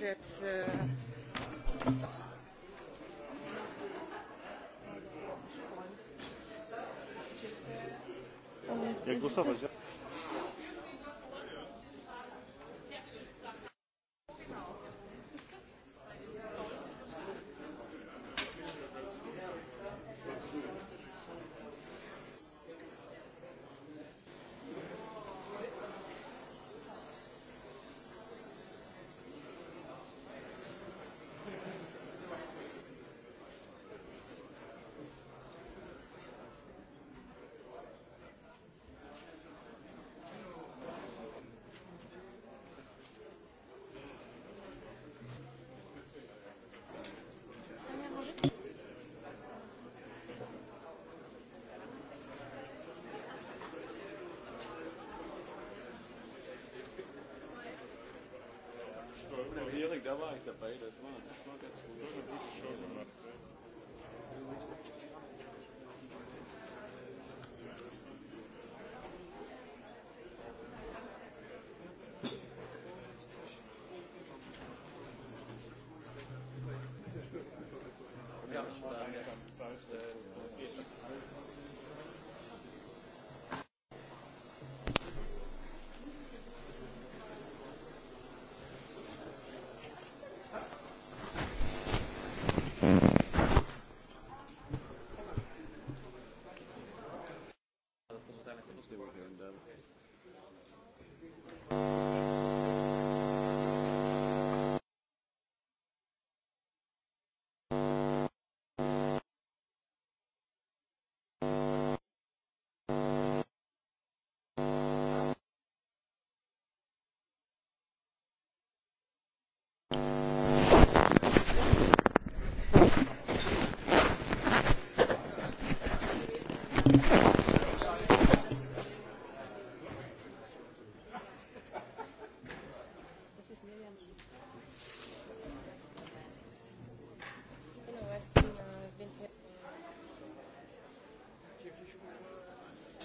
jetzt. Äh Jak głosować? think they like the as well.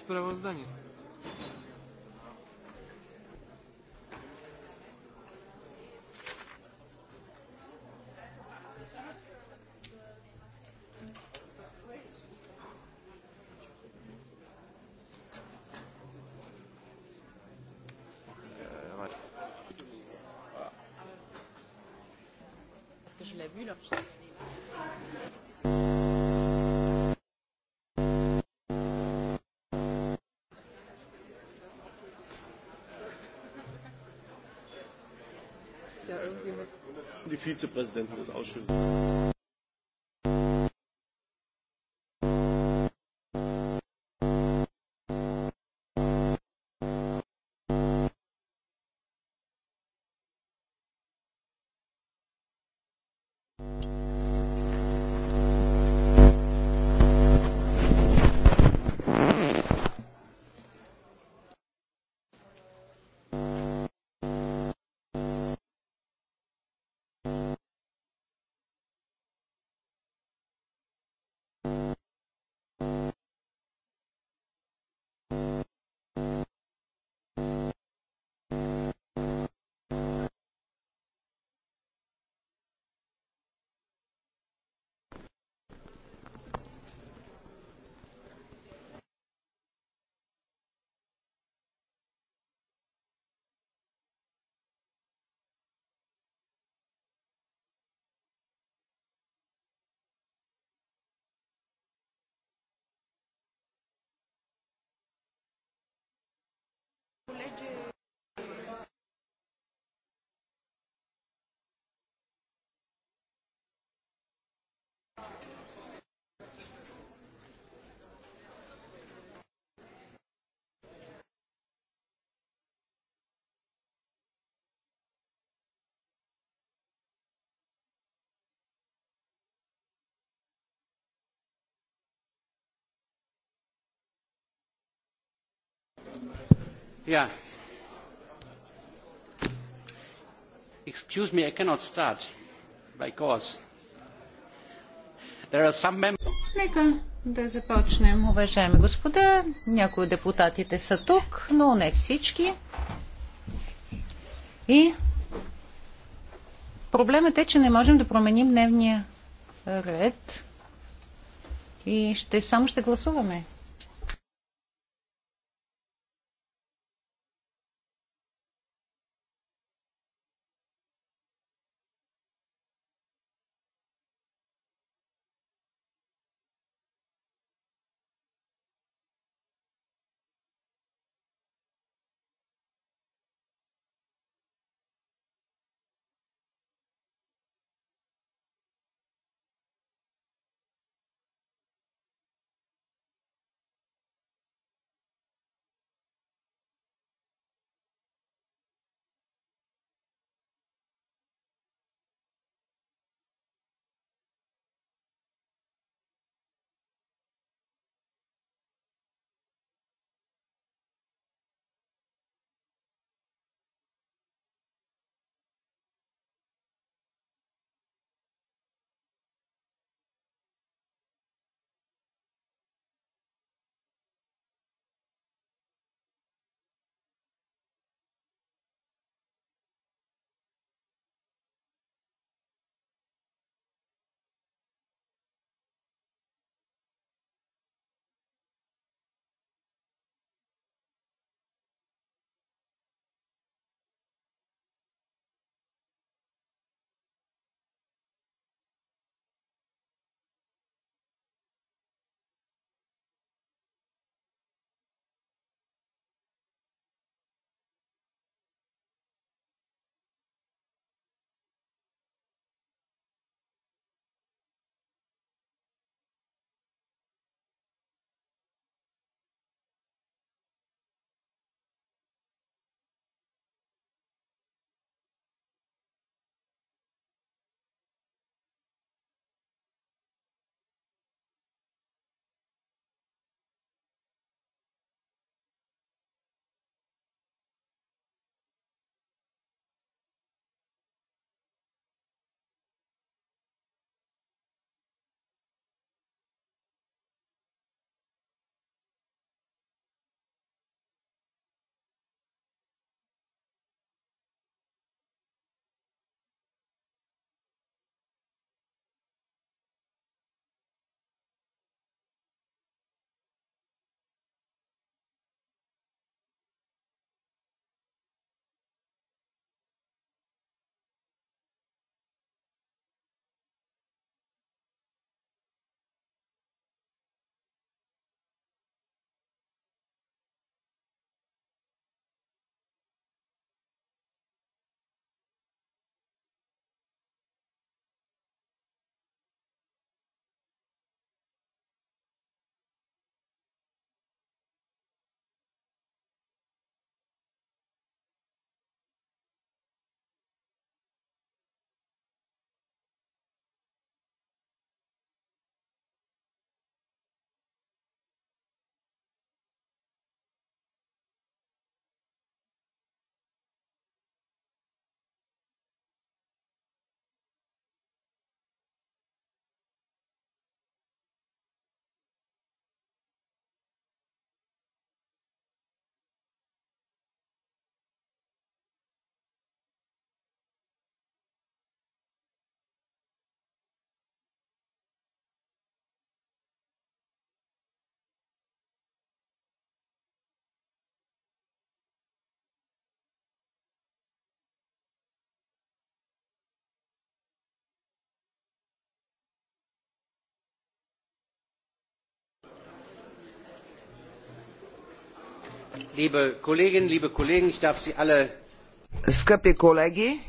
sprawozdanie. Parce que je l'ai vu là. die Vizepräsidentin des Ausschusses. Yeah. Excuse me, I cannot start because there are some members. Нека да започнем, уважаеми господа. Някои от депутатите са тук, но не всички. И проблемът е, че не можем да променим дневния ред и ще само ще гласуваме. liebe Kolleginnen, liebe Kollegen, ich darf Sie alle... Скъпи колеги,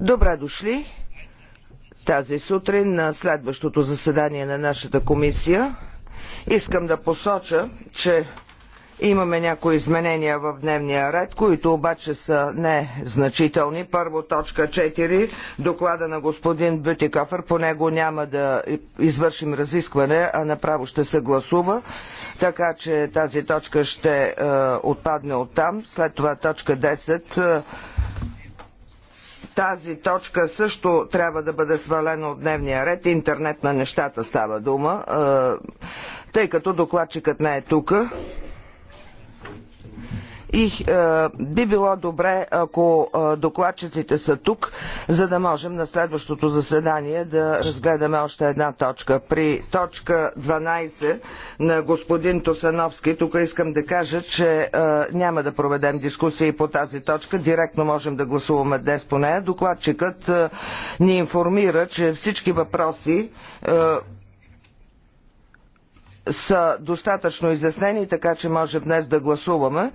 добре дошли тази сутрин на следващото заседание на нашата комисия. Искам да посоча, че Имаме някои изменения в дневния ред, които обаче са незначителни. Първо точка 4, доклада на господин Бютикофър. по него няма да извършим разискване, а направо ще се гласува, така че тази точка ще е, отпадне от там. След това точка 10. Е, тази точка също трябва да бъде свалена от дневния ред. Интернет на нещата става дума, е, тъй като докладчикът не е тука и е, би било добре, ако е, докладчиците са тук, за да можем на следващото заседание да разгледаме още една точка. При точка 12 на господин Тосановски, тук искам да кажа, че е, няма да проведем дискусии по тази точка. Директно можем да гласуваме днес по нея. Докладчикът е, ни информира, че всички въпроси е, са достатъчно изяснени, така че може днес да гласуваме. Е,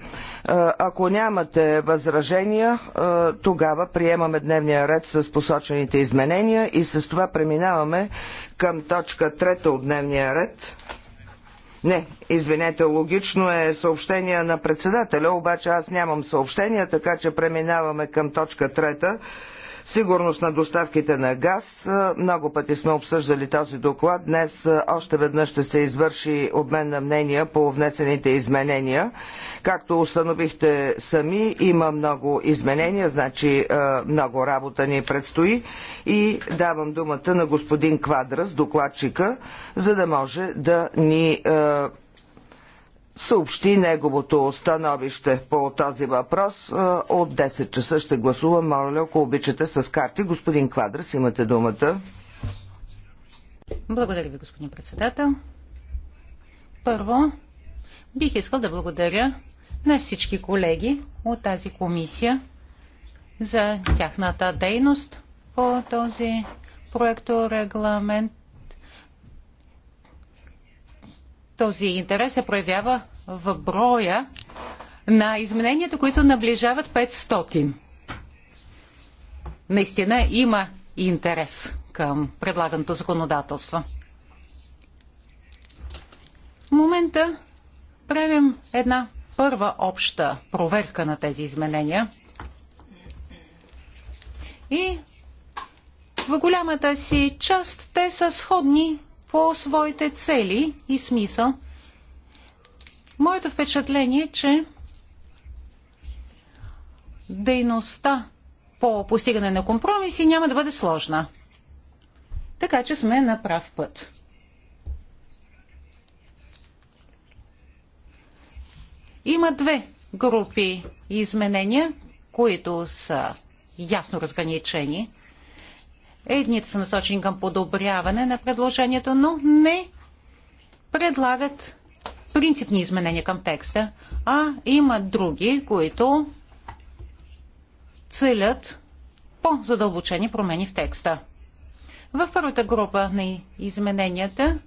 ако нямате възражения, е, тогава приемаме дневния ред с посочените изменения и с това преминаваме към точка трета от дневния ред. Не, извинете, логично е съобщение на председателя, обаче аз нямам съобщения, така че преминаваме към точка трета. Сигурност на доставките на газ. Е, много пъти сме обсъждали този доклад. Днес е, още веднъж ще се извърши обмен на мнения по внесените изменения. Както установихте сами, има много изменения, значи е, много работа ни предстои. И давам думата на господин Квадрас, докладчика, за да може да ни съобщи неговото становище по този въпрос. Е, от 10 часа ще гласувам. Моля, ако обичате с карти. Господин Квадрас, имате думата. Благодаря ви, господин председател. Първо, бих искал да благодаря на всички колеги от тази комисия за тяхната дейност по този регламент. Този интерес се проявява в броя на измененията, които наближават 500. Наистина има интерес към предлаганото законодателство. В момента правим една първа обща проверка на тези изменения. И в голямата си част те са сходни по своите цели и смисъл. Моето впечатление е, че дейността по постигане на компромиси няма да бъде сложна. Така че сме на прав път. Има две групи изменения, които са ясно разграничени – Едните са насочени към подобряване на предложението, но не предлагат принципни изменения към текста, а има други, които целят по-задълбочени промени в текста. В първата група на измененията,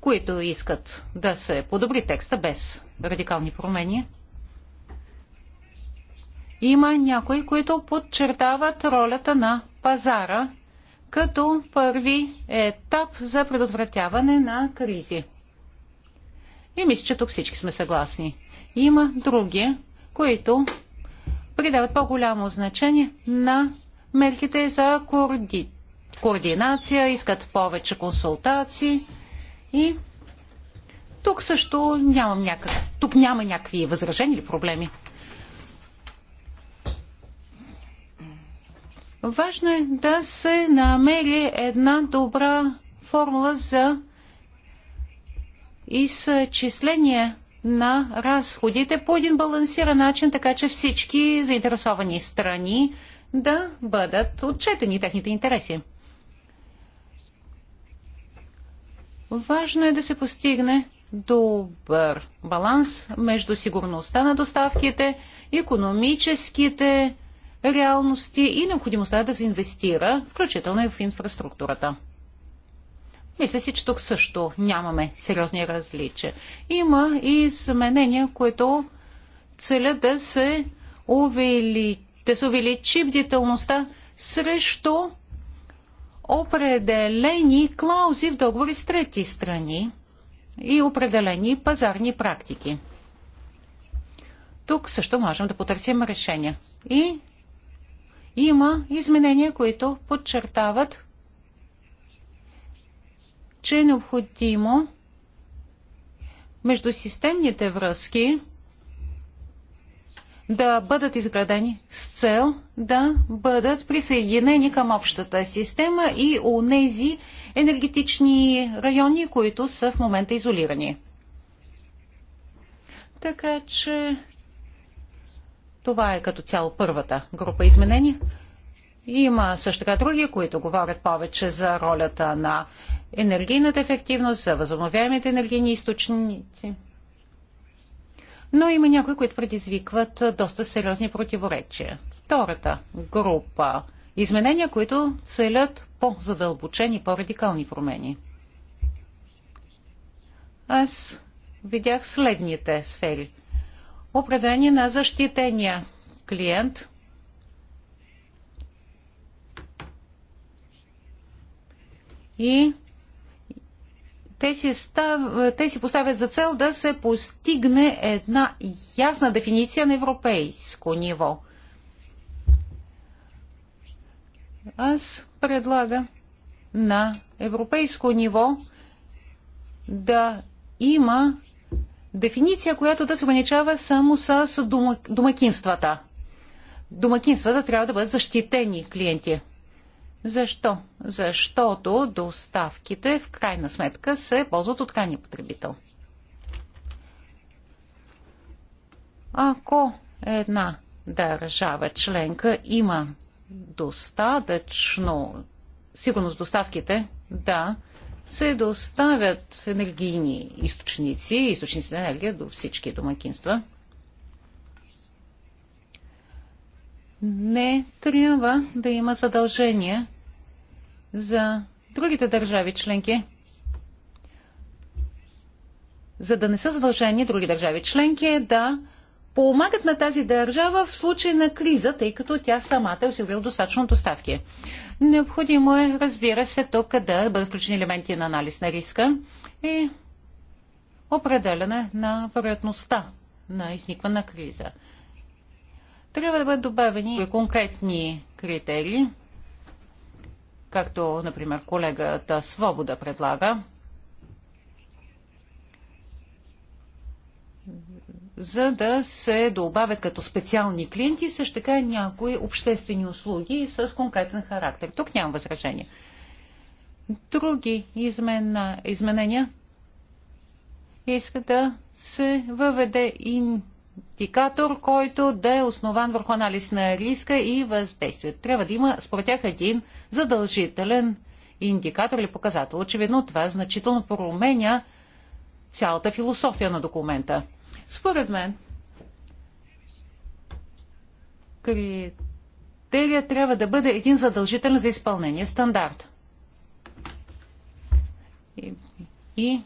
които искат да се подобри текста без радикални промени, има някои, които подчертават ролята на пазара като първи етап за предотвратяване на кризи. И мисля, че тук всички сме съгласни. Има други, които придават по-голямо значение на мерките за корди... координация, искат повече консултации и тук също нямам някак... тук няма някакви възражения или проблеми. Важно е да се намери една добра формула за изчисление на разходите по един балансиран начин, така че всички заинтересовани страни да бъдат отчетени техните интереси. Важно е да се постигне добър баланс между сигурността на доставките, економическите реалности и необходимостта да се инвестира, включително и в инфраструктурата. Мисля си, че тук също нямаме сериозни различия. Има и изменения, които целят да се, увели... да се увеличи бдителността срещу определени клаузи в договори с трети страни и определени пазарни практики. Тук също можем да потърсим решения. И има изменения, които подчертават, че е необходимо между системните връзки да бъдат изградени с цел да бъдат присъединени към общата система и у нези енергетични райони, които са в момента изолирани. Така че това е като цяло първата група изменения. Има също така други, които говорят повече за ролята на енергийната ефективност, за възобновяемите енергийни източници. Но има някои, които предизвикват доста сериозни противоречия. Втората група изменения, които целят по-задълбочени, по-радикални промени. Аз видях следните сфери определение на защитения клиент. И те си, став, те си поставят за цел да се постигне една ясна дефиниция на европейско ниво. Аз предлагам на европейско ниво да има дефиниция, която да се ограничава само с домакинствата. Домакинствата трябва да бъдат защитени клиенти. Защо? Защото доставките в крайна сметка се ползват от крайния потребител. Ако една държава членка има достатъчно сигурност доставките, да, се доставят енергийни източници, източници на енергия до всички домакинства. Не трябва да има задължения за другите държави членки, за да не са задължени други държави членки е да помагат на тази държава в случай на криза, тъй като тя самата е осигурила достатъчно доставки. Необходимо е, разбира се, тук да бъдат включени елементи на анализ на риска и определяне на вероятността на изникване на криза. Трябва да бъдат добавени конкретни критерии, както, например, колегата Свобода предлага. за да се добавят като специални клиенти също така някои обществени услуги с конкретен характер. Тук нямам възражение. Други измен... изменения иска да се въведе индикатор, който да е основан върху анализ на риска и въздействие. Трябва да има, според тях, един задължителен индикатор или показател. Очевидно това значително променя цялата философия на документа. Според мен, критерия трябва да бъде един задължителен за изпълнение стандарт. И, и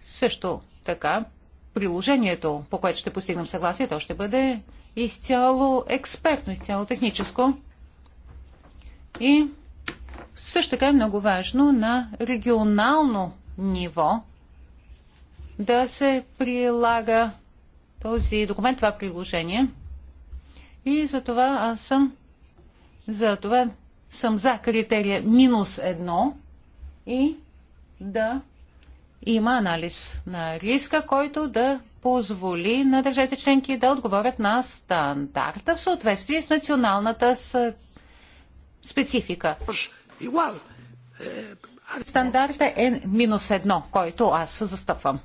също така, приложението, по което ще постигнем съгласие, то ще бъде изцяло експертно, изцяло техническо. И също така е много важно на регионално ниво да се прилага този документ, това приложение. И за това аз съм за това съм за критерия минус едно и да има анализ на риска, който да позволи на държавите членки да отговорят на стандарта в съответствие с националната специфика. Е, е, стандарта е минус едно, който аз застъпвам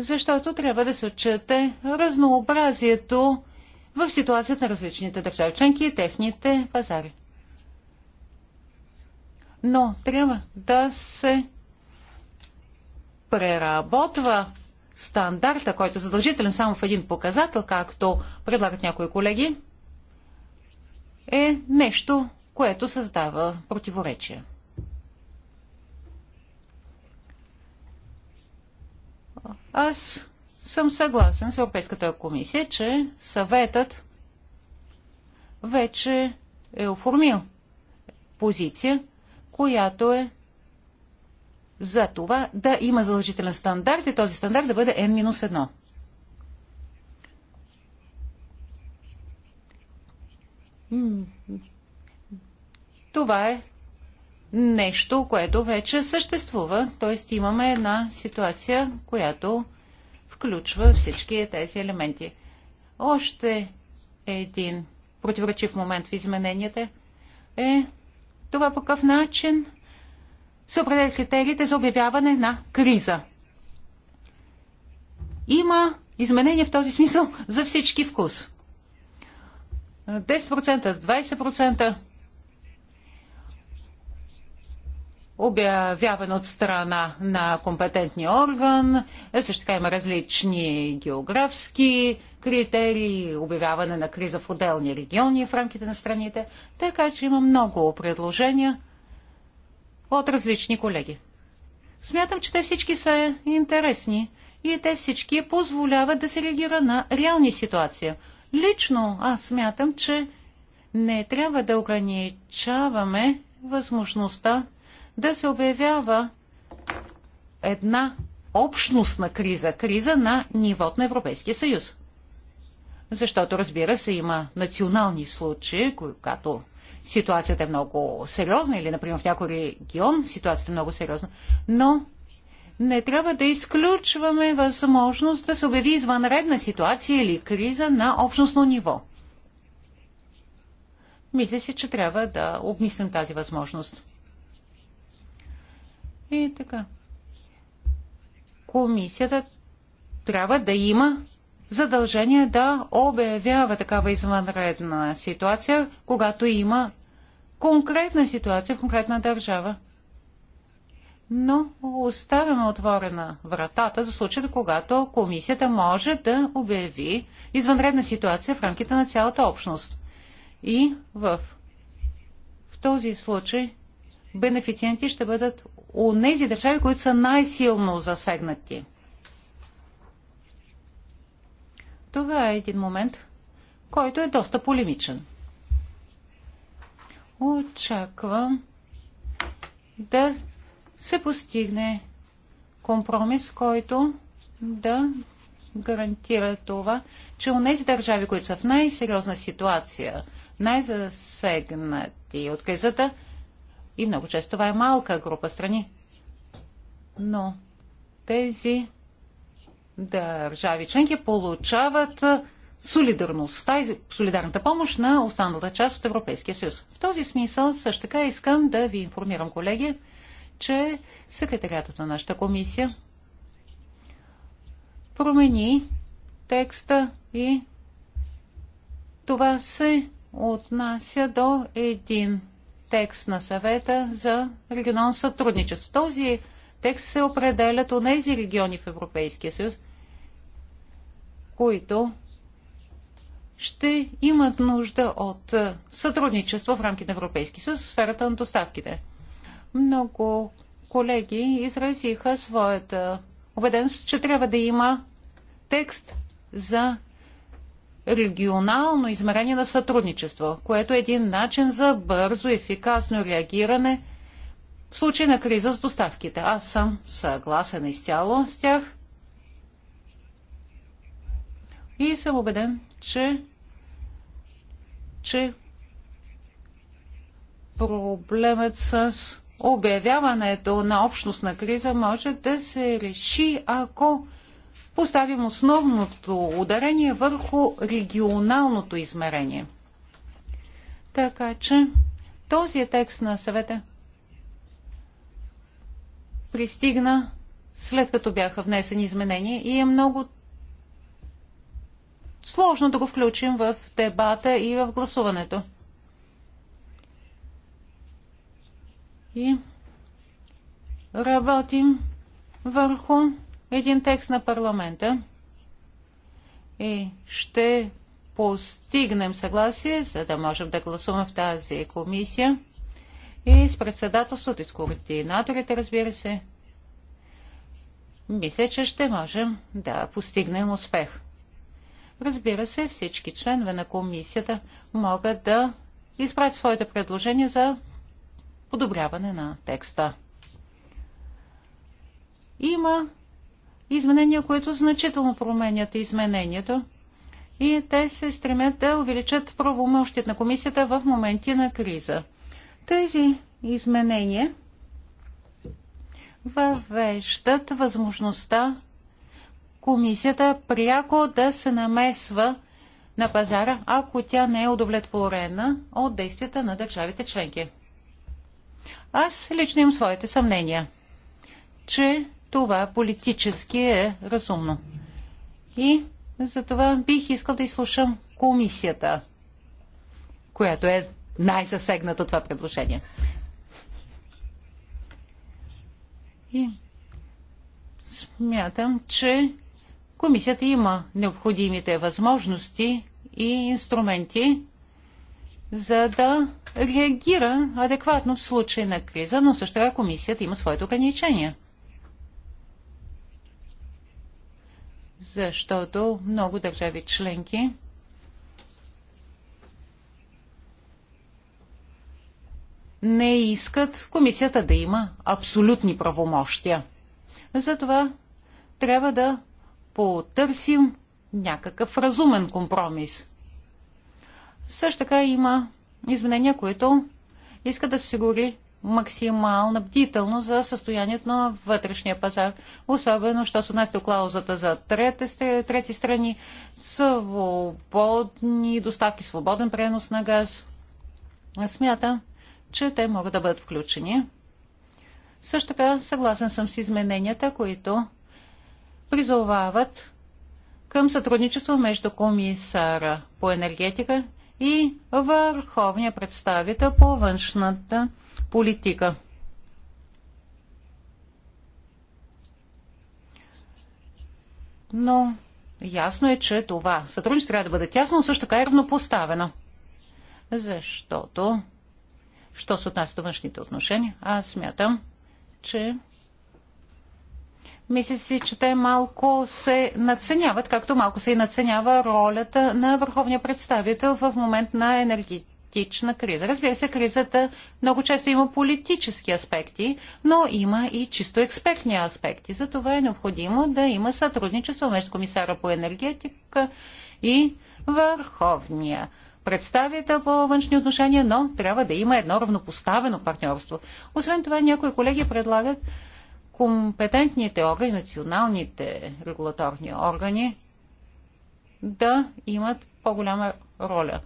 защото трябва да се отчете разнообразието в ситуацията на различните държави членки и техните пазари. Но трябва да се преработва стандарта, който е задължителен само в един показател, както предлагат някои колеги, е нещо, което създава противоречие. Аз съм съгласен с Европейската комисия, че съветът вече е оформил позиция, която е за това да има задължителен стандарт и този стандарт да бъде N-1. Това е нещо, което вече съществува. Т.е. имаме една ситуация, която включва всички тези елементи. Още един противоречив момент в измененията е това по какъв начин се определят критериите за обявяване на криза. Има изменения в този смисъл за всички вкус. 10%, 20%. обявяван от страна на компетентния орган. Е, също така има различни географски критерии, обявяване на криза в отделни региони в рамките на страните. Така че има много предложения от различни колеги. Смятам, че те всички са интересни и те всички позволяват да се реагира на реални ситуации. Лично аз смятам, че не трябва да ограничаваме възможността да се обявява една общностна криза, криза на нивото на Европейския съюз. Защото, разбира се, има национални случаи, когато ситуацията е много сериозна или, например, в някой регион ситуацията е много сериозна, но не трябва да изключваме възможност да се обяви извънредна ситуация или криза на общностно ниво. Мисля си, че трябва да обмислим тази възможност. И така. Комисията трябва да има задължение да обявява такава извънредна ситуация, когато има конкретна ситуация в конкретна държава. Но оставяме отворена вратата за случаите, когато комисията може да обяви извънредна ситуация в рамките на цялата общност. И в, в този случай бенефициенти ще бъдат у нези държави, които са най-силно засегнати. Това е един момент, който е доста полемичен. Очаквам да се постигне компромис, който да гарантира това, че у нези държави, които са в най-сериозна ситуация, най-засегнати от кризата, и много често това е малка група страни. Но тези държави членки получават солидарността и солидарната помощ на останалата част от Европейския съюз. В този смисъл също така искам да ви информирам, колеги, че секретарятът на нашата комисия промени текста и това се отнася до един текст на съвета за регионално сътрудничество. Този текст се определят от тези региони в Европейския съюз, които ще имат нужда от сътрудничество в рамките на Европейския съюз в сферата на доставките. Много колеги изразиха своята убеденост, че трябва да има текст за регионално измерение на сътрудничество, което е един начин за бързо, ефикасно реагиране в случай на криза с доставките. Аз съм съгласен изцяло с тях и съм убеден, че, че проблемът с обявяването на общност на криза може да се реши, ако поставим основното ударение върху регионалното измерение. Така че този е текст на съвета пристигна след като бяха внесени изменения и е много сложно да го включим в дебата и в гласуването. И работим върху един текст на парламента и ще постигнем съгласие, за да можем да гласуваме в тази комисия и с председателството и с координаторите, разбира се. Мисля, че ще можем да постигнем успех. Разбира се, всички членове на комисията могат да изпратят своите предложения за подобряване на текста. Има изменения, които значително променят изменението и те се стремят да увеличат правомощият на комисията в моменти на криза. Тези изменения въвеждат възможността комисията пряко да се намесва на пазара, ако тя не е удовлетворена от действията на държавите членки. Аз лично имам своите съмнения, че това политически е разумно. И за това бих искал да изслушам комисията, която е най-засегната това предложение. И смятам, че комисията има необходимите възможности и инструменти, за да реагира адекватно в случай на криза, но също така комисията има своите ограничения – защото много държави членки не искат комисията да има абсолютни правомощия. Затова трябва да потърсим някакъв разумен компромис. Също така има изменения, които искат да се сигури максимална бдителност за състоянието на вътрешния пазар, особено що се отнася до клаузата за трети, трети страни, свободни доставки, свободен пренос на газ. Смятам, че те могат да бъдат включени. Също така съгласен съм с измененията, които призовават към сътрудничество между комисара по енергетика и върховния представител по външната политика. Но ясно е, че това сътрудничество трябва да бъде тясно, но също така е равнопоставено. Защото, що се отнася до външните отношения, аз смятам, че мисля си, че те малко се надценяват, както малко се и надценява ролята на върховния представител в момент на енергия демократична криза. Разбира се, кризата много често има политически аспекти, но има и чисто експертни аспекти. Затова е необходимо да има сътрудничество между комисара по енергетика и върховния представител по външни отношения, но трябва да има едно равнопоставено партньорство. Освен това, някои колеги предлагат компетентните органи, националните регулаторни органи да имат по-голяма роля.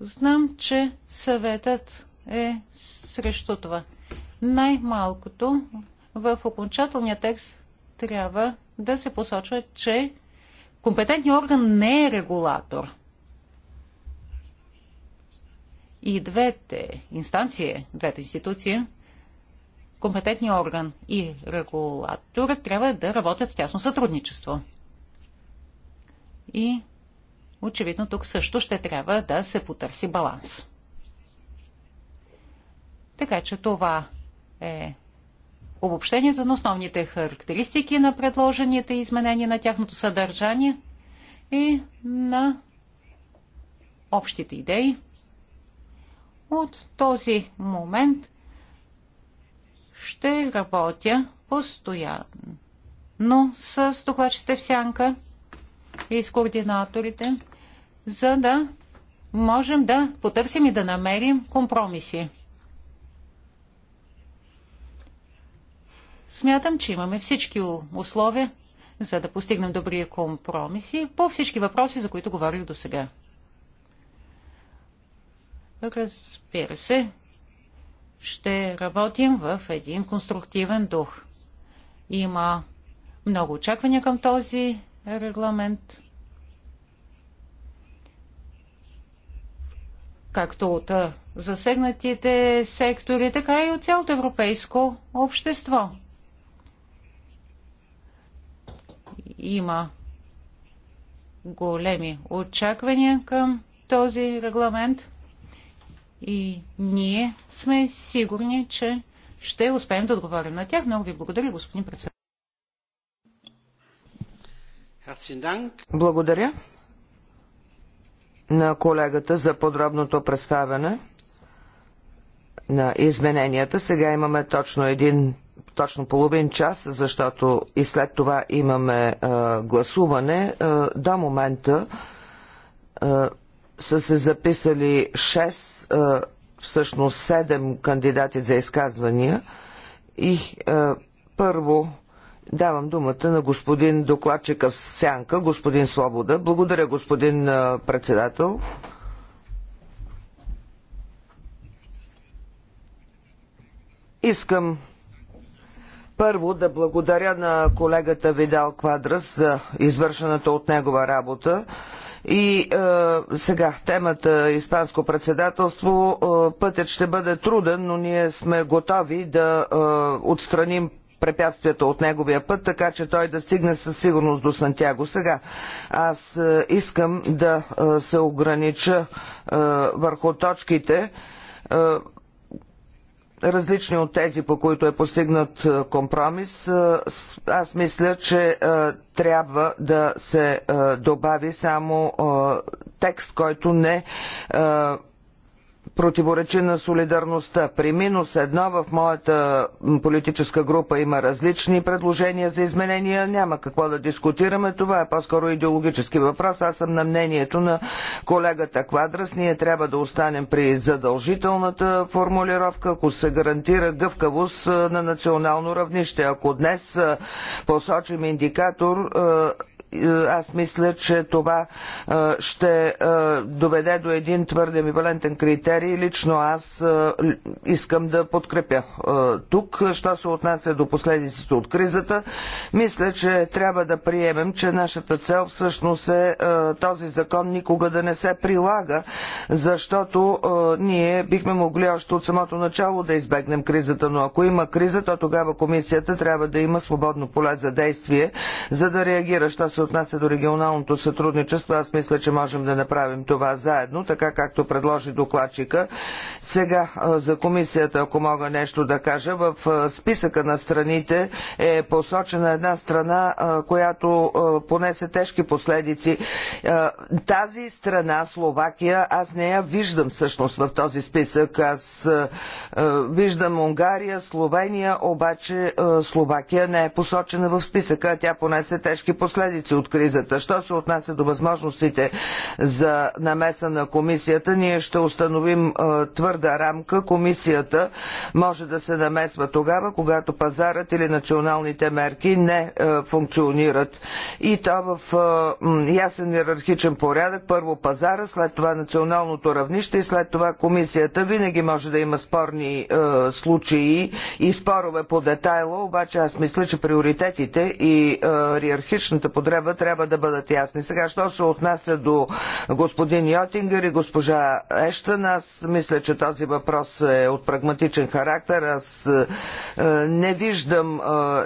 Знам, че съветът е срещу това. Най-малкото в окончателния текст трябва да се посочва, че компетентният орган не е регулатор. И двете инстанции, двете институции, компетентният орган и регулатор трябва да работят в тясно сътрудничество. И очевидно тук също ще трябва да се потърси баланс. Така че това е обобщението на основните характеристики на предложените изменения на тяхното съдържание и на общите идеи. От този момент ще работя постоянно с докладчите в сянка и с координаторите за да можем да потърсим и да намерим компромиси. Смятам, че имаме всички условия, за да постигнем добри компромиси по всички въпроси, за които говорих до сега. Разбира се, ще работим в един конструктивен дух. Има много очаквания към този регламент. както от засегнатите сектори, така и от цялото европейско общество. Има големи очаквания към този регламент и ние сме сигурни, че ще успеем да отговорим на тях. Много ви благодаря, господин председател. Благодаря на колегата за подробното представяне на измененията. Сега имаме точно един точно половин час, защото и след това имаме а, е, гласуване. А, е, до момента а, е, са се записали 6, а, всъщност 7 кандидати за изказвания и а, първо Давам думата на господин докладчика в Сянка, господин Слобода. Благодаря, господин председател. Искам първо да благодаря на колегата Видал Квадрас за извършената от негова работа. И е, сега темата Испанско председателство. Е, пътят ще бъде труден, но ние сме готови да е, отстраним препятствията от неговия път, така че той да стигне със сигурност до Сантяго. Сега, аз е, искам да е, се огранича е, върху точките, различни от тези, по които е постигнат компромис. Аз мисля, че трябва да се добави само текст, който не противоречи на солидарността. При минус едно в моята политическа група има различни предложения за изменения. Няма какво да дискутираме. Това е по-скоро идеологически въпрос. Аз съм на мнението на колегата Квадрас. Ние трябва да останем при задължителната формулировка, ако се гарантира гъвкавост на национално равнище. Ако днес посочим индикатор, е, аз мисля, че това е, ще е, доведе до един твърде амбивалентен критерий. Лично аз искам да подкрепя тук. Що се отнася до последиците от кризата, мисля, че трябва да приемем, че нашата цел всъщност е този закон никога да не се прилага, защото ние бихме могли още от самото начало да избегнем кризата, но ако има криза, то тогава комисията трябва да има свободно поле за действие, за да реагира, що се се отнася до регионалното сътрудничество, аз мисля, че можем да направим това заедно, така както предложи докладчика. Сега за комисията, ако мога нещо да кажа, в списъка на страните е посочена една страна, която понесе тежки последици. Тази страна, Словакия, аз не я виждам всъщност в този списък. Аз виждам Унгария, Словения, обаче Словакия не е посочена в списъка, а тя понесе тежки последици последици от кризата. Що се отнася до възможностите за намеса на комисията, ние ще установим твърда рамка. Комисията може да се намесва тогава, когато пазарът или националните мерки не функционират. И то в ясен иерархичен порядък. Първо пазара, след това националното равнище и след това комисията. Винаги може да има спорни случаи и спорове по детайла, обаче аз мисля, че приоритетите и иерархичната подреба употреба трябва да бъдат ясни. Сега, що се отнася до господин Йотингер и госпожа Ещън, аз мисля, че този въпрос е от прагматичен характер. Аз е, е, не виждам е,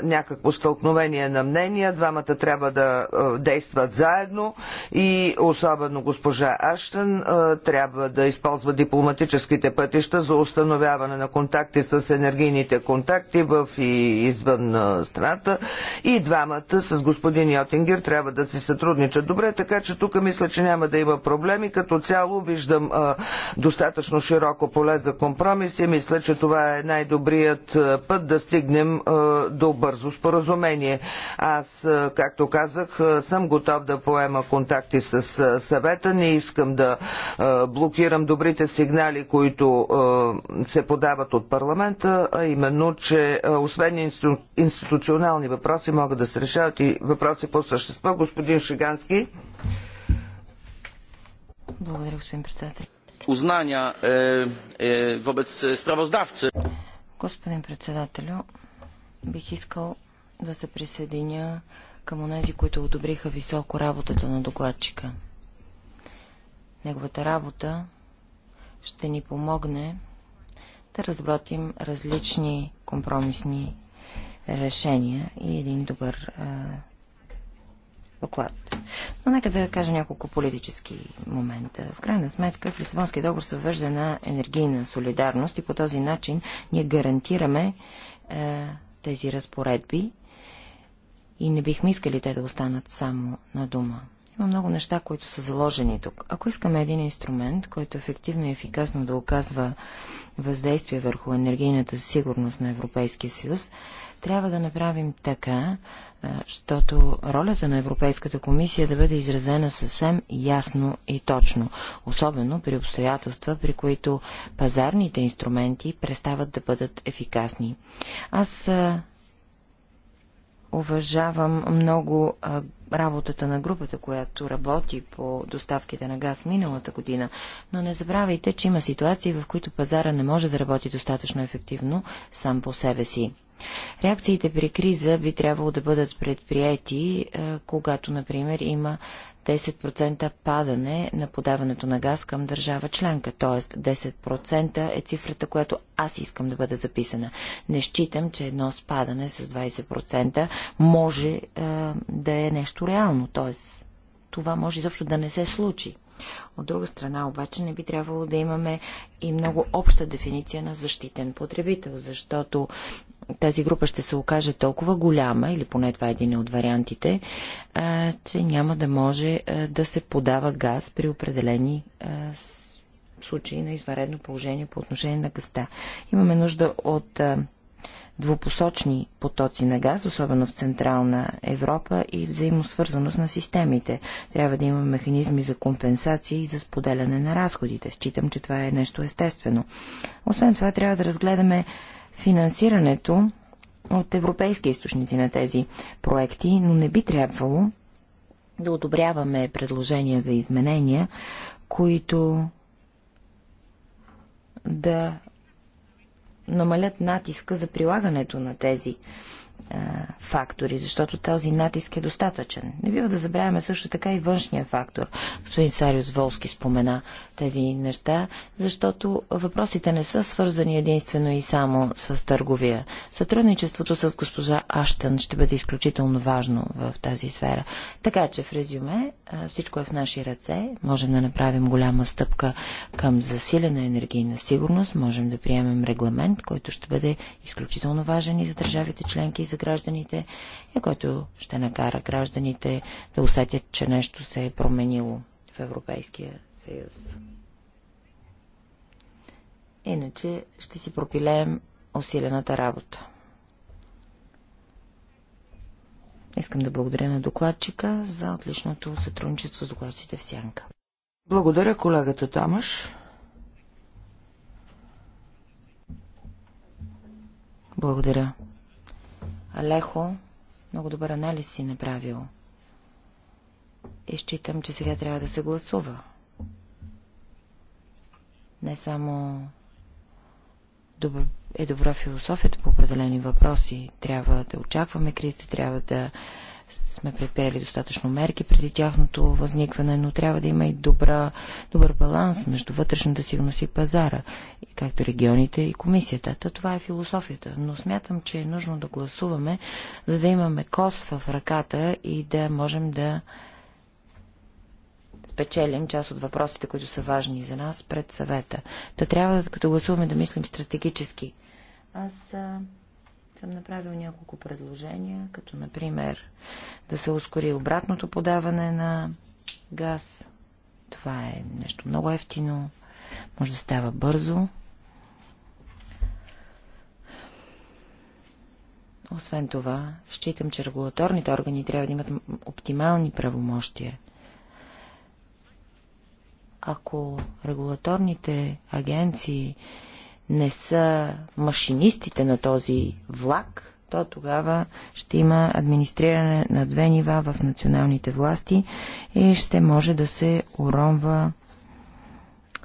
някакво стълкновение на мнения. Двамата трябва да действат заедно и особено госпожа Аштън трябва да използва дипломатическите пътища за установяване на контакти с енергийните контакти в и извън страната. И двамата с господин Йотингер трябва да си сътрудничат добре, така че тук мисля, че няма да има проблеми. Като цяло виждам а, достатъчно широко поле за компромис и мисля, че това е най-добрият път да стигнем а, до бързо споразумение. Аз, а, както казах, съм готов да поема контакти с съвета. Не искам да блокирам добрите сигнали, които се подават от парламента, а именно, че освен институционални въпроси могат да се решават и въпроси по същество същество, господин Шигански. Благодаря, господин председател. Узнания е, е, въбец справоздавце. Господин председателю, бих искал да се присъединя към онези, които одобриха високо работата на докладчика. Неговата работа ще ни помогне да разбротим различни компромисни решения и един добър а, доклад. Но нека да кажа няколко политически момента. В крайна сметка в Лисабонския договор се въвежда на енергийна солидарност и по този начин ние гарантираме е, тези разпоредби и не бихме искали те да останат само на дума. Има много неща, които са заложени тук. Ако искаме един инструмент, който ефективно и ефикасно да оказва въздействие върху енергийната сигурност на Европейския съюз, трябва да направим така, защото ролята на Европейската комисия да бъде изразена съвсем ясно и точно, особено при обстоятелства, при които пазарните инструменти престават да бъдат ефикасни. Аз уважавам много работата на групата, която работи по доставките на газ миналата година, но не забравяйте, че има ситуации, в които пазара не може да работи достатъчно ефективно сам по себе си. Реакциите при криза би трябвало да бъдат предприяти, е, когато, например, има 10% падане на подаването на газ към държава членка, т.е. 10% е цифрата, която аз искам да бъде записана. Не считам, че едно спадане с 20% може е, да е нещо реално, т.е. това може изобщо да не се случи. От друга страна обаче не би трябвало да имаме и много обща дефиниция на защитен потребител, защото тази група ще се окаже толкова голяма, или поне това е един от вариантите, че няма да може да се подава газ при определени случаи на изваредно положение по отношение на газта. Имаме нужда от двупосочни потоци на газ, особено в Централна Европа и взаимосвързаност на системите. Трябва да има механизми за компенсация и за споделяне на разходите. Считам, че това е нещо естествено. Освен това, трябва да разгледаме финансирането от европейски източници на тези проекти, но не би трябвало да одобряваме предложения за изменения, които да намалят натиска за прилагането на тези е, фактори, защото този натиск е достатъчен. Не бива да забравяме също така и външния фактор. Господин Сариус Волски спомена тези неща, защото въпросите не са свързани единствено и само с търговия. Сътрудничеството с госпожа Аштън ще бъде изключително важно в тази сфера. Така че в резюме е, всичко е в наши ръце. Можем да направим голяма стъпка към засилена енергийна сигурност. Можем да приемем регламент, който ще бъде изключително важен и за държавите членки членки за гражданите и който ще накара гражданите да усетят, че нещо се е променило в Европейския съюз. Иначе ще си пропилеем усилената работа. Искам да благодаря на докладчика за отличното сътрудничество с докладците в Сянка. Благодаря колегата Тамаш. Благодаря. Алехо много добър анализ си направил. И считам, че сега трябва да се гласува. Не само добър, е добра философията по определени въпроси. Трябва да очакваме кризите, трябва да сме предприели достатъчно мерки преди тяхното възникване, но трябва да има и добра, добър баланс между вътрешната сигурност и пазара, както регионите и комисията. Та това е философията, но смятам, че е нужно да гласуваме, за да имаме кост в ръката и да можем да спечелим част от въпросите, които са важни за нас пред съвета. Та трябва, като гласуваме, да мислим стратегически. Аз съм направил няколко предложения, като например да се ускори обратното подаване на газ. Това е нещо много ефтино, може да става бързо. Освен това, считам, че регулаторните органи трябва да имат оптимални правомощия. Ако регулаторните агенции не са машинистите на този влак, то тогава ще има администриране на две нива в националните власти и ще може да се уронва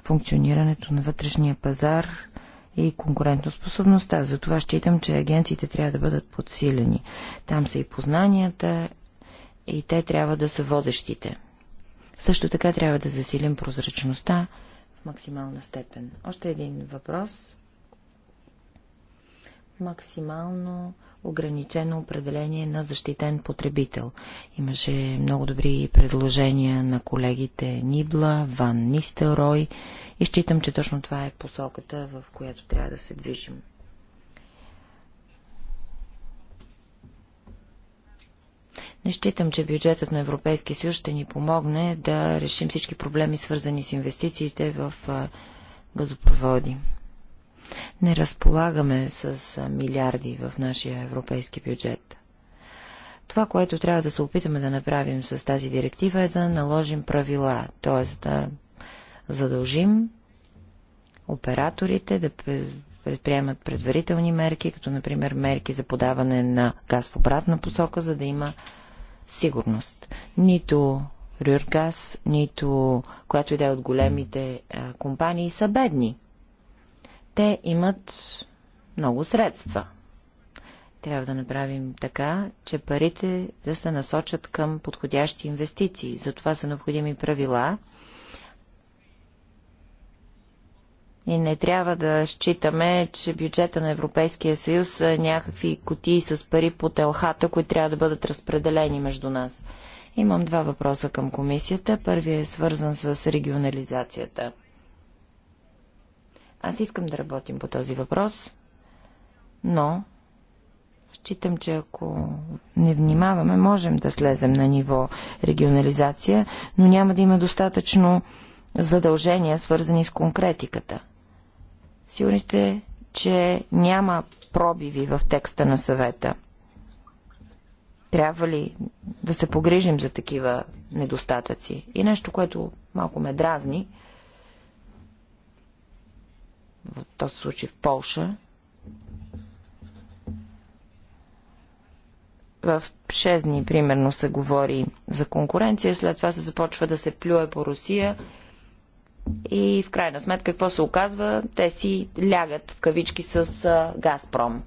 функционирането на вътрешния пазар и конкурентоспособността. Затова считам, че агенциите трябва да бъдат подсилени. Там са и познанията, и те трябва да са водещите. Също така трябва да засилим прозрачността максимална степен. Още един въпрос. Максимално ограничено определение на защитен потребител. Имаше много добри предложения на колегите Нибла, Ван Нистелрой и считам, че точно това е посоката, в която трябва да се движим. Не считам, че бюджетът на Европейския съюз ще ни помогне да решим всички проблеми, свързани с инвестициите в газопроводи. Не разполагаме с милиарди в нашия европейски бюджет. Това, което трябва да се опитаме да направим с тази директива е да наложим правила, т.е. да задължим операторите да предприемат предварителни мерки, като например мерки за подаване на газ в обратна посока, за да има сигурност. Нито Рюргас, нито която и да е от големите а, компании са бедни. Те имат много средства. Трябва да направим така, че парите да се насочат към подходящи инвестиции. Затова са необходими правила, И не трябва да считаме, че бюджета на Европейския съюз са някакви кутии с пари по телхата, които трябва да бъдат разпределени между нас. Имам два въпроса към комисията. Първият е свързан с регионализацията. Аз искам да работим по този въпрос, но считам, че ако не внимаваме, можем да слезем на ниво регионализация, но няма да има достатъчно задължения, свързани с конкретиката. Сигурни сте, че няма пробиви в текста на съвета. Трябва ли да се погрижим за такива недостатъци? И нещо, което малко ме дразни, в този случай в Полша, в 6 дни примерно се говори за конкуренция, след това се започва да се плюе по Русия и в крайна сметка какво се оказва? Те си лягат в кавички с Газпром.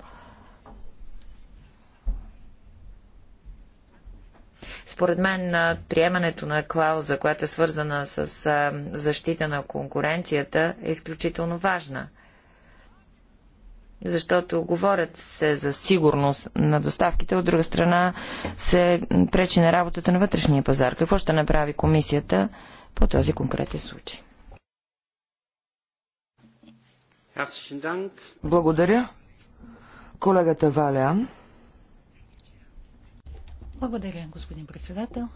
Според мен приемането на клауза, която е свързана с защита на конкуренцията, е изключително важна. Защото говорят се за сигурност на доставките, от друга страна се пречи на работата на вътрешния пазар. Какво ще направи комисията по този конкретен случай? Благодаря. Колегата Валян. Благодаря, господин председател.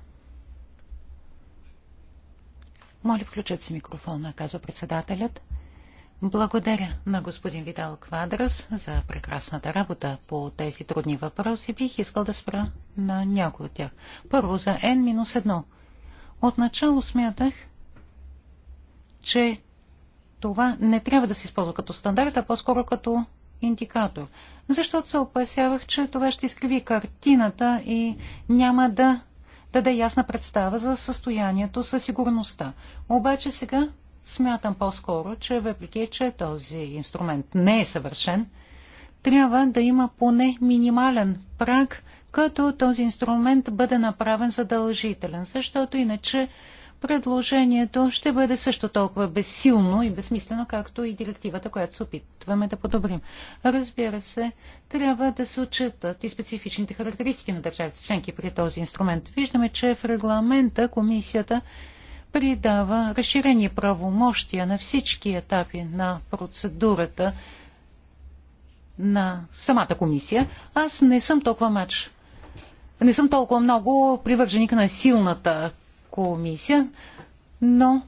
Моля, включат си микрофона, казва председателят. Благодаря на господин Видал Квадрас за прекрасната работа по тези трудни въпроси. Бих искал да спра на някои от тях. Първо за N-1. Отначало смятах, че това не трябва да се използва като стандарт, а по-скоро като индикатор. Защото се опасявах, че това ще изкриви картината и няма да даде ясна представа за състоянието със сигурността. Обаче сега смятам по-скоро, че въпреки, че този инструмент не е съвършен, трябва да има поне минимален праг, като този инструмент бъде направен задължителен, защото иначе предложението ще бъде също толкова безсилно и безсмислено, както и директивата, която се опитваме да подобрим. Разбира се, трябва да се отчитат и специфичните характеристики на държавите членки при този инструмент. Виждаме, че в регламента комисията придава разширени правомощия на всички етапи на процедурата на самата комисия. Аз не съм толкова мач. Не съм толкова много привърженик на силната комисия, но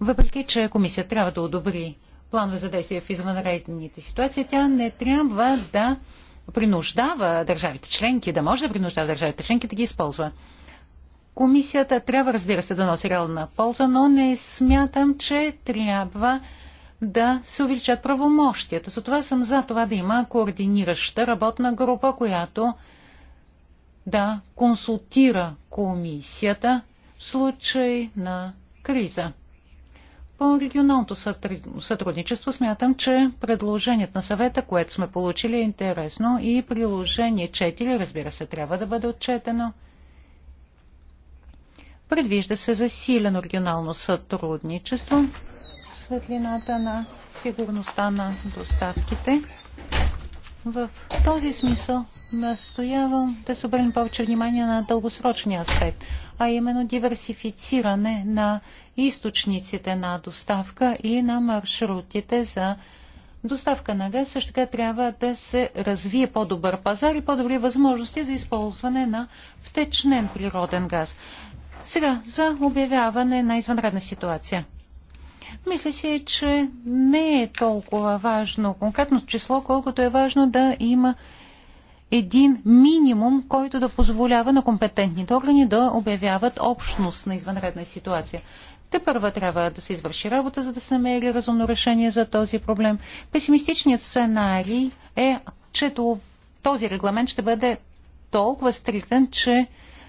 въпреки, че комисия трябва да одобри планове за действие в извънредните ситуации, тя не трябва да принуждава държавите членки, да може да принуждава държавите членки да ги използва. Комисията трябва, разбира се, да носи реална полза, но не смятам, че трябва да се увеличат правомощията. За това съм за това да има координираща работна група, която да консултира комисията в случай на криза. По регионалното сътрудничество смятам, че предложението на съвета, което сме получили е интересно и приложение 4, разбира се, трябва да бъде отчетено. Предвижда се засилено регионално сътрудничество в светлината на сигурността на доставките. В този смисъл настоявам да се обърнем повече внимание на дългосрочния аспект, а именно диверсифициране на източниците на доставка и на маршрутите за доставка на газ. Също така трябва да се развие по-добър пазар и по-добри възможности за използване на втечнен природен газ. Сега за обявяване на извънредна ситуация. Мисля си, че не е толкова важно конкретно число, колкото е важно да има един минимум, който да позволява на компетентните органи да обявяват общност на извънредна ситуация. Те първа трябва да се извърши работа, за да се намери разумно решение за този проблем. Песимистичният сценарий е, че този регламент ще бъде толкова стриктен, че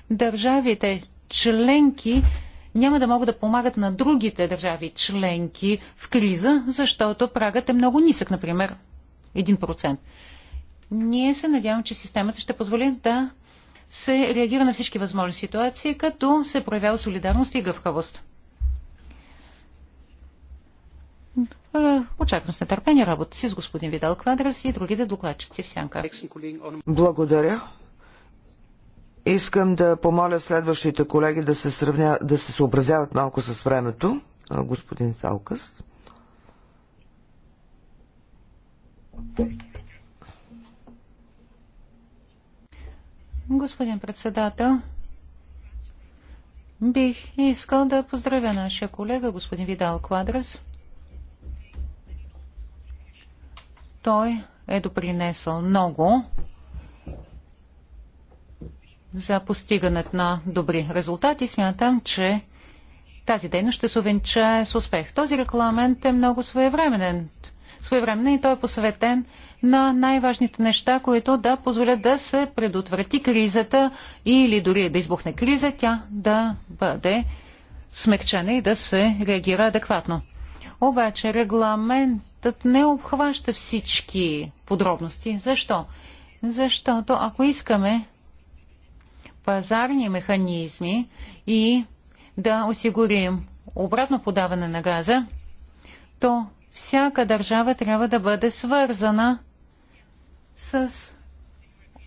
държавите членки няма да могат да помагат на другите държави членки в криза, защото прагът е много нисък, например 1%. Ние се надявам, че системата ще позволи да се реагира на всички възможни ситуации, като се проявява солидарност и гъвкавост. Е, очаквам с нетърпение работа си с господин Видал Квадрас и другите докладчици в Сянка. Благодаря. Искам да помоля следващите колеги да се, сравня, да се съобразяват малко с времето. Господин Салкас. Господин председател, бих искал да поздравя нашия колега, господин Видал Квадрас. Той е допринесъл много за постигането на добри резултати. Смятам, че тази дейност ще се увенчае с успех. Този регламент е много своевременен. Своевременен и той е посветен на най-важните неща, които да позволят да се предотврати кризата или дори да избухне криза, тя да бъде смекчена и да се реагира адекватно. Обаче регламентът не обхваща всички подробности. Защо? Защото ако искаме пазарни механизми и да осигурим обратно подаване на газа, то всяка държава трябва да бъде свързана с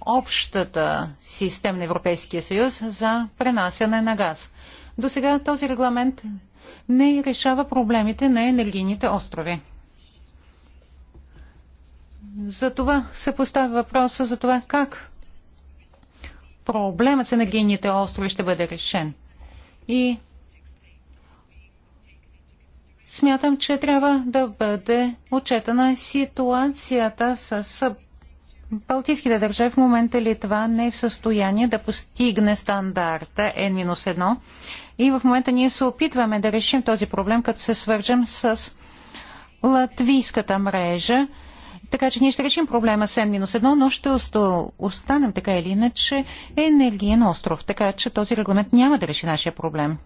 общата система на Европейския съюз за пренасяне на газ. До сега този регламент не решава проблемите на енергийните острови. За това се поставя въпроса за това как проблемът с енергийните острови ще бъде решен. И смятам, че трябва да бъде отчетена ситуацията с Балтийските държави в момента Литва не е в състояние да постигне стандарта N-1 и в момента ние се опитваме да решим този проблем, като се свържем с латвийската мрежа така че ние ще решим проблема с N-1, но ще останем така или иначе енергиен остров. Така че този регламент няма да реши нашия проблем.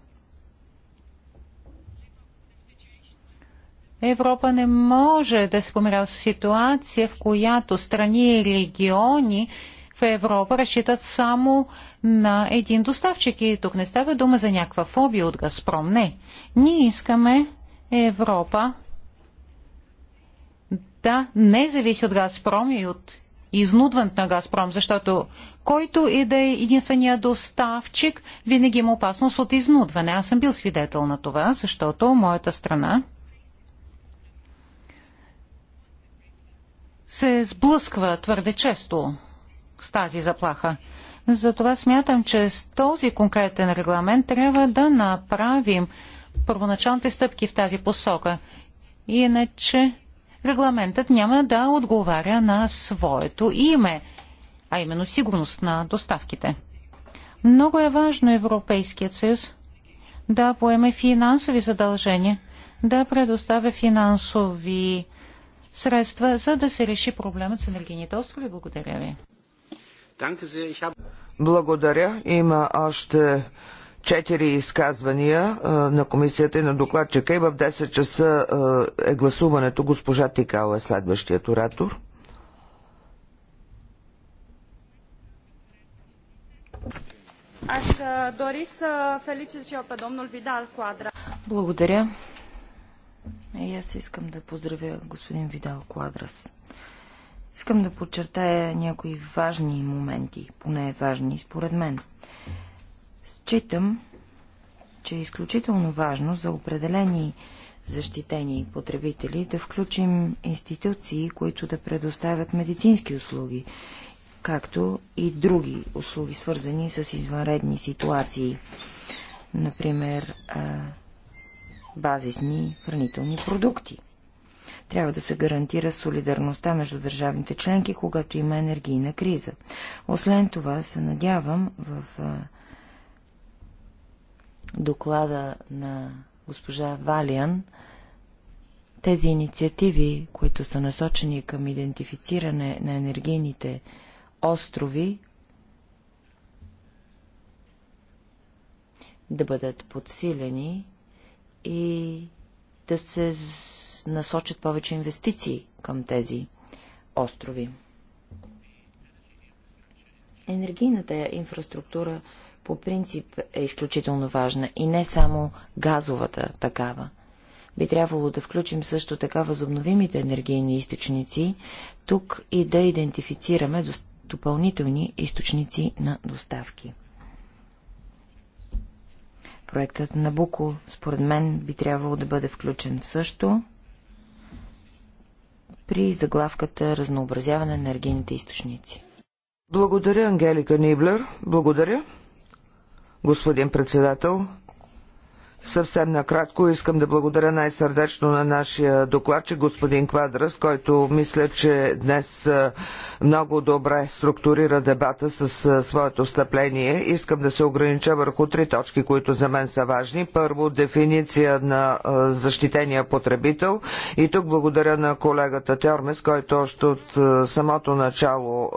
Европа не може да се помиря с ситуация, в която страни и региони в Европа разчитат само на един доставчик. И тук не става дума за някаква фобия от Газпром. Не. Ние искаме Европа да, не зависи от Газпром и от изнудването на Газпром, защото който и да е единствения доставчик, винаги има опасност от изнудване. Аз съм бил свидетел на това, защото моята страна се сблъсква твърде често с тази заплаха. Затова смятам, че с този конкретен регламент трябва да направим първоначалните стъпки в тази посока. Иначе регламентът няма да отговаря на своето име, а именно сигурност на доставките. Много е важно Европейският съюз да поеме финансови задължения, да предоставя финансови средства, за да се реши проблемът с енергийните острови. Благодаря ви. Благодаря. Има още четири изказвания на комисията и на докладчика и в 10 часа е гласуването. Госпожа Тикал е следващият оратор. Аз дори са felicit și eu pe domnul Благодаря. И аз искам да поздравя господин Видал Квадрас. Искам да подчертая някои важни моменти, поне важни според мен. Считам, че е изключително важно за определени защитени потребители да включим институции, които да предоставят медицински услуги, както и други услуги, свързани с извънредни ситуации. Например, базисни хранителни продукти. Трябва да се гарантира солидарността между държавните членки, когато има енергийна криза. Освен това, се надявам в доклада на госпожа Валиан, тези инициативи, които са насочени към идентифициране на енергийните острови, да бъдат подсилени и да се насочат повече инвестиции към тези острови. Енергийната инфраструктура по принцип е изключително важна и не само газовата такава. Би трябвало да включим също така възобновимите енергийни източници, тук и да идентифицираме допълнителни източници на доставки. Проектът на Буко, според мен, би трябвало да бъде включен в също при заглавката Разнообразяване на енергийните източници. Благодаря, Ангелика Ниблер. Благодаря господин председател. Съвсем накратко искам да благодаря най-сърдечно на нашия докладчик господин Квадрас, който мисля, че днес много добре структурира дебата с своето встъпление. Искам да се огранича върху три точки, които за мен са важни. Първо, дефиниция на защитения потребител. И тук благодаря на колегата Тьормес, който още от самото начало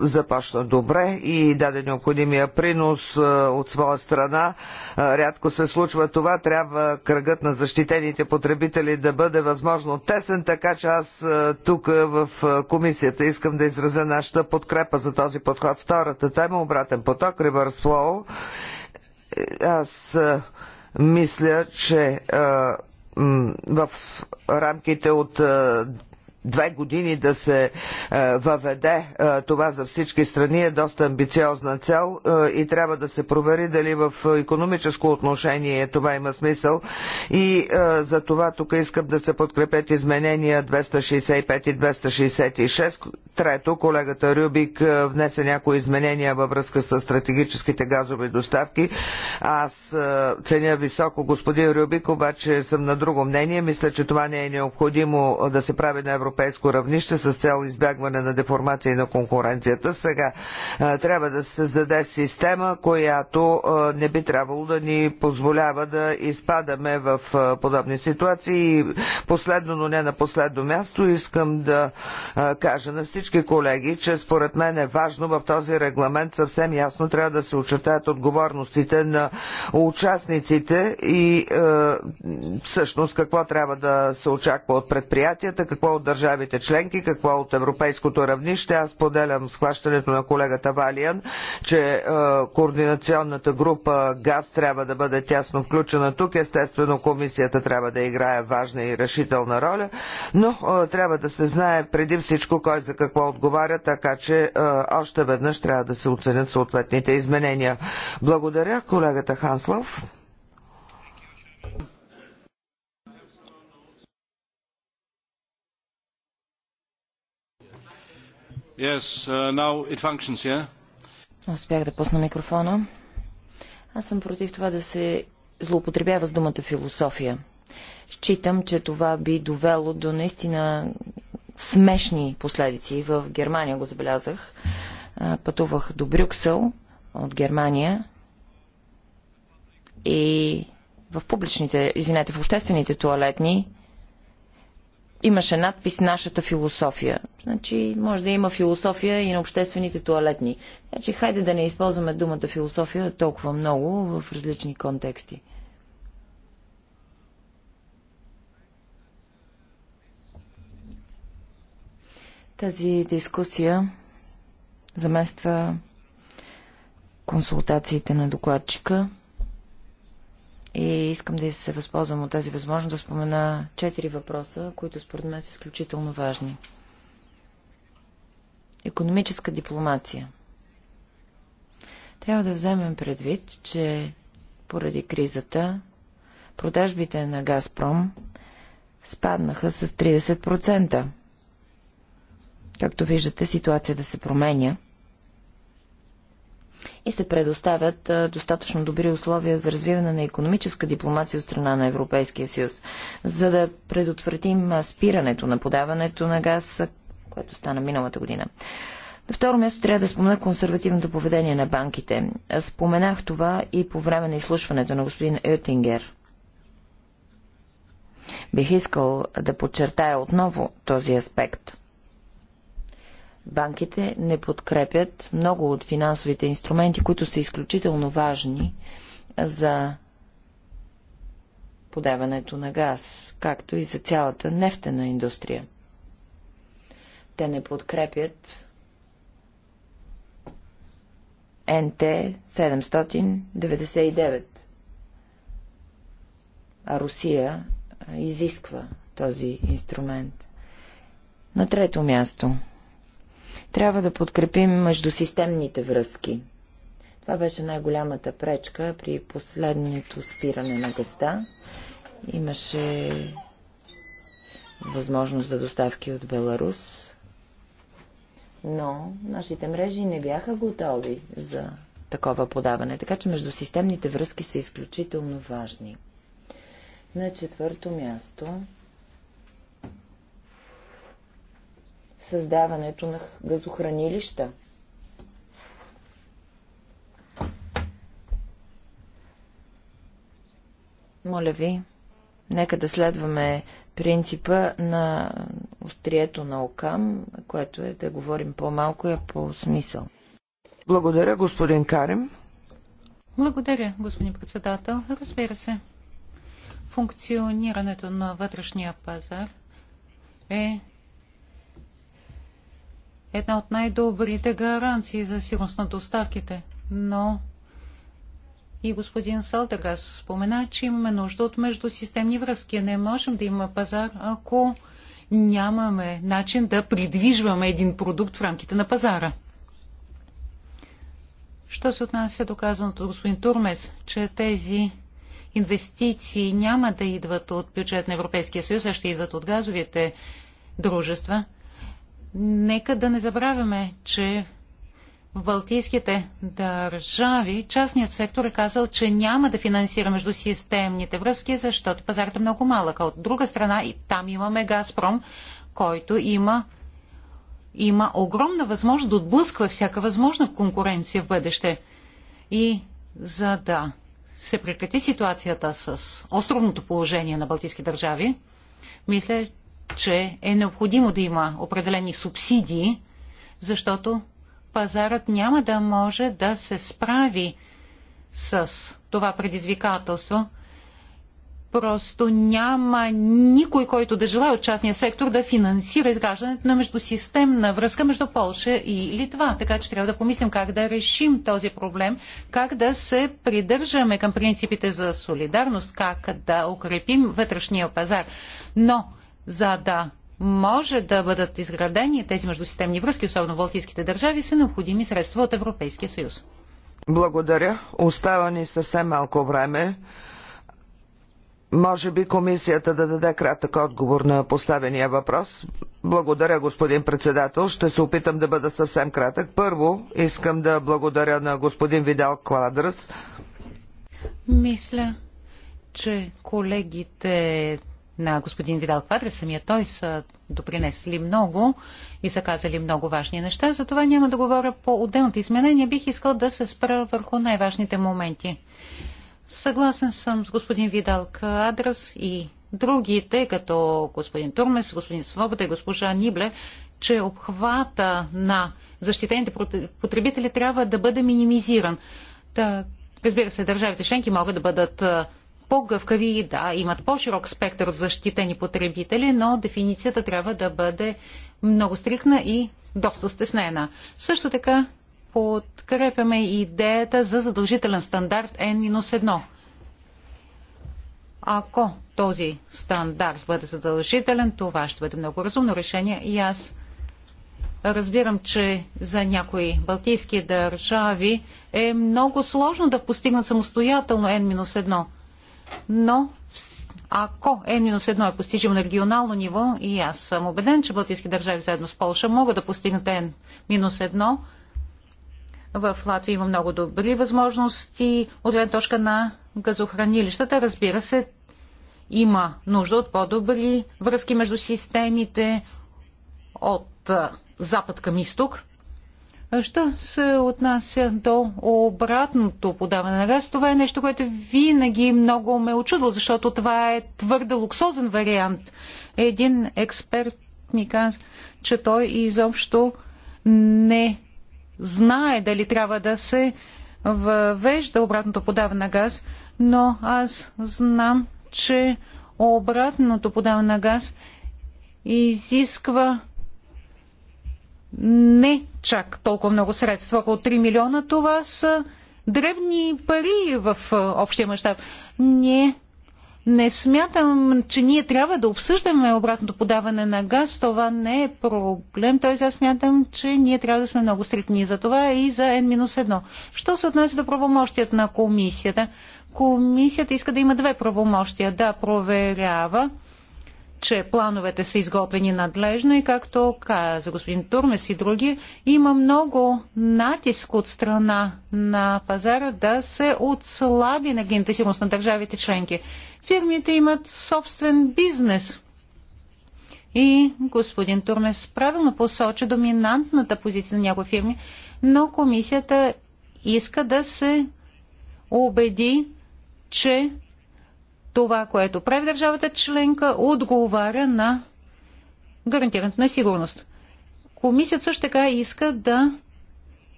започна добре и даде необходимия принос от своя страна. Рядко се случва това, трябва кръгът на защитените потребители да бъде възможно тесен, така че аз е, тук е, в е, комисията искам да изразя нашата подкрепа за този подход. Втората тема, обратен поток, reverse flow. Аз мисля, че в рамките от две години да се е, въведе е, това за всички страни е доста амбициозна цел е, и трябва да се провери дали в економическо отношение това има смисъл и за това тук искам да се подкрепят изменения 265 и 266. Трето, колегата Рюбик внесе някои изменения във връзка с стратегическите газови доставки. Аз ценя високо господин Рюбик, обаче съм на друго мнение. Мисля, че това не е необходимо да се прави на европейско европейско равнище с цел избягване на деформация и на конкуренцията. Сега трябва да се създаде система, която не би трябвало да ни позволява да изпадаме в подобни ситуации. И последно, но не на последно място, искам да кажа на всички колеги, че според мен е важно в този регламент съвсем ясно трябва да се очертаят отговорностите на участниците и всъщност какво трябва да се очаква от предприятията, какво от държавата държавите членки, какво от европейското равнище. Аз поделям схващането на колегата Валиан, че е, координационната група ГАЗ трябва да бъде тясно включена тук. Естествено, комисията трябва да играе важна и решителна роля, но е, трябва да се знае преди всичко кой за какво отговаря, така че е, още веднъж трябва да се оценят съответните изменения. Благодаря, колегата Ханслов. Yes, uh, now it functions, yeah? Успях да пусна микрофона. Аз съм против това да се злоупотребява с думата философия. Считам, че това би довело до наистина смешни последици. В Германия го забелязах. Пътувах до Брюксел от Германия и в публичните, извинете, в обществените туалетни имаше надпис «Нашата философия». Значи, може да има философия и на обществените туалетни. Значи, хайде да не използваме думата философия толкова много в различни контексти. Тази дискусия замества консултациите на докладчика – и искам да се възползвам от тази възможност да спомена четири въпроса, които според мен са изключително важни. Економическа дипломация. Трябва да вземем предвид, че поради кризата продажбите на Газпром спаднаха с 30%. Както виждате, ситуацията да се променя и се предоставят достатъчно добри условия за развиване на економическа дипломация от страна на Европейския съюз. За да предотвратим спирането на подаването на газ, което стана миналата година. На второ място трябва да спомена консервативното поведение на банките. Споменах това и по време на изслушването на господин Ютингер. Бих искал да подчертая отново този аспект – Банките не подкрепят много от финансовите инструменти, които са изключително важни за подаването на газ, както и за цялата нефтена индустрия. Те не подкрепят НТ 799. А Русия изисква този инструмент. На трето място – трябва да подкрепим междусистемните връзки. Това беше най-голямата пречка при последното спиране на гъста. Имаше възможност за доставки от Беларус, но нашите мрежи не бяха готови за такова подаване, така че междусистемните връзки са изключително важни. На четвърто място създаването на газохранилища. Моля ви, нека да следваме принципа на острието на окам, което е да говорим по-малко и по смисъл. Благодаря, господин Карем. Благодаря, господин председател. Разбира се, функционирането на вътрешния пазар е една от най-добрите гаранции за сигурност на доставките. Но и господин Салтегас спомена, че имаме нужда от междусистемни връзки. Не можем да има пазар, ако нямаме начин да придвижваме един продукт в рамките на пазара. Що се отнася до казаното от господин Турмес, че тези инвестиции няма да идват от бюджет на Европейския съюз, а ще идват от газовите дружества, нека да не забравяме, че в Балтийските държави частният сектор е казал, че няма да финансира между системните връзки, защото пазарът е много малък. А от друга страна и там имаме Газпром, който има, има огромна възможност да отблъсква всяка възможна конкуренция в бъдеще. И за да се прекрати ситуацията с островното положение на Балтийски държави, мисля, че е необходимо да има определени субсидии, защото пазарът няма да може да се справи с това предизвикателство. Просто няма никой, който да желая от частния сектор да финансира изграждането на междусистемна връзка между Полша и Литва. Така че трябва да помислим как да решим този проблем, как да се придържаме към принципите за солидарност, как да укрепим вътрешния пазар. Но за да може да бъдат изградени тези междусистемни връзки, особено в Балтийските държави, са необходими средства от Европейския съюз. Благодаря. Остава ни съвсем малко време. Може би комисията да даде кратък отговор на поставения въпрос. Благодаря, господин председател. Ще се опитам да бъда съвсем кратък. Първо, искам да благодаря на господин Видал Кладръс. Мисля, че колегите на господин Видал Квадрес, самия той са допринесли много и са казали много важни неща, затова няма да говоря по отделните изменения. Бих искал да се спра върху най-важните моменти. Съгласен съм с господин Видал Квадрес и другите, като господин Турмес, господин Свобода и госпожа Нибле, че обхвата на защитените потребители трябва да бъде минимизиран. разбира се, държавите членки могат да бъдат по-гъвкави и да, имат по-широк спектър от защитени потребители, но дефиницията трябва да бъде много стрикна и доста стеснена. Също така подкрепяме идеята за задължителен стандарт N-1. Ако този стандарт бъде задължителен, това ще бъде много разумно решение и аз разбирам, че за някои балтийски държави е много сложно да постигнат самостоятелно N-1 но ако N-1 е постижимо на регионално ниво, и аз съм убеден, че балтийски държави заедно с Полша могат да постигнат N-1, в Латвия има много добри възможности от гледна точка на газохранилищата. Разбира се, има нужда от по-добри връзки между системите от запад към изток. Що се отнася до обратното подаване на газ, това е нещо, което винаги много ме очудва, защото това е твърде луксозен вариант. Един експерт ми каза, че той изобщо не знае дали трябва да се въвежда обратното подаване на газ, но аз знам, че обратното подаване на газ изисква не чак толкова много средства. Около 3 милиона това са дребни пари в е, общия мащаб. Не, не смятам, че ние трябва да обсъждаме обратното подаване на газ. Това не е проблем. Той аз смятам, че ние трябва да сме много стрикни за това и за N-1. Що се отнася до правомощията на комисията? Комисията иска да има две правомощия. Да проверява че плановете са изготвени надлежно и както каза господин Турмес и други, има много натиск от страна на пазара да се отслаби на генетизираност на държавите членки. Фирмите имат собствен бизнес. И господин Турмес правилно посочи доминантната позиция на някои фирми, но комисията иска да се убеди, че това, което прави държавата членка, отговаря на гарантирането на сигурност. Комисията също така иска да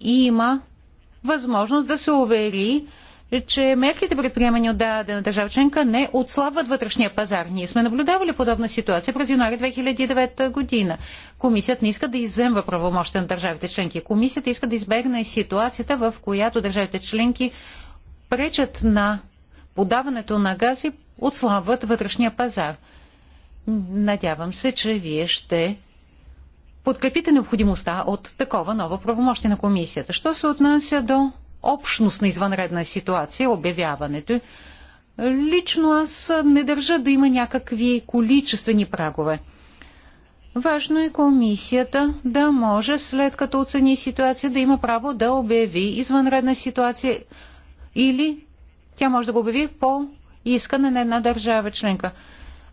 има възможност да се увери, че мерките предприемани от дадена държава членка не отслабват вътрешния пазар. Ние сме наблюдавали подобна ситуация през януари 2009 година. Комисията не иска да иземва правомощите на държавите членки. Комисията иска да избегне ситуацията, в която държавите членки пречат на подаването на гази отслабват вътрешния пазар. Надявам се, че вие ще подкрепите необходимостта от такова ново правомощие на комисията. Що се отнася до общност на извънредна ситуация, обявяването, лично аз не държа да има някакви количествени прагове. Важно е комисията да може, след като оцени ситуация, да има право да обяви извънредна ситуация или тя може да го обяви по искане на една държава членка.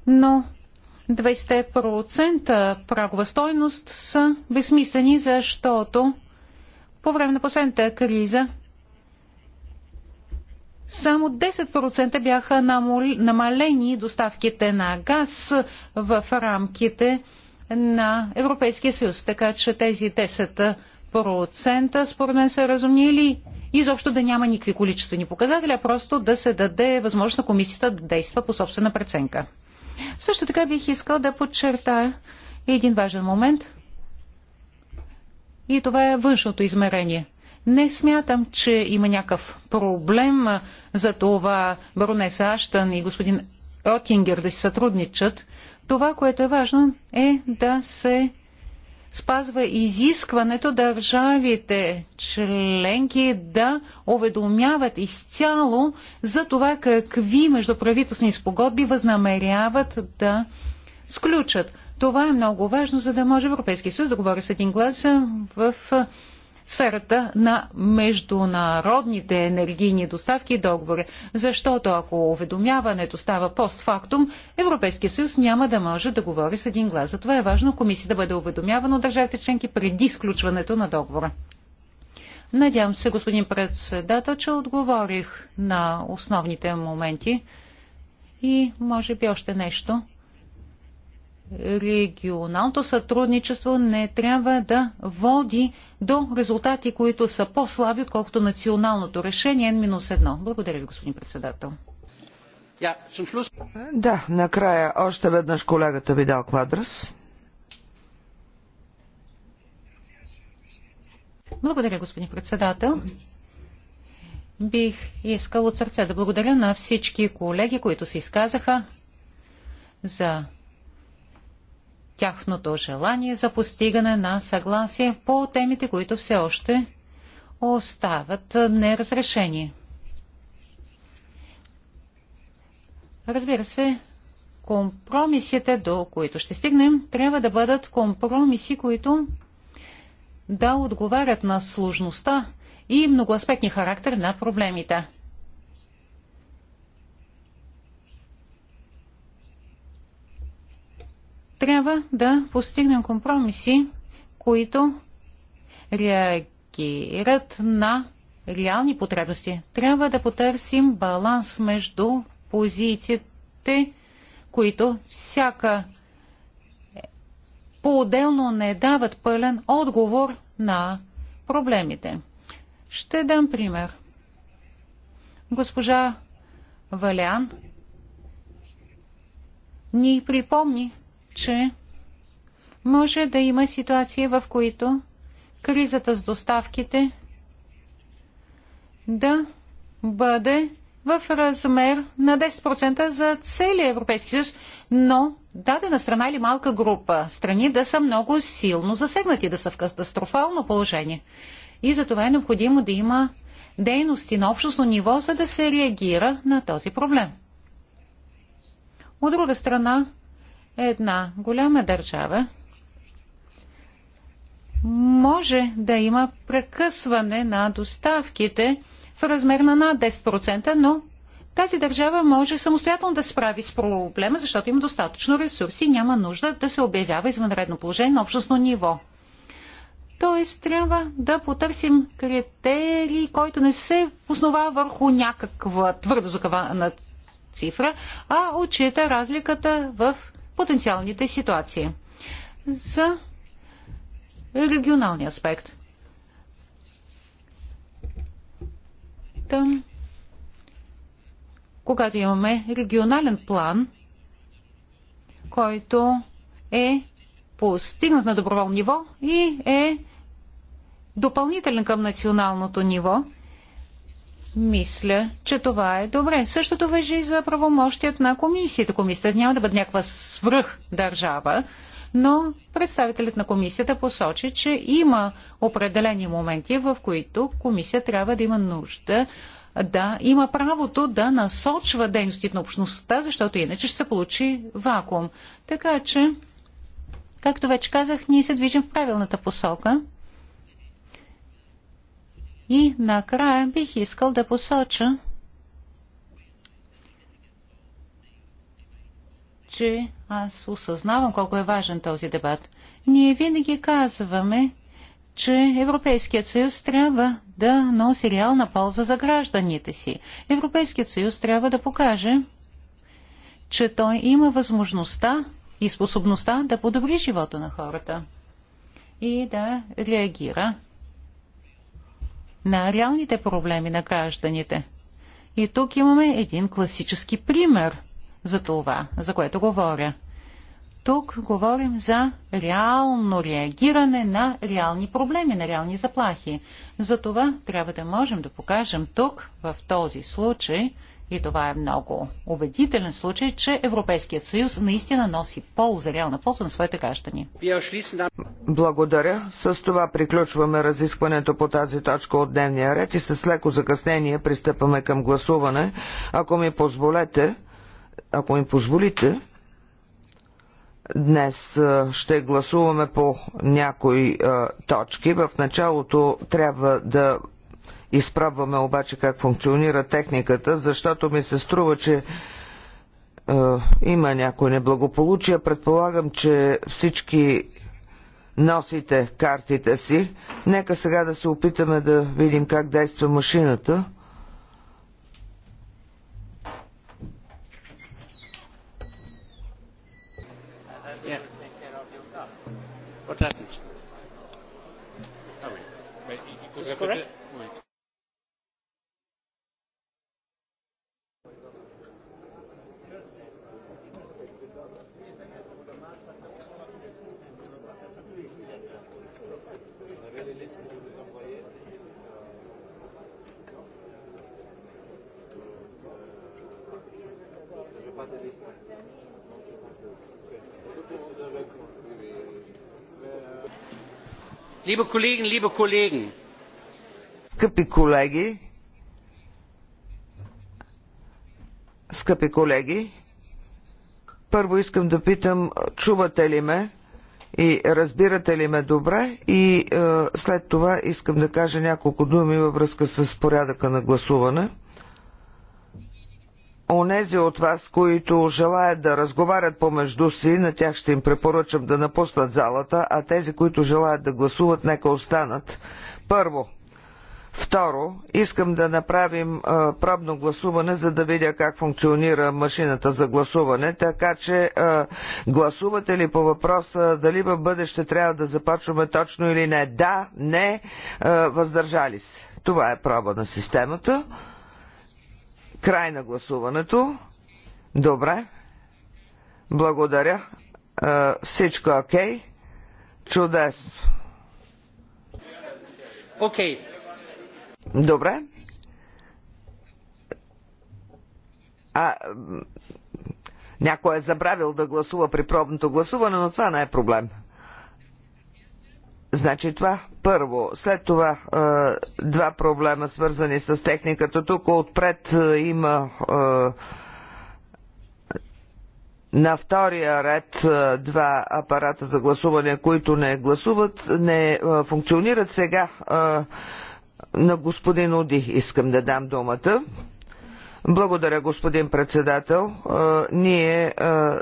Но 20% прагова стойност са безсмислени, защото по време на последната криза само 10% бяха намалени доставките на газ в рамките на Европейския съюз. Така че тези 10% според мен са разумни или изобщо да няма никакви количествени показатели, а просто да се даде възможност на комисията да действа по собствена преценка. Също така бих искал да подчертая един важен момент и това е външното измерение. Не смятам, че има някакъв проблем за това баронеса Аштън и господин Ротингер да си сътрудничат. Това, което е важно, е да се спазва изискването държавите членки да уведомяват изцяло за това какви междуправителствени спогодби възнамеряват да сключат. Това е много важно, за да може Европейския съюз да говори с един глас в сферата на международните енергийни доставки и договори. Защото ако уведомяването става постфактум, Европейския съюз няма да може да говори с един глас. Затова е важно комисия да бъде уведомявана от държавите членки преди сключването на договора. Надявам се, господин председател, че отговорих на основните моменти и може би още нещо регионалното сътрудничество не трябва да води до резултати, които са по-слаби, отколкото националното решение N-1. Благодаря ви, господин председател. Да, накрая още веднъж колегата ви дал квадрас. Благодаря, господин председател. Бих искал от сърце да благодаря на всички колеги, които се изказаха за тяхното желание за постигане на съгласие по темите, които все още остават неразрешени. Разбира се, компромисите, до които ще стигнем, трябва да бъдат компромиси, които да отговарят на сложността и многоаспектния характер на проблемите. трябва да постигнем компромиси, които реагират на реални потребности. Трябва да потърсим баланс между позициите, които всяка по-отделно не дават пълен отговор на проблемите. Ще дам пример. Госпожа Валян ни припомни че може да има ситуации, в които кризата с доставките да бъде в размер на 10% за целия Европейски съюз, но дадена страна или малка група страни да са много силно засегнати, да са в катастрофално положение. И за това е необходимо да има дейности на общностно ниво, за да се реагира на този проблем. От друга страна, една голяма държава може да има прекъсване на доставките в размер на над 10%, но тази държава може самостоятелно да справи с проблема, защото има достатъчно ресурси и няма нужда да се обявява извънредно положение на общностно ниво. Тоест трябва да потърсим критерии, който не се основа върху някаква твърдо закавана цифра, а отчита разликата в потенциалните ситуации. За регионалния аспект. Там, когато имаме регионален план, който е постигнат на доброволно ниво и е допълнителен към националното ниво, мисля, че това е добре. Същото въжи за правомощият на комисията. Комисията няма да бъде някаква свръх държава, но представителят на комисията посочи, че има определени моменти, в които комисия трябва да има нужда да има правото да насочва дейностите на общността, защото иначе ще се получи вакуум. Така че, както вече казах, ние се движим в правилната посока. И накрая бих искал да посоча, че аз осъзнавам колко е важен този дебат. Ние винаги казваме, че Европейският съюз трябва да носи реална полза за гражданите си. Европейският съюз трябва да покаже, че той има възможността и способността да подобри живота на хората и да реагира на реалните проблеми на гражданите. И тук имаме един класически пример за това, за което говоря. Тук говорим за реално реагиране на реални проблеми, на реални заплахи. За това трябва да можем да покажем тук, в този случай, и това е много убедителен случай, че Европейският съюз наистина носи полза, реална полза на своите граждани. Благодаря. С това приключваме разискването по тази точка от дневния ред и с леко закъснение пристъпваме към гласуване. Ако ми позволете, ако ми позволите, Днес ще гласуваме по някои точки. В началото трябва да изпробваме обаче как функционира техниката, защото ми се струва, че е, има някои неблагополучия. Предполагам, че всички носите картите си. Нека сега да се опитаме да видим как действа машината. What happened? Oh, wait. Wait, you, you Liebe Kollegen, liebe Kollegen. Скъпи колеги, скъпи колеги, първо искам да питам, чувате ли ме и разбирате ли ме добре и е, след това искам да кажа няколко думи във връзка с порядъка на гласуване онези от вас, които желаят да разговарят помежду си, на тях ще им препоръчам да напуснат залата, а тези, които желаят да гласуват, нека останат. Първо. Второ, искам да направим пробно гласуване, за да видя как функционира машината за гласуване, така че а, гласувате ли по въпроса дали в бъдеще трябва да започваме точно или не? Да, не, въздържали се. Това е проба на системата. Край на гласуването. Добре. Благодаря. Всичко е окей. Okay. Чудесно. Окей. Okay. Добре. А, някой е забравил да гласува при пробното гласуване, но това не е проблем. Значи това първо, след това два проблема, свързани с техниката. Тук отпред има на втория ред два апарата за гласуване, които не гласуват, не функционират сега. На господин Оди искам да дам думата. Благодаря, господин председател. Ние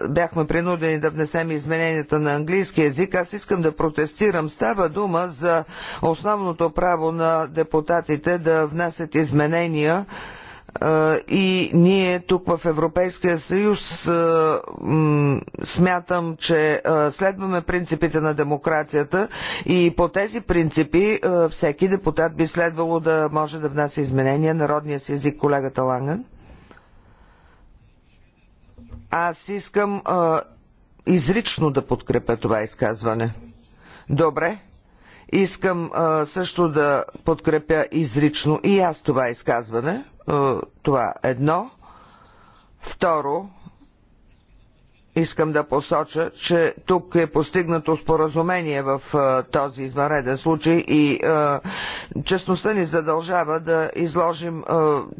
бяхме принудени да внесем измененията на английски язик. Аз искам да протестирам. Става дума за основното право на депутатите да внасят изменения и ние тук в Европейския съюз смятам, че следваме принципите на демокрацията и по тези принципи всеки депутат би следвало да може да внася изменения. Народния си език колегата Ланган. Аз искам изрично да подкрепя това изказване. Добре. Искам също да подкрепя изрично и аз това изказване. Е, това едно. Второ, искам да посоча, че тук е постигнато споразумение в този извънреден случай и честността ни задължава да изложим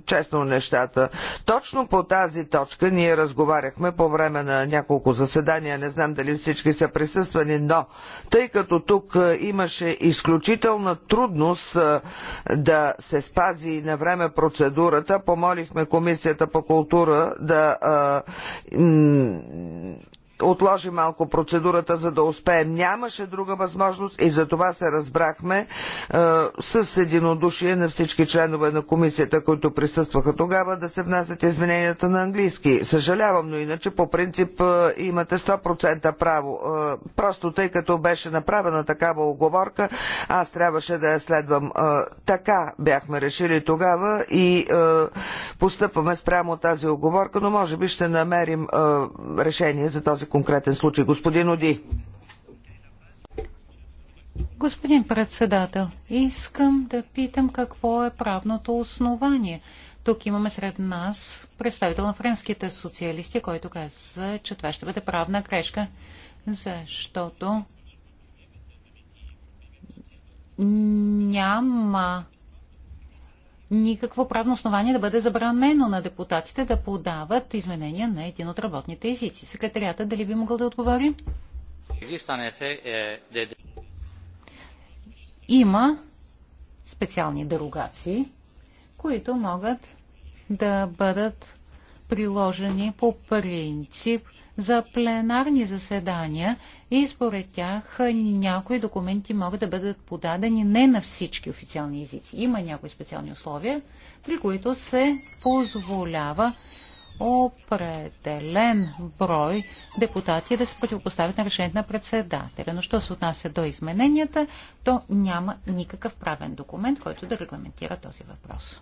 честно нещата. Точно по тази точка ние разговаряхме по време на няколко заседания, не знам дали всички са присъствани, но тъй като тук имаше изключителна трудност да се спази на време процедурата, помолихме Комисията по култура да отложи малко процедурата, за да успеем. Нямаше друга възможност и за това се разбрахме е, с единодушие на всички членове на комисията, които присъстваха тогава, да се внасят измененията на английски. Съжалявам, но иначе по принцип е, имате 100% право. Е, просто тъй като беше направена такава оговорка, аз трябваше да я следвам. Е, така бяхме решили тогава и е, постъпваме спрямо тази оговорка, но може би ще намерим е, решение за този конкретен случай. Господин Оди. Господин председател, искам да питам какво е правното основание. Тук имаме сред нас представител на френските социалисти, който каза, че това ще бъде правна грешка, защото няма никакво правно основание да бъде забранено на депутатите да подават изменения на един от работните езици. Секретарията дали би могъл да отговори? Има специални дерогации, които могат да бъдат приложени по принцип за пленарни заседания и според тях някои документи могат да бъдат подадени не на всички официални езици. Има някои специални условия, при които се позволява определен брой депутати да се противопоставят на решението на председателя. Но що се отнася до измененията, то няма никакъв правен документ, който да регламентира този въпрос.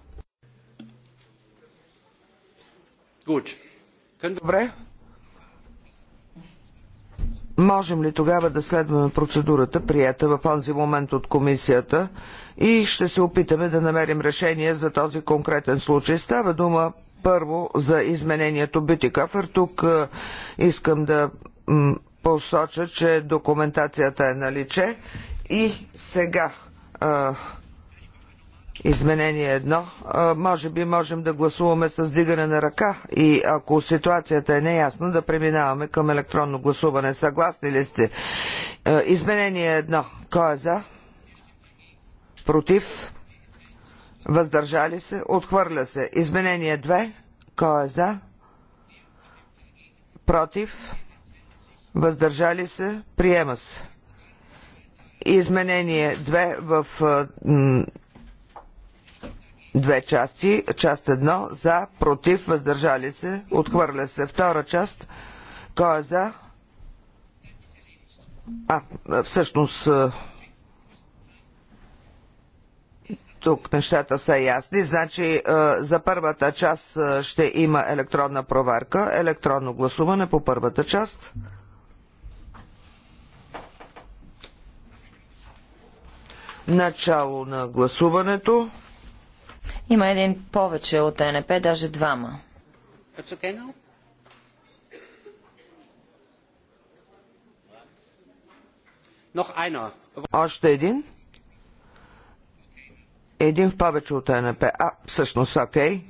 Добре, можем ли тогава да следваме процедурата, прията в този момент от комисията и ще се опитаме да намерим решение за този конкретен случай. Става дума първо за изменението Кафър. Тук е, искам да посоча, че документацията е наличе и сега е, Изменение едно. Може би можем да гласуваме с дигане на ръка и ако ситуацията е неясна, да преминаваме към електронно гласуване. Съгласни ли сте? Изменение едно. Кой е за? Против? Въздържали се? Отхвърля се. Изменение 2. Кой е за? Против? Въздържали се? Приема се. Изменение 2 в две части. Част едно за, против, въздържали се, отхвърля се. Втора част, кой е за? А, всъщност тук нещата са ясни. Значи за първата част ще има електронна проверка, електронно гласуване по първата част. Начало на гласуването. Има един повече от НП, даже двама. Още един? Един в повече от НП. А, всъщност, окей.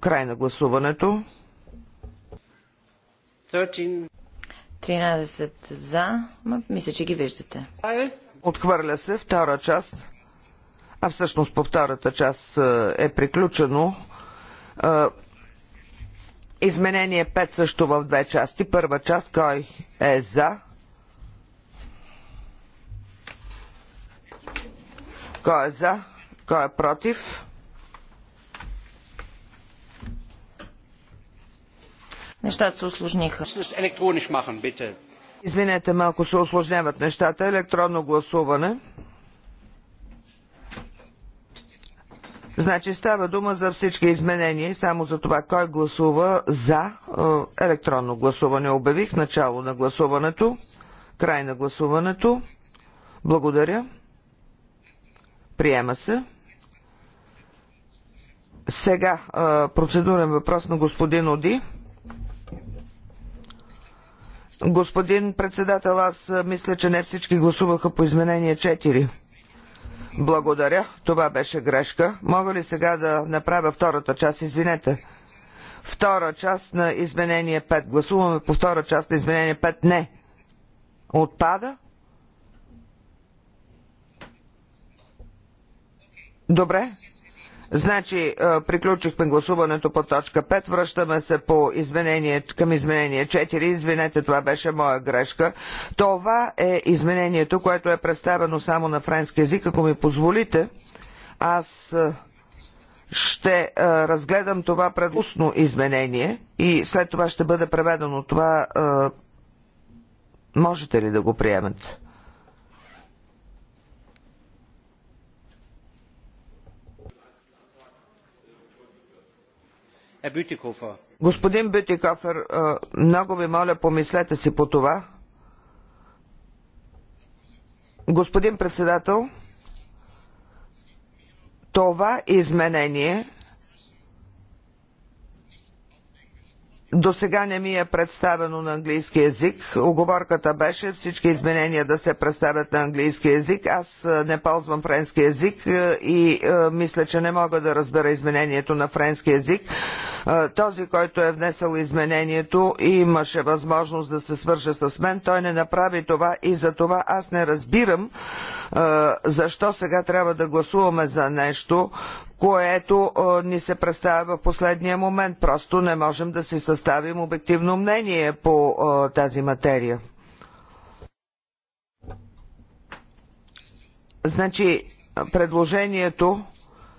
край на гласуването. 13 за. Мисля, че ги виждате. Отхвърля се втора част а всъщност по втората част е, е приключено. Е, изменение 5 също в две части. Първа част, кой е за? Кой е за? Кой е против? Нещата се осложниха. Извинете, малко се осложняват нещата. Електронно гласуване. Значи става дума за всички изменения и само за това кой гласува за е, електронно гласуване. Обявих начало на гласуването, край на гласуването. Благодаря. Приема се. Сега е, процедурен въпрос на господин Оди. Господин председател, аз е, мисля, че не всички гласуваха по изменение 4. Благодаря. Това беше грешка. Мога ли сега да направя втората част? Извинете. Втора част на изменение 5. Гласуваме по втора част на изменение 5. Не. Отпада? Добре. Значи, приключихме гласуването по точка 5, връщаме се по изменение, към изменение 4. Извинете, това беше моя грешка. Това е изменението, което е представено само на френски язик. Ако ми позволите, аз ще а, разгледам това предусно изменение и след това ще бъде преведено това. А, можете ли да го приемете? Господин Бютикофер, много ви моля, помислете си по това. Господин председател, това изменение до сега не ми е представено на английски язик. Оговорката беше всички изменения да се представят на английски язик. Аз не ползвам френски язик и мисля, че не мога да разбера изменението на френски язик. Този, който е внесъл изменението и имаше възможност да се свърже с мен, той не направи това и за това аз не разбирам защо сега трябва да гласуваме за нещо, което ни се представя в последния момент. Просто не можем да си съставим обективно мнение по тази материя. Значи, предложението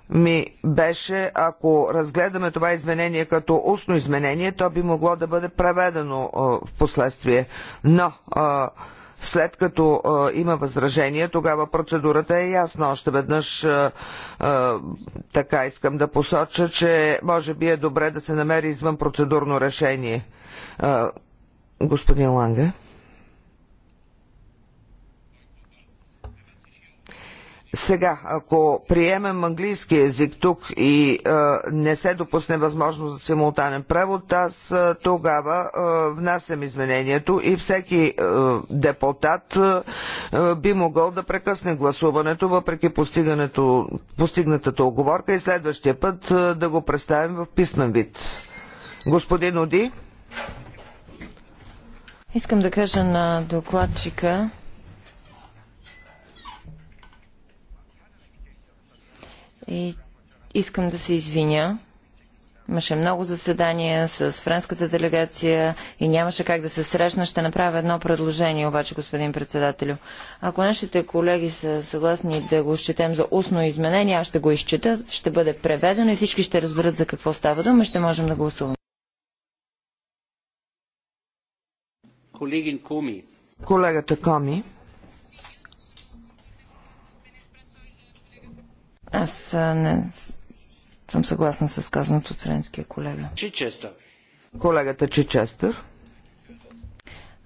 ми беше, ако разгледаме това изменение като устно изменение, то би могло да бъде преведено в последствие. Но а, след като а, има възражение, тогава процедурата е ясна. Още веднъж а, а, така искам да посоча, че може би е добре да се намери извън процедурно решение. господин Ланга. Сега, ако приемем английски язик тук и е, не се допусне възможност за симултанен превод, аз е, тогава е, внасям изменението и всеки е, депутат е, е би могъл да прекъсне гласуването, въпреки постигнатата оговорка и следващия път е, да го представим в писмен вид. Господин Оди. Искам да кажа на докладчика, И искам да се извиня. Имаше много заседания с френската делегация и нямаше как да се срещна. Ще направя едно предложение, обаче, господин председателю. Ако нашите колеги са съгласни да го счетем за устно изменение, аз ще го изчета, ще бъде преведено и всички ще разберат за какво става дума и ще можем да гласуваме. Колегата Коми. Аз не съм съгласна с казаното от френския колега. Чичестър. Колегата Чичестър.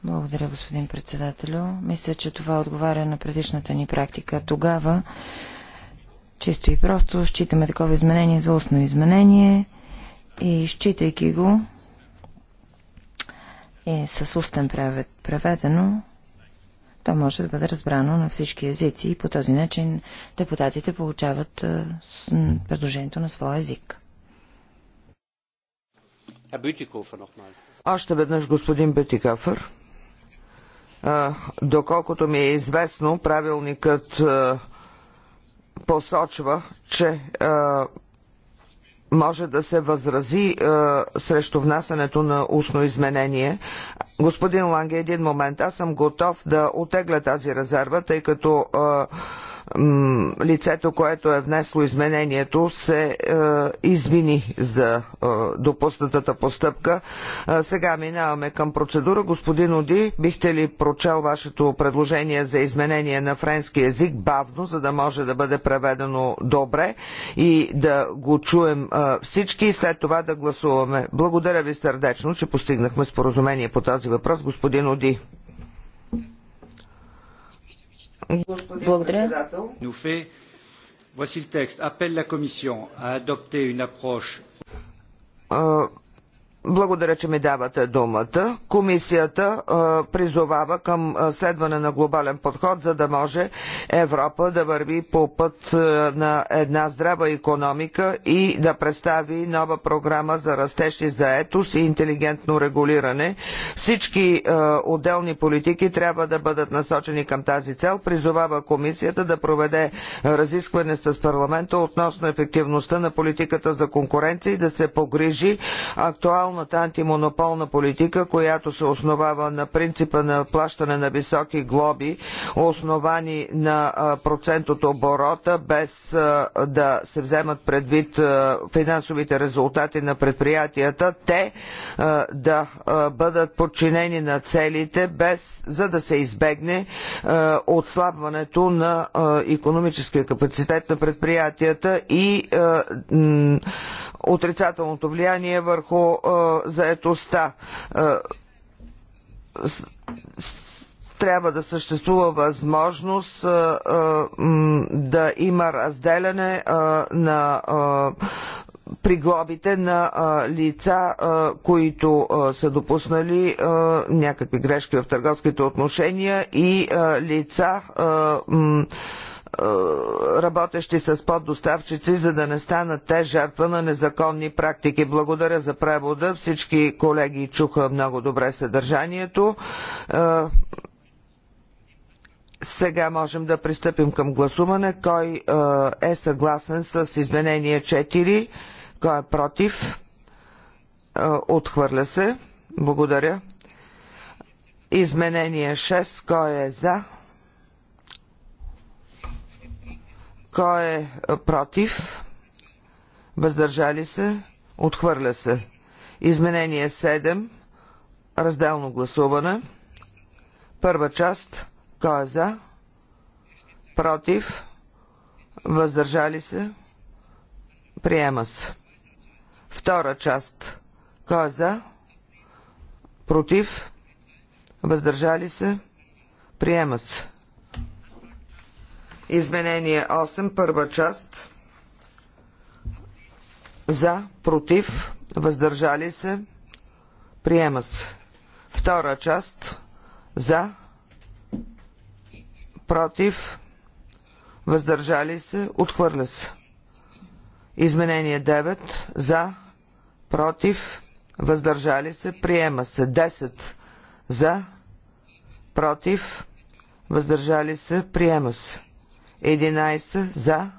Благодаря, господин председателю. Мисля, че това отговаря на предишната ни практика. Тогава, чисто и просто, считаме такова изменение за устно изменение и считайки го е, с устен преведено, то може да бъде разбрано на всички езици и по този начин депутатите получават предложението на своя език. Още веднъж господин Бетикафър. Доколкото ми е известно, правилникът посочва, че може да се възрази срещу внасянето на устно изменение. Господин Ланге, един момент. Аз съм готов да отегля тази резерва, тъй като а, лицето, което е внесло изменението, се е, извини за е, допуснатата постъпка. Е, сега минаваме към процедура. Господин Оди, бихте ли прочел вашето предложение за изменение на френски язик бавно, за да може да бъде преведено добре и да го чуем е, всички и след това да гласуваме. Благодаря ви сърдечно, че постигнахме споразумение по този въпрос, господин Оди. Господин Благодаря. Voici le texte. Appelle la Commission à adopter une approche. Благодаря, че ми давате думата. Комисията а, е, призовава към е, следване на глобален подход, за да може Европа да върви по път а, е, на една здрава економика и да представи нова програма за растещи и заетост и интелигентно регулиране. Всички а, отделни политики трябва да бъдат насочени към тази цел. Призовава комисията да проведе разискване с парламента относно ефективността на политиката за конкуренция и да се погрижи актуално глобалната антимонополна политика, която се основава на принципа на плащане на високи глоби, основани на процент от оборота, без да се вземат предвид финансовите резултати на предприятията, те да бъдат подчинени на целите, без за да се избегне отслабването на економическия капацитет на предприятията и отрицателното влияние върху заетостта е, трябва да съществува възможност е, е, да има разделяне на при глобите на лица, които са допуснали някакви грешки в търговските отношения и лица, е, работещи с поддоставчици, за да не станат те жертва на незаконни практики. Благодаря за превода. Всички колеги чуха много добре съдържанието. Е, сега можем да пристъпим към гласуване. Кой е, е съгласен с изменение 4? Кой е против? Отхвърля се. Благодаря. Изменение 6. Кой е за? Кой е против? Въздържали се? Отхвърля се. Изменение 7. Разделно гласуване. Първа част. Кой е за? Против? Въздържали се? Приема се. Втора част. Кой е за? Против? Въздържали се? Приема се. Изменение 8, първа част. За, против, въздържали се, приема се. Втора част. За, против, въздържали се, отхвърля се. Изменение 9. За, против, въздържали се, приема се. 10. За, против, въздържали се, приема се. 11 за,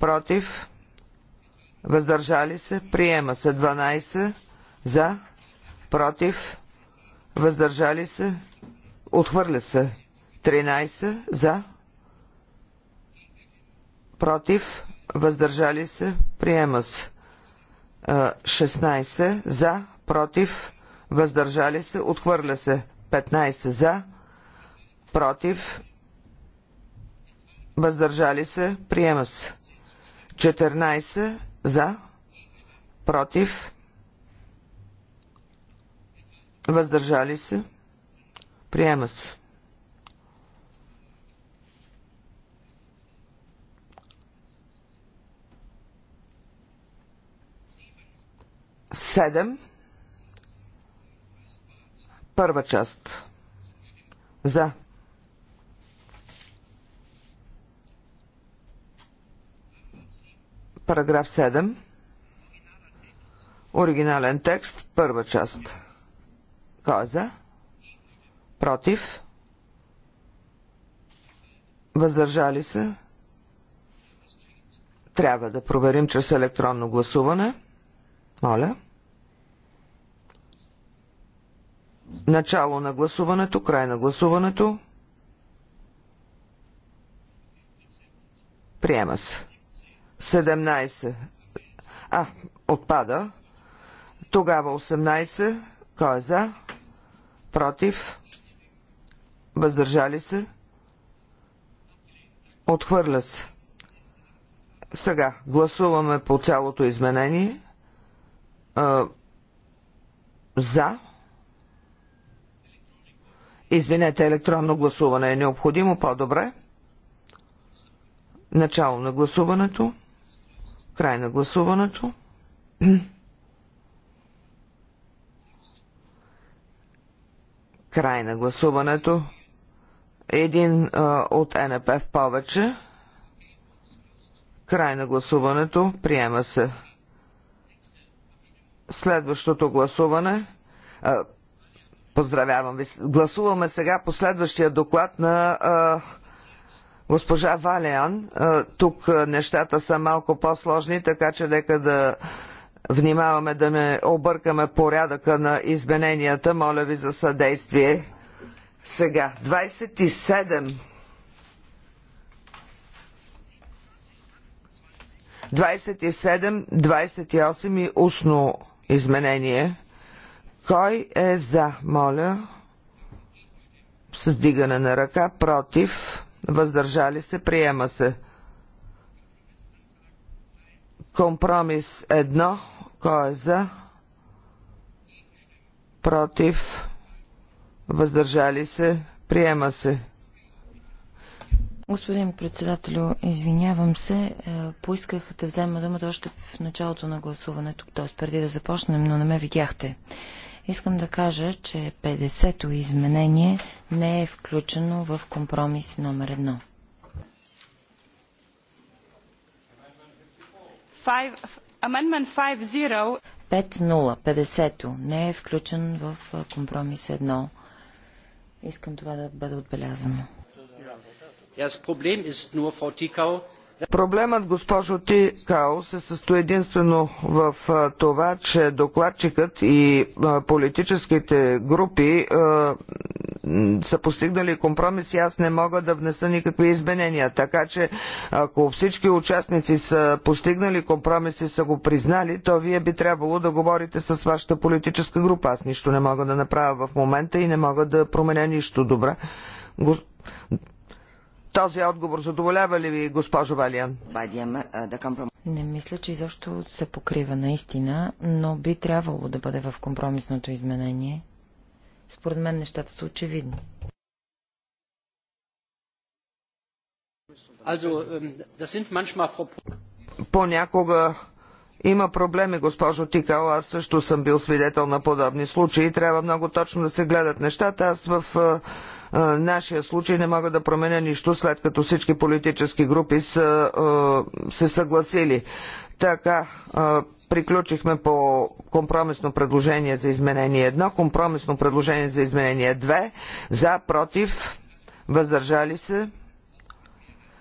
против, въздържали се, приема се 12 за, против, въздържали се, отхвърля се 13 за, против, въздържали се, приема се 16 за, против, въздържали се, отхвърля се 15 за, против, въздържали се, приема се. 14 за, против, въздържали се, приема се. Седем. Първа част. За. Параграф 7. Оригинален текст. Първа част. Кой е за? Против? Въздържали се? Трябва да проверим чрез електронно гласуване. Моля. Начало на гласуването, край на гласуването. Приема се. 17. А, отпада. Тогава 18. Кой е за? Против? Въздържали се? Отхвърля се. Сега гласуваме по цялото изменение. А, за. Извинете, електронно гласуване е необходимо по-добре. Начало на гласуването. Край на гласуването. Край на гласуването. Един а, от НП в повече. Край на гласуването. Приема се. Следващото гласуване. А, поздравявам ви. Гласуваме сега последващия доклад на а, госпожа Валеан. Тук нещата са малко по-сложни, така че нека да внимаваме да не объркаме порядъка на измененията. Моля ви за съдействие. Сега, 27. 27, 28 и устно изменение. Кой е за, моля? С дигане на ръка, против въздържали се, приема се. Компромис 1, кой е за, против, въздържали се, приема се. Господин председателю, извинявам се, е, поисках да взема думата още в началото на гласуването, т.е. преди да започнем, но не ме видяхте. Искам да кажа, че 50-то изменение не е включено в компромис номер 1. 5-0, 50-то не е включен в компромис 1. Искам това да бъде отбелязано. Das Problem ist nur, Frau Tikau, Проблемът, госпожо Тикао, се състои единствено в това, че докладчикът и политическите групи са постигнали компромис и аз не мога да внеса никакви изменения. Така че, ако всички участници са постигнали компромис и са го признали, то вие би трябвало да говорите с вашата политическа група. Аз нищо не мога да направя в момента и не мога да променя нищо. Добре. Този отговор задоволява ли ви, госпожо Валиан? Не мисля, че изобщо се покрива наистина, но би трябвало да бъде в компромисното изменение. Според мен нещата са очевидни. Ähm, Понякога има проблеми, госпожо Тикал. Аз също съм бил свидетел на подобни случаи. Трябва много точно да се гледат нещата. Аз в нашия случай не мога да променя нищо, след като всички политически групи са се съгласили. Така, приключихме по компромисно предложение за изменение 1, компромисно предложение за изменение 2, за, против, въздържали се,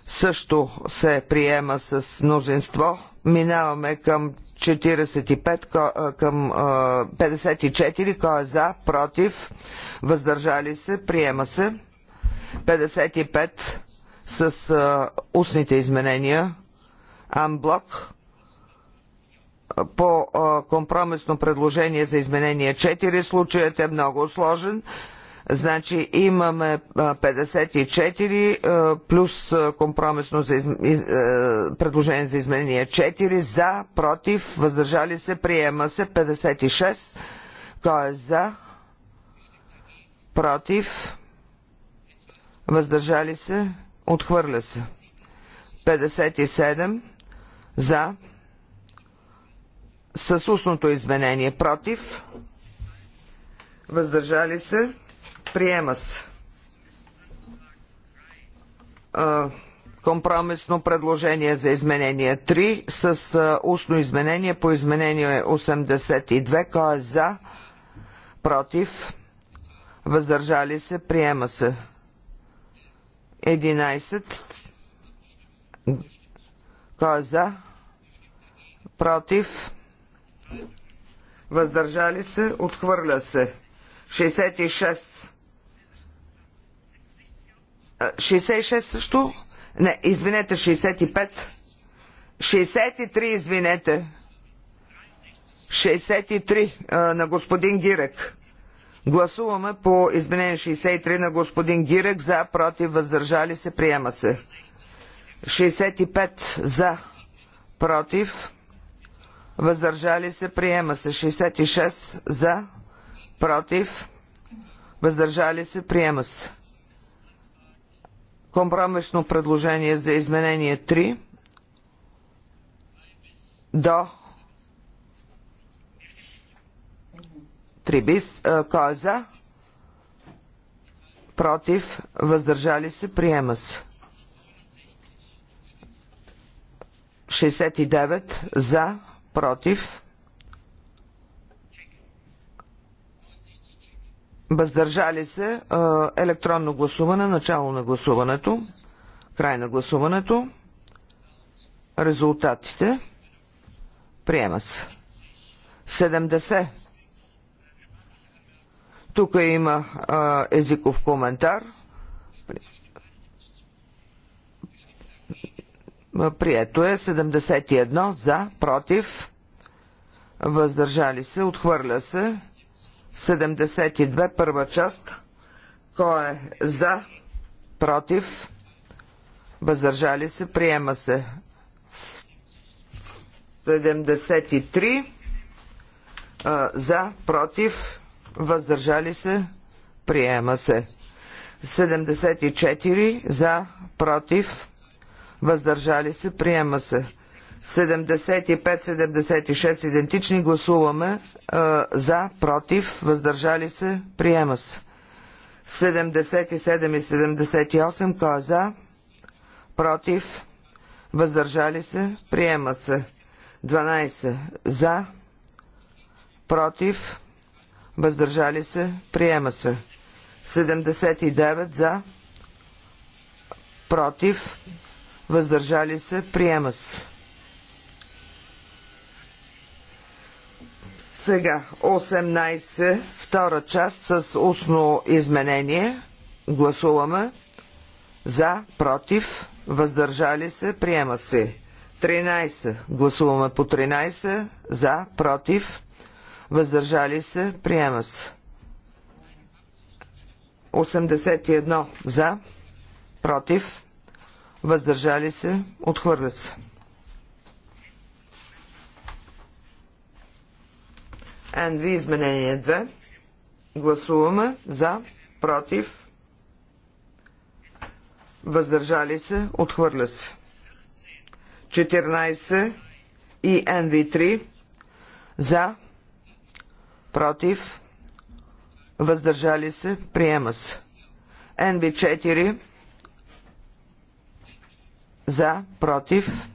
също се приема с мнозинство. Минаваме към 45 към 54. Кой е за? Против? Въздържали се? Приема се. 55 с устните изменения. Амблок по компромисно предложение за изменение 4. Случаят е много сложен. Значи имаме 54 плюс компромисно за из... предложение за изменение 4 за, против, въздържали се, приема се 56. Кой е за? Против? Въздържали се? Отхвърля се. 57 за с устното изменение против въздържали се Приема се. Компромисно предложение за изменение 3 с устно изменение по изменение 82. Кой е за? Против? Въздържали се? Приема се. 11. Кой е за? Против? Въздържали се? Отхвърля се. 66. 66 също. Не, извинете, 65. 63, извинете. 63 на господин Гирек. Гласуваме по изменение 63 на господин Гирек за, против, въздържали се, приема се. 65 за, против, въздържали се, приема се. 66 за, против, въздържали се, приема се компромисно предложение за изменение 3 до 3 бис. Е, кой е за? Против? Въздържали се? Приема се. 69 за, против, въздържали се, електронно гласуване, начало на гласуването, край на гласуването, резултатите, приема се. 70. Тук има а, езиков коментар. Прието е 71 за, против, въздържали се, отхвърля се. 72, първа част. Кой е за? Против? Въздържали се? Приема се. 73 за, против, въздържали се, приема се. 74 за, против, въздържали се, приема се. 75-76 идентични. Гласуваме а, за, против, въздържали се, приема се. 77 и 78, кой е за, против, въздържали се, приема се. 12 за, против, въздържали се, приема се. 79 за, против, въздържали се, приема се. Сега, 18, втора част с устно изменение. Гласуваме. За, против, въздържали се, приема се. 13. Гласуваме по 13. За, против, въздържали се, приема се. 81. За, против, въздържали се, отхвърля се. НВ изменение 2. Гласуваме за, против, въздържали се, отхвърля се. 14 и НВ3 за, против, въздържали се, приема се. НВ4 за, против,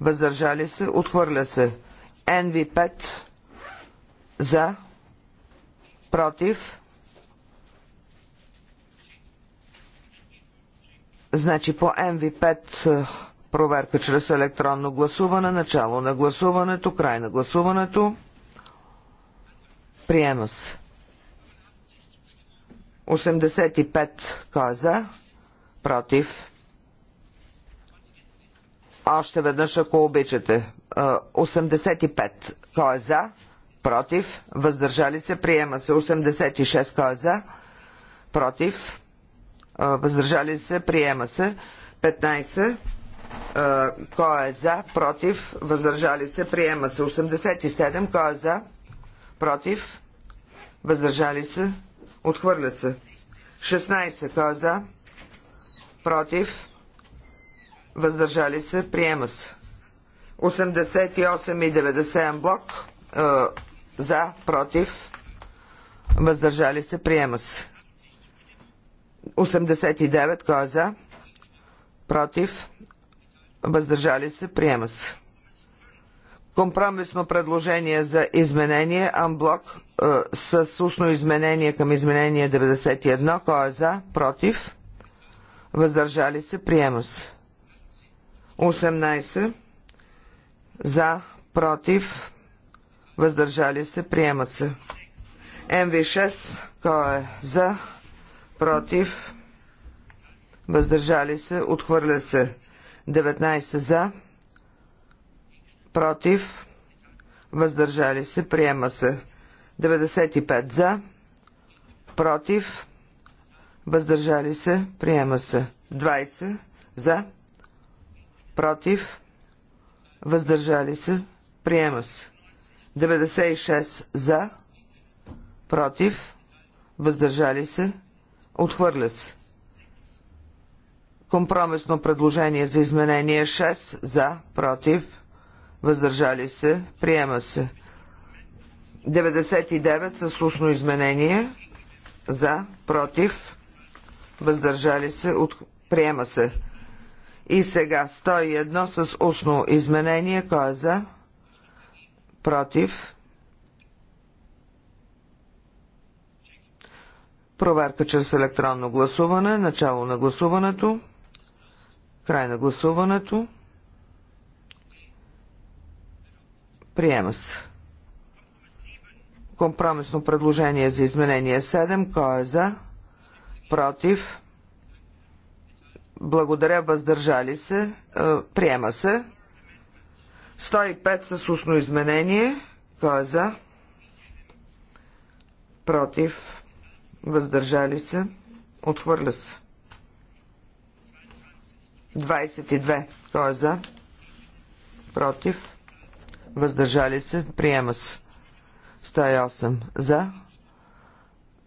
въздържали се, отхвърля се. nv 5 за. Против. Значи по МВ5 е, проверка чрез електронно гласуване, начало на гласуването, край на гласуването. Приема се. 85 кой е за? Против. Още веднъж, ако обичате. 85 е, кой е за? против, въздържали се, приема се 86 е кой е за, против, въздържали се, приема се 15 е кой е за, против, въздържали се, приема се 87 кой е за, против, въздържали се, отхвърля се 16 кой е за, против, въздържали се, приема се 88 и 90 блок за, против, въздържали се, приема се. 89, кой е за? Против, въздържали се, приема се. Компромисно предложение за изменение, амблок е, с устно изменение към изменение 91, кой е за? Против, въздържали се, приема се. 18, за, против, въздържали се, приема се. МВ6, кой е за, против, въздържали се, отхвърля се. 19 за, против, въздържали се, приема се. 95 за, против, въздържали се, приема се. 20 за, против, въздържали се, приема се. 96 за, против, въздържали се, отхвърля се. Компромисно предложение за изменение 6 за, против, въздържали се, приема се. 99 с устно изменение за, против, въздържали се, от... приема се. И сега 101 с устно изменение, кой е за? против, проверка чрез електронно гласуване, начало на гласуването, край на гласуването, приема се. Компромисно предложение за изменение 7. Кой е за? Против? Благодаря, въздържали се. Е, приема се. 105 с устно изменение. Той е за? Против. Въздържали се. Отхвърля се. 22. Кой е за? Против. Въздържали се. Приема се. 108. За.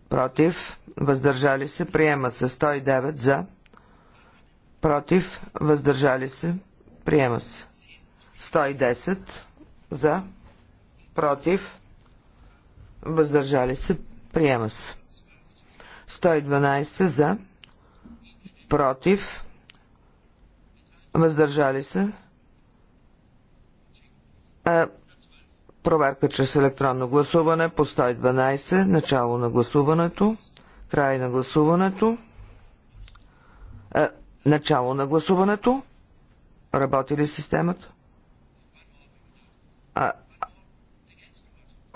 Против. Въздържали се. Приема се. 109. За. Против. Въздържали се. Приема се. 110 за, против, въздържали се, приема се. 112 за, против, въздържали се. А, проверка чрез електронно гласуване по 112, начало на гласуването, край на гласуването, а, начало на гласуването, работи ли системата?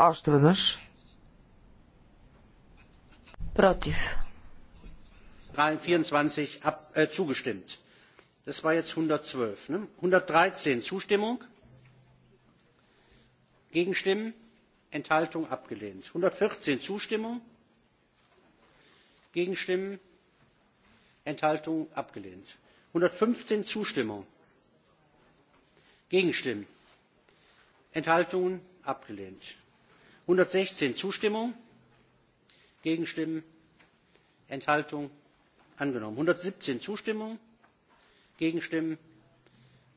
Още веднъж. Против. 24 ab, äh, zugestimmt. Das war jetzt 112. Ne? 113 Zustimmung. Gegenstimmen. Enthaltung abgelehnt. 114 Zustimmung. Gegenstimmen. Enthaltung abgelehnt. 115 Zustimmung. Gegenstimmen. Enthaltungen abgelehnt einhundertsechzehn zustimmung gegenstimmen enthaltung angenommen; einhundertsiebzehn zustimmung gegenstimmen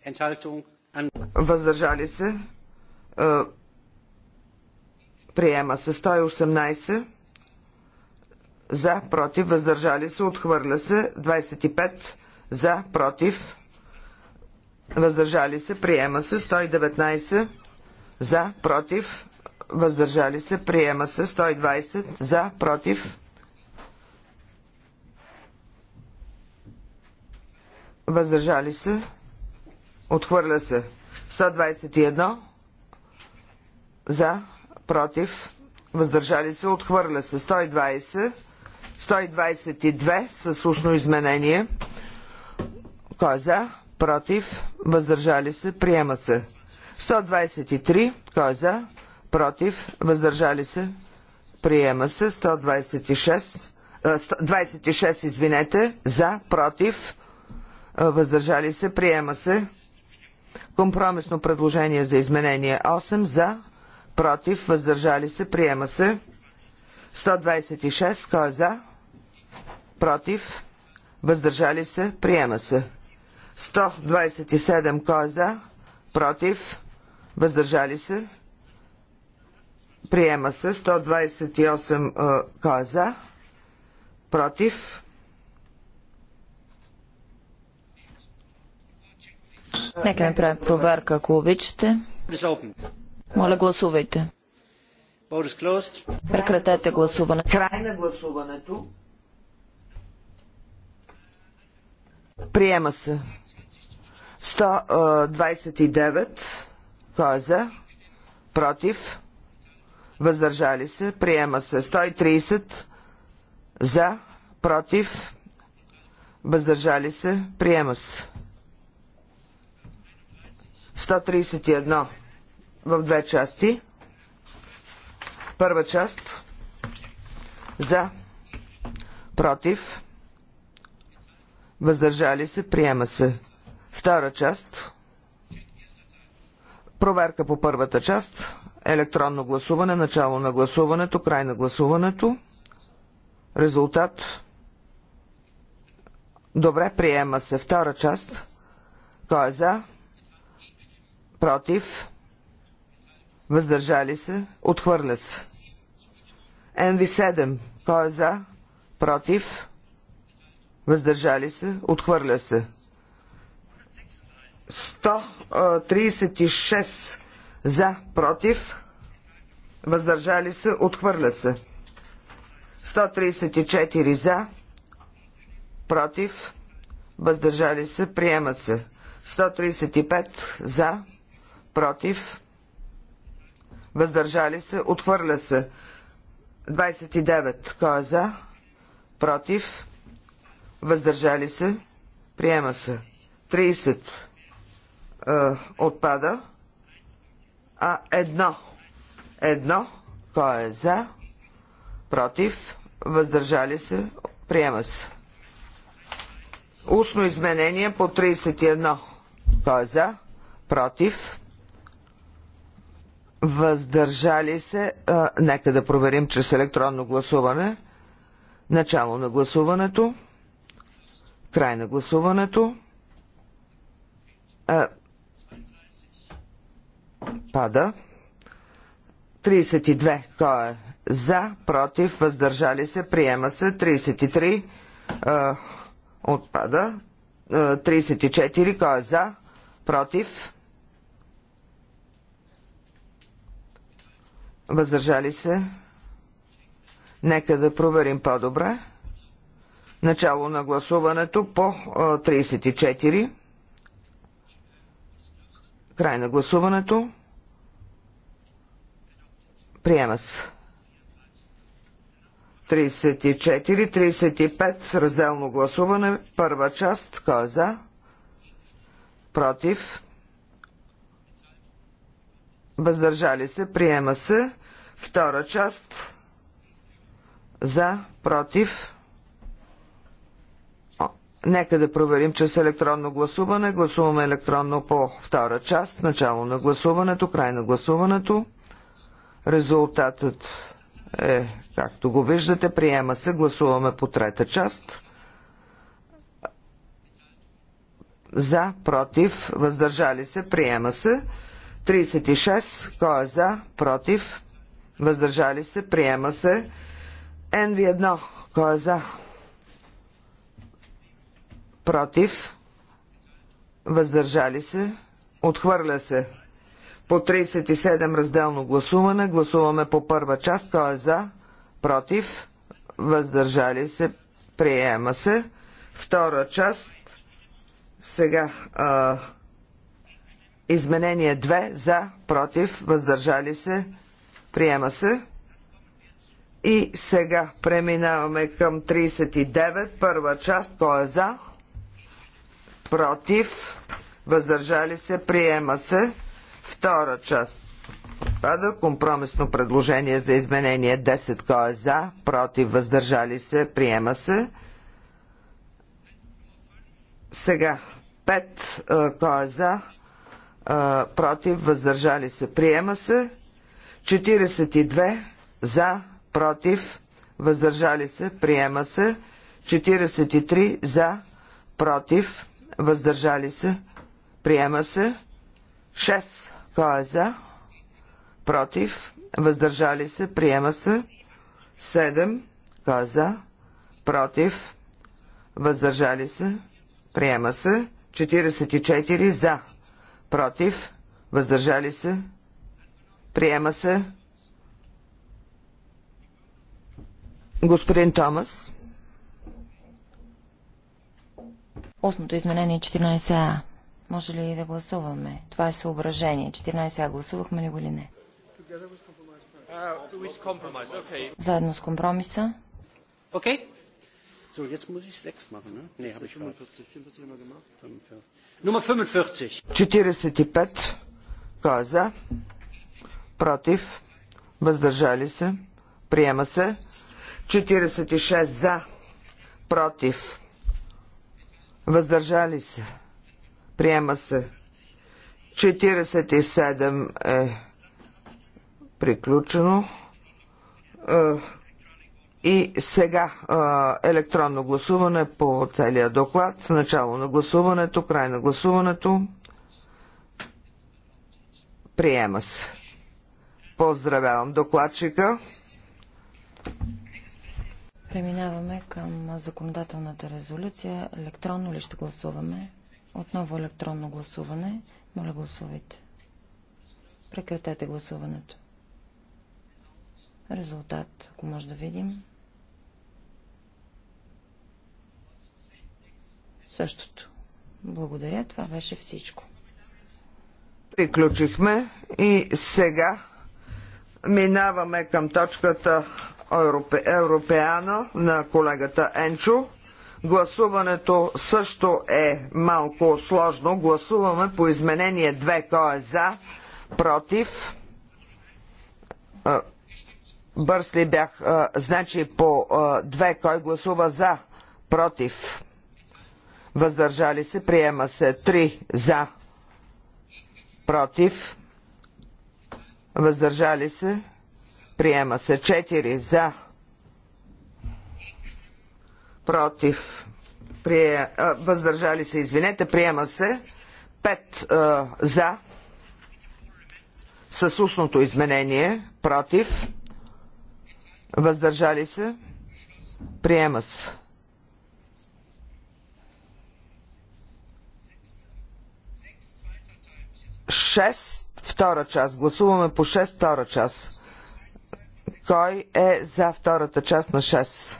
enthaltung angenommen se? приема се 118 за, против, въздържали се, отхвърля се 25 за, против, въздържали се, приема се 119 за, против, въздържали се, приема се 120 за, против, въздържали се, отхвърля се 121 за, против, въздържали се, отхвърля се 120, 122 с устно изменение. Кой е за? Против? Въздържали се? Приема се. 123. Кой е за? против, въздържали се, приема се 126, 26, извинете, за, против, въздържали се, приема се. Компромисно предложение за изменение 8 за, против, въздържали се, приема се. 126, кой е за? Против, въздържали се, приема се. 127, кой е за? Против, въздържали се, Приема се 128 кой е Против? Нека направим проверка, ако обичате. Моля, гласувайте. Прекратете гласуването. Край на гласуването. Приема се. 129. Кой е за? Против? въздържали се, приема се 130 за, против, въздържали се, приема се. 131 в две части. Първа част за, против, въздържали се, приема се. Втора част. Проверка по първата част електронно гласуване, начало на гласуването, край на гласуването. Резултат. Добре, приема се втора част. Кой е за? Против? Въздържали се? Отхвърля се. НВ7. Кой е за? Против? Въздържали се? Отхвърля се. 136 за, против, въздържали се, отхвърля се. 134 за, против, въздържали се, приема се. 135 за, против, въздържали се, отхвърля се. 29. Кой е за? Против? Въздържали се? Приема се. 30. Е, отпада. А едно. Едно. Кой е за? Против? Въздържали се? Приема се. Устно изменение по 31. Кой е за? Против? Въздържали се? А, нека да проверим чрез електронно гласуване. Начало на гласуването. Край на гласуването. А, Пада. 32. Кой е за, против, въздържали се, приема се. 33. Е, отпада. 34. Е, Кой е за, против, въздържали се. Нека да проверим по-добре. Начало на гласуването по 34. Е, Край на гласуването. Приема се. 34-35 разделно гласуване. Първа част. Кой е за? Против? Въздържали се. Приема се. Втора част. За? Против? Нека да проверим, че с електронно гласуване гласуваме електронно по втора част. Начало на гласуването, край на гласуването. Резултатът е, както го виждате, приема се. Гласуваме по трета част. За, против, въздържали се, приема се. 36. Кой е за, против, въздържали се, приема се. NV1. Кой е за, против, въздържали се, отхвърля се. По 37 разделно гласуване гласуваме по първа част, кой е за, против, въздържали се, приема се. Втора част, сега а, изменение 2, за, против, въздържали се, приема се. И сега преминаваме към 39, първа част, кой е за, против, въздържали се, приема се. Втора част пада. Компромисно предложение за изменение 10. Кой е за? Против, въздържали се, приема се. Сега 5. Кой е за? Против, въздържали се, приема се. 42. За, против, въздържали се, приема се. 43. За, против, въздържали се, приема се. 6. Кой е за? Против, въздържали се, приема се. 7. Кой е за? Против, въздържали се, приема се. 44 за, против, въздържали се, приема се. Господин Томас. Устното изменение 14А. Е Може ли да гласуваме? Това е съображение. 14А гласувахме ли го или не? Заедно с компромиса. Окей. Номер 45. 45 45. Кой е за? Против? Въздържали се? Приема се. 46 за. Против? въздържали се, приема се. 47 е приключено. Е, и сега е, електронно гласуване по целия доклад. Начало на гласуването, край на гласуването. Приема се. Поздравявам докладчика. Преминаваме към законодателната резолюция. Електронно ли ще гласуваме? Отново електронно гласуване. Моля гласувайте. Прекратете гласуването. Резултат, ако може да видим. Същото. Благодаря. Това беше всичко. Приключихме и сега минаваме към точката Европе, Европеана на колегата Енчо. Гласуването също е малко сложно. Гласуваме по изменение 2. то е за? Против? Бърз ли бях? Значи по 2. Кой гласува за? Против? Въздържали се? Приема се 3. За? Против? Въздържали се? Приема се 4 за. Против. Прие... въздържали се, извинете. Приема се 5 е, за. С устното изменение. Против. Въздържали се. Приема се. Шест втора част. Гласуваме по 6 втора част. Кой е за втората част на 6?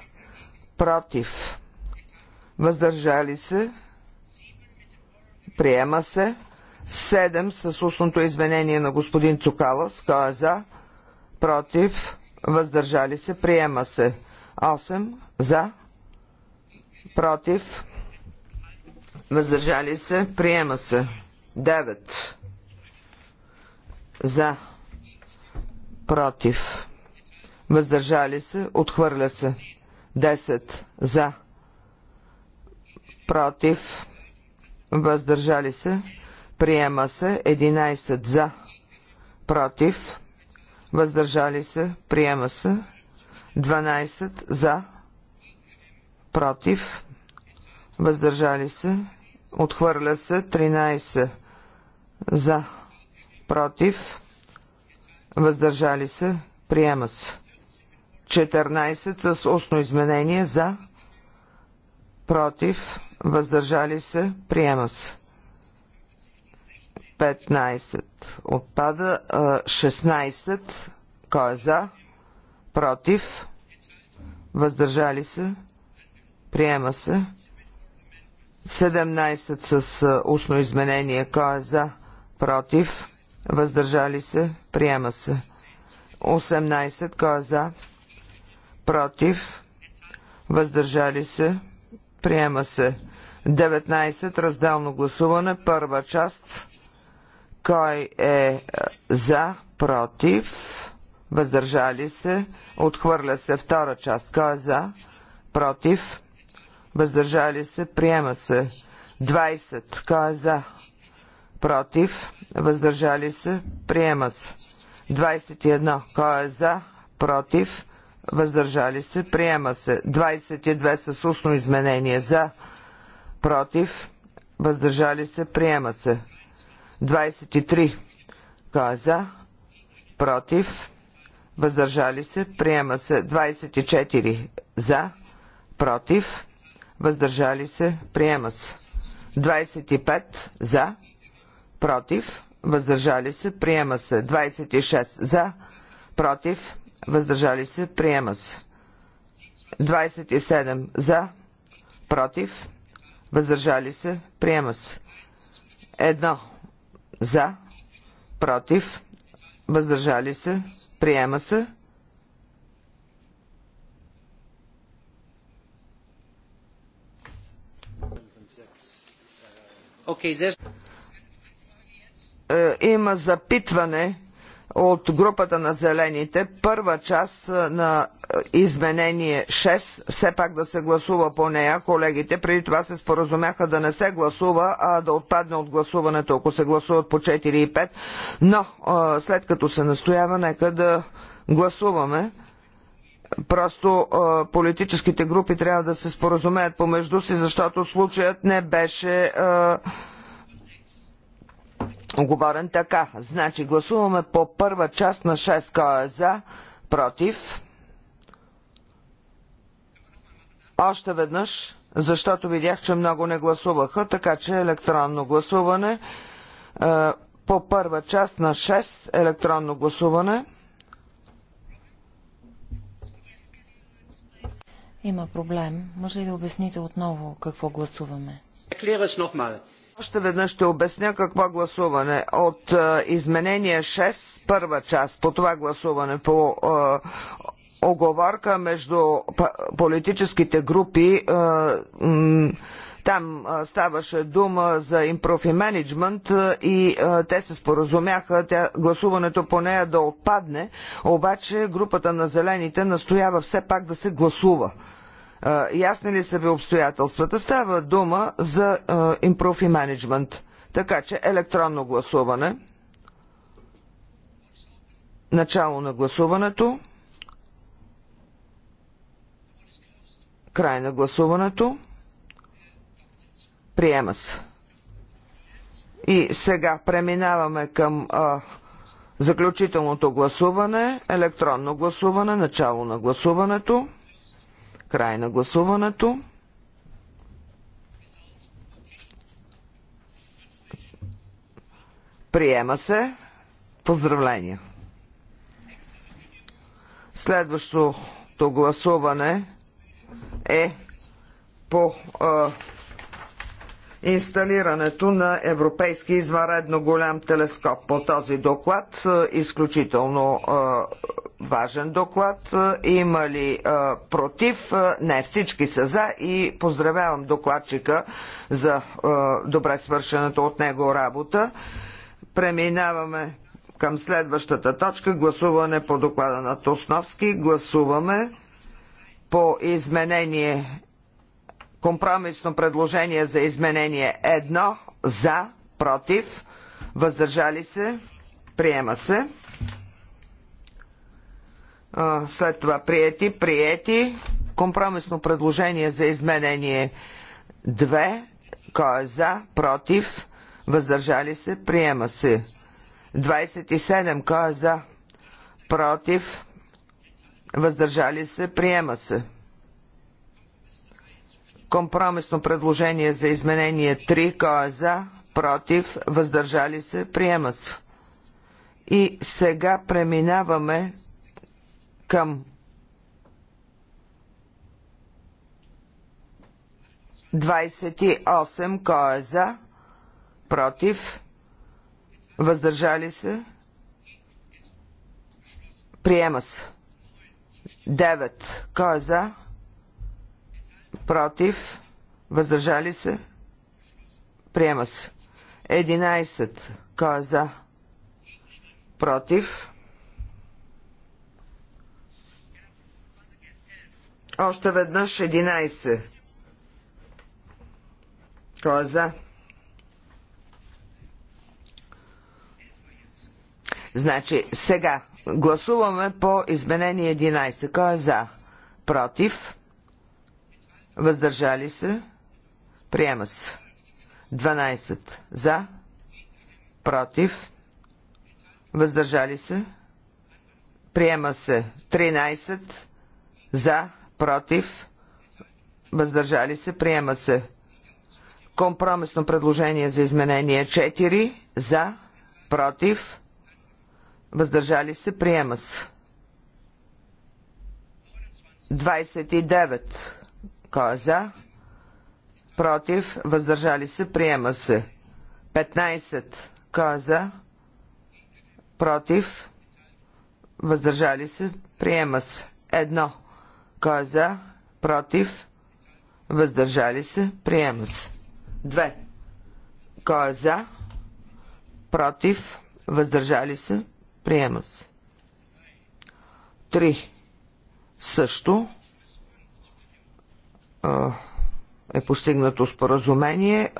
Против. Въздържали се. Приема се. 7 с устното изменение на господин Цукалас. Кой е за? Против. Въздържали се. Приема се. 8 за. Против. Въздържали се. Приема се. 9 за. Против въздържали се, отхвърля се. 10 за, против, въздържали се, приема се. 11 за, против, въздържали се, приема се. 12 за, против, въздържали се, отхвърля се. 13 за, против, въздържали се, приема се. 14 с устно изменение за, против, въздържали се, приема се. 15 отпада, 16 кой е за, против, въздържали се, приема се. 17 с устно изменение, кой е за, против, въздържали се, приема се. 18 кой е за, против, въздържали се, приема се. 19. Разделно гласуване. Първа част. Кой е, е за, против, въздържали се, отхвърля се. Втора част. Кой е за, против, въздържали се, приема се. 20. Кой е за, против, въздържали се, приема се. 21. Кой е за, против, въздържали се, приема се. 22 с устно изменение за, против, въздържали се, приема се. 23 кой е за, против, въздържали се, приема се. 24 за, против, въздържали се, приема се. 25 за, против, въздържали се, приема се. 26 за, против, въздържали се, приема се. 27 за, против, въздържали се, приема се. Едно. за, против, въздържали се, приема се. Е, има запитване от групата на зелените, първа част на изменение 6, все пак да се гласува по нея. Колегите преди това се споразумяха да не се гласува, а да отпадне от гласуването, ако се гласуват по 4 и 5. Но след като се настоява, нека да гласуваме. Просто политическите групи трябва да се споразумеят помежду си, защото случаят не беше оговорен така. Значи гласуваме по първа част на 6 кой е за, против. Още веднъж, защото видях, че много не гласуваха, така че електронно гласуване е, по първа част на 6 електронно гласуване. Има проблем. Може ли да обясните отново какво гласуваме? Erkläre es nochmal. Още веднъж ще обясня какво е гласуване. От е, изменение 6, първа част по това гласуване по е, оговорка между политическите групи. Е, там ставаше дума за импрофи менеджмент и те се споразумяха тя, гласуването по нея да отпадне, обаче групата на зелените настоява все пак да се гласува ясни ли са ви обстоятелствата? Става дума за импров и менеджмент. Така че електронно гласуване. Начало на гласуването. Край на гласуването. Приема се. И сега преминаваме към а, заключителното гласуване, електронно гласуване, начало на гласуването. Край на гласуването. Приема се. Поздравления. Следващото гласуване е по а, инсталирането на европейски извънредно голям телескоп. По този доклад изключително а, важен доклад. Е, има ли е, против? Е, не, всички са за и поздравявам докладчика за добре свършената от него работа. Преминаваме към следващата точка. Гласуване по доклада на Тосновски. Гласуваме по изменение компромисно предложение за изменение едно за, против, въздържали се, приема се след това приети, приети, компромисно предложение за изменение 2, кой е за, против, въздържали се, приема се. 27, кой е за, против, въздържали се, приема се. Компромисно предложение за изменение 3, кой е за, против, въздържали се, приема се. И сега преминаваме към 28. Кой е за? Против? Въздържали се? Приема се. 9. Кой е за? Против? Въздържали се? Приема се. Единадесет. Кой е за? Против? Още веднъж 11. Кой е за? Значи, сега гласуваме по изменение 11. Кой е за? Против? Въздържали се? Приема се. 12. За? Против? Въздържали се? Приема се. 13. За? против, въздържали се, приема се. Компромисно предложение за изменение 4, за, против, въздържали се, приема се. 29. Кой е за? Против, въздържали се, приема се. 15. Кой е за? Против, въздържали се, приема се. Едно. Кой е за? Против? Въздържали се? Приема се. 2. Кой е за? Против? Въздържали се? Приема се. 3. Също е постигнато споразумение.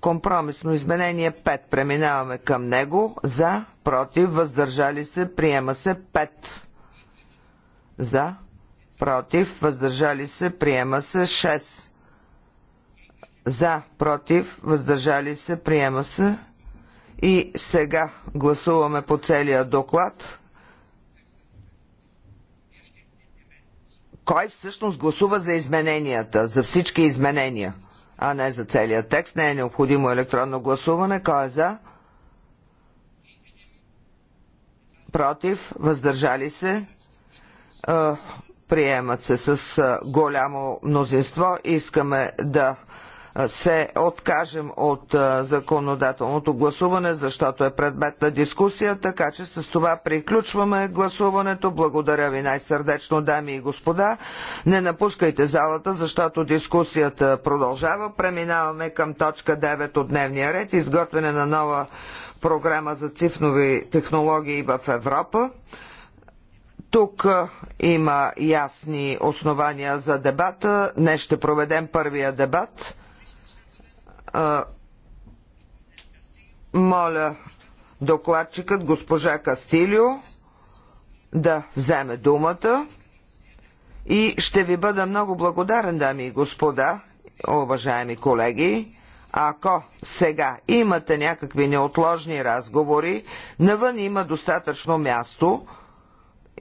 Компромисно изменение 5. Преминаваме към него. За, против, въздържали се, приема се 5. За, против, въздържали се, приема се 6. За, против, въздържали се, приема се. И сега гласуваме по целия доклад. Кой всъщност гласува за измененията, за всички изменения, а не за целия текст? Не е необходимо електронно гласуване. Кой е за? Против, въздържали се. Е, приемат се с голямо мнозинство. Искаме да се откажем от законодателното гласуване, защото е предмет на дискусия, така че с това приключваме гласуването. Благодаря ви най-сърдечно, дами и господа. Не напускайте залата, защото дискусията продължава. Преминаваме към точка 9 от дневния ред, изготвяне на нова програма за цифрови технологии в Европа. Тук има ясни основания за дебата. Днес ще проведем първия дебат. Моля докладчикът госпожа Кастилио да вземе думата и ще ви бъда много благодарен, дами и господа, уважаеми колеги, ако сега имате някакви неотложни разговори, навън има достатъчно място –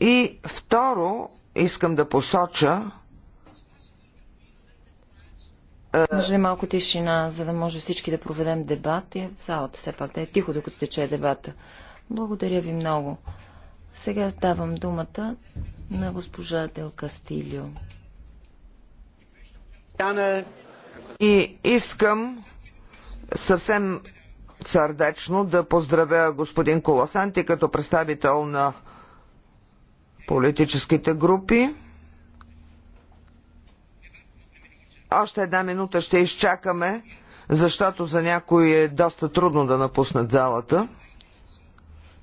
и второ, искам да посоча. Е, може ли малко тишина, за да може всички да проведем дебат и е, в залата все пак да е тихо, докато тече дебата. Благодаря ви много. Сега давам думата на госпожа Дел Кастилио. И искам съвсем сърдечно да поздравя господин Колосанти като представител на политическите групи. Още една минута ще изчакаме, защото за някои е доста трудно да напуснат залата.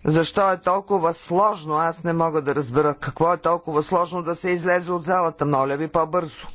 Защо е толкова сложно? Аз не мога да разбера какво е толкова сложно да се излезе от залата. Моля ви по-бързо.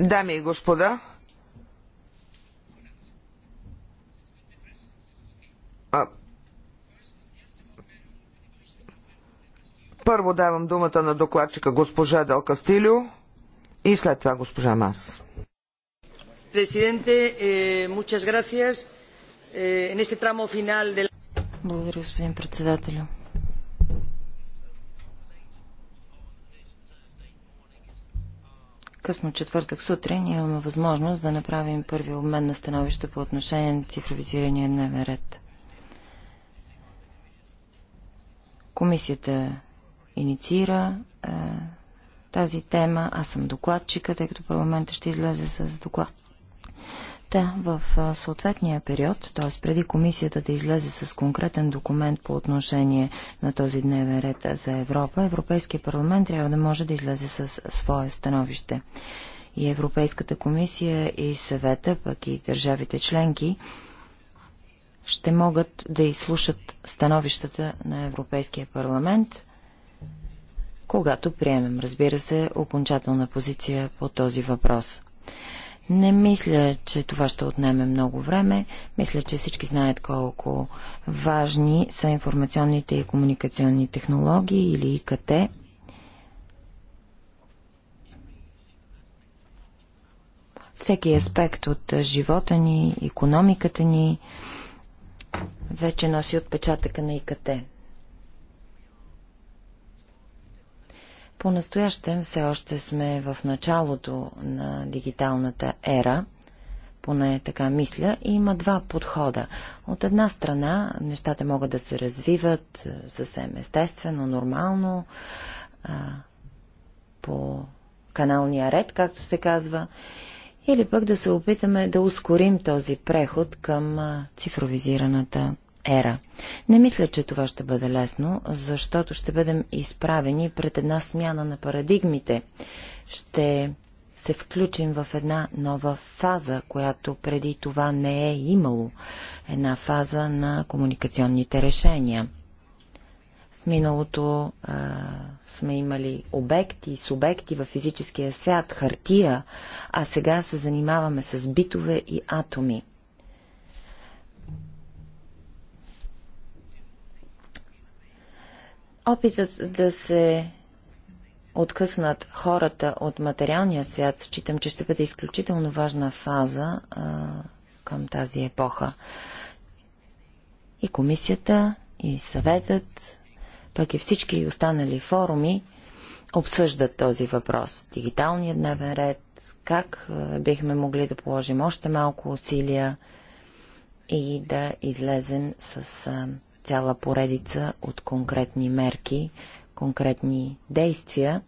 Дами и господа, първо давам думата на докладчика госпожа Дел Кастилио и след това госпожа Мас. Благодаря, господин председателю. късно четвъртък сутрин имаме възможност да направим първи обмен на становище по отношение на цифровизирания дневен ред. Комисията инициира е, тази тема. Аз съм докладчика, тъй като парламента ще излезе с доклад. Та в съответния период, т.е. преди комисията да излезе с конкретен документ по отношение на този дневен ред за Европа, Европейския парламент трябва да може да излезе с свое становище. И Европейската комисия, и съвета, пък и държавите членки ще могат да изслушат становищата на Европейския парламент, когато приемем, разбира се, окончателна позиция по този въпрос. Не мисля, че това ще отнеме много време. Мисля, че всички знаят колко важни са информационните и комуникационни технологии или ИКТ. Всеки аспект от живота ни, економиката ни, вече носи отпечатъка на ИКТ. По-настоящем все още сме в началото на дигиталната ера, поне така мисля, и има два подхода. От една страна нещата могат да се развиват е, съвсем естествено, нормално, а, по каналния ред, както се казва, или пък да се опитаме да ускорим този преход към цифровизираната ера. Не мисля, че това ще бъде лесно, защото ще бъдем изправени пред една смяна на парадигмите. Ще се включим в една нова фаза, която преди това не е имало. Една фаза на комуникационните решения. В миналото а, сме имали обекти, субекти във физическия свят, хартия, а сега се занимаваме с битове и атоми – Опитът да се откъснат хората от материалния свят, считам, че ще бъде изключително важна фаза а, към тази епоха. И комисията, и съветът, пък и всички останали форуми обсъждат този въпрос. Дигиталният дневен ред, как бихме могли да положим още малко усилия и да излезем с а, цяла поредица от конкретни мерки, конкретни действия,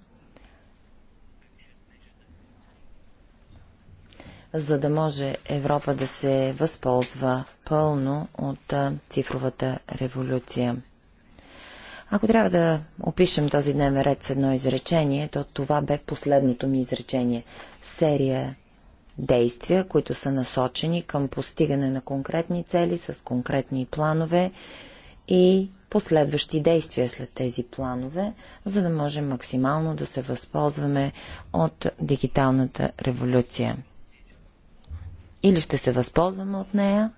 за да може Европа да се възползва пълно от цифровата революция. Ако трябва да опишем този дневен ред с едно изречение, то това бе последното ми изречение. Серия действия, които са насочени към постигане на конкретни цели с конкретни планове и последващи действия след тези планове, за да можем максимално да се възползваме от дигиталната революция. Или ще се възползваме от нея,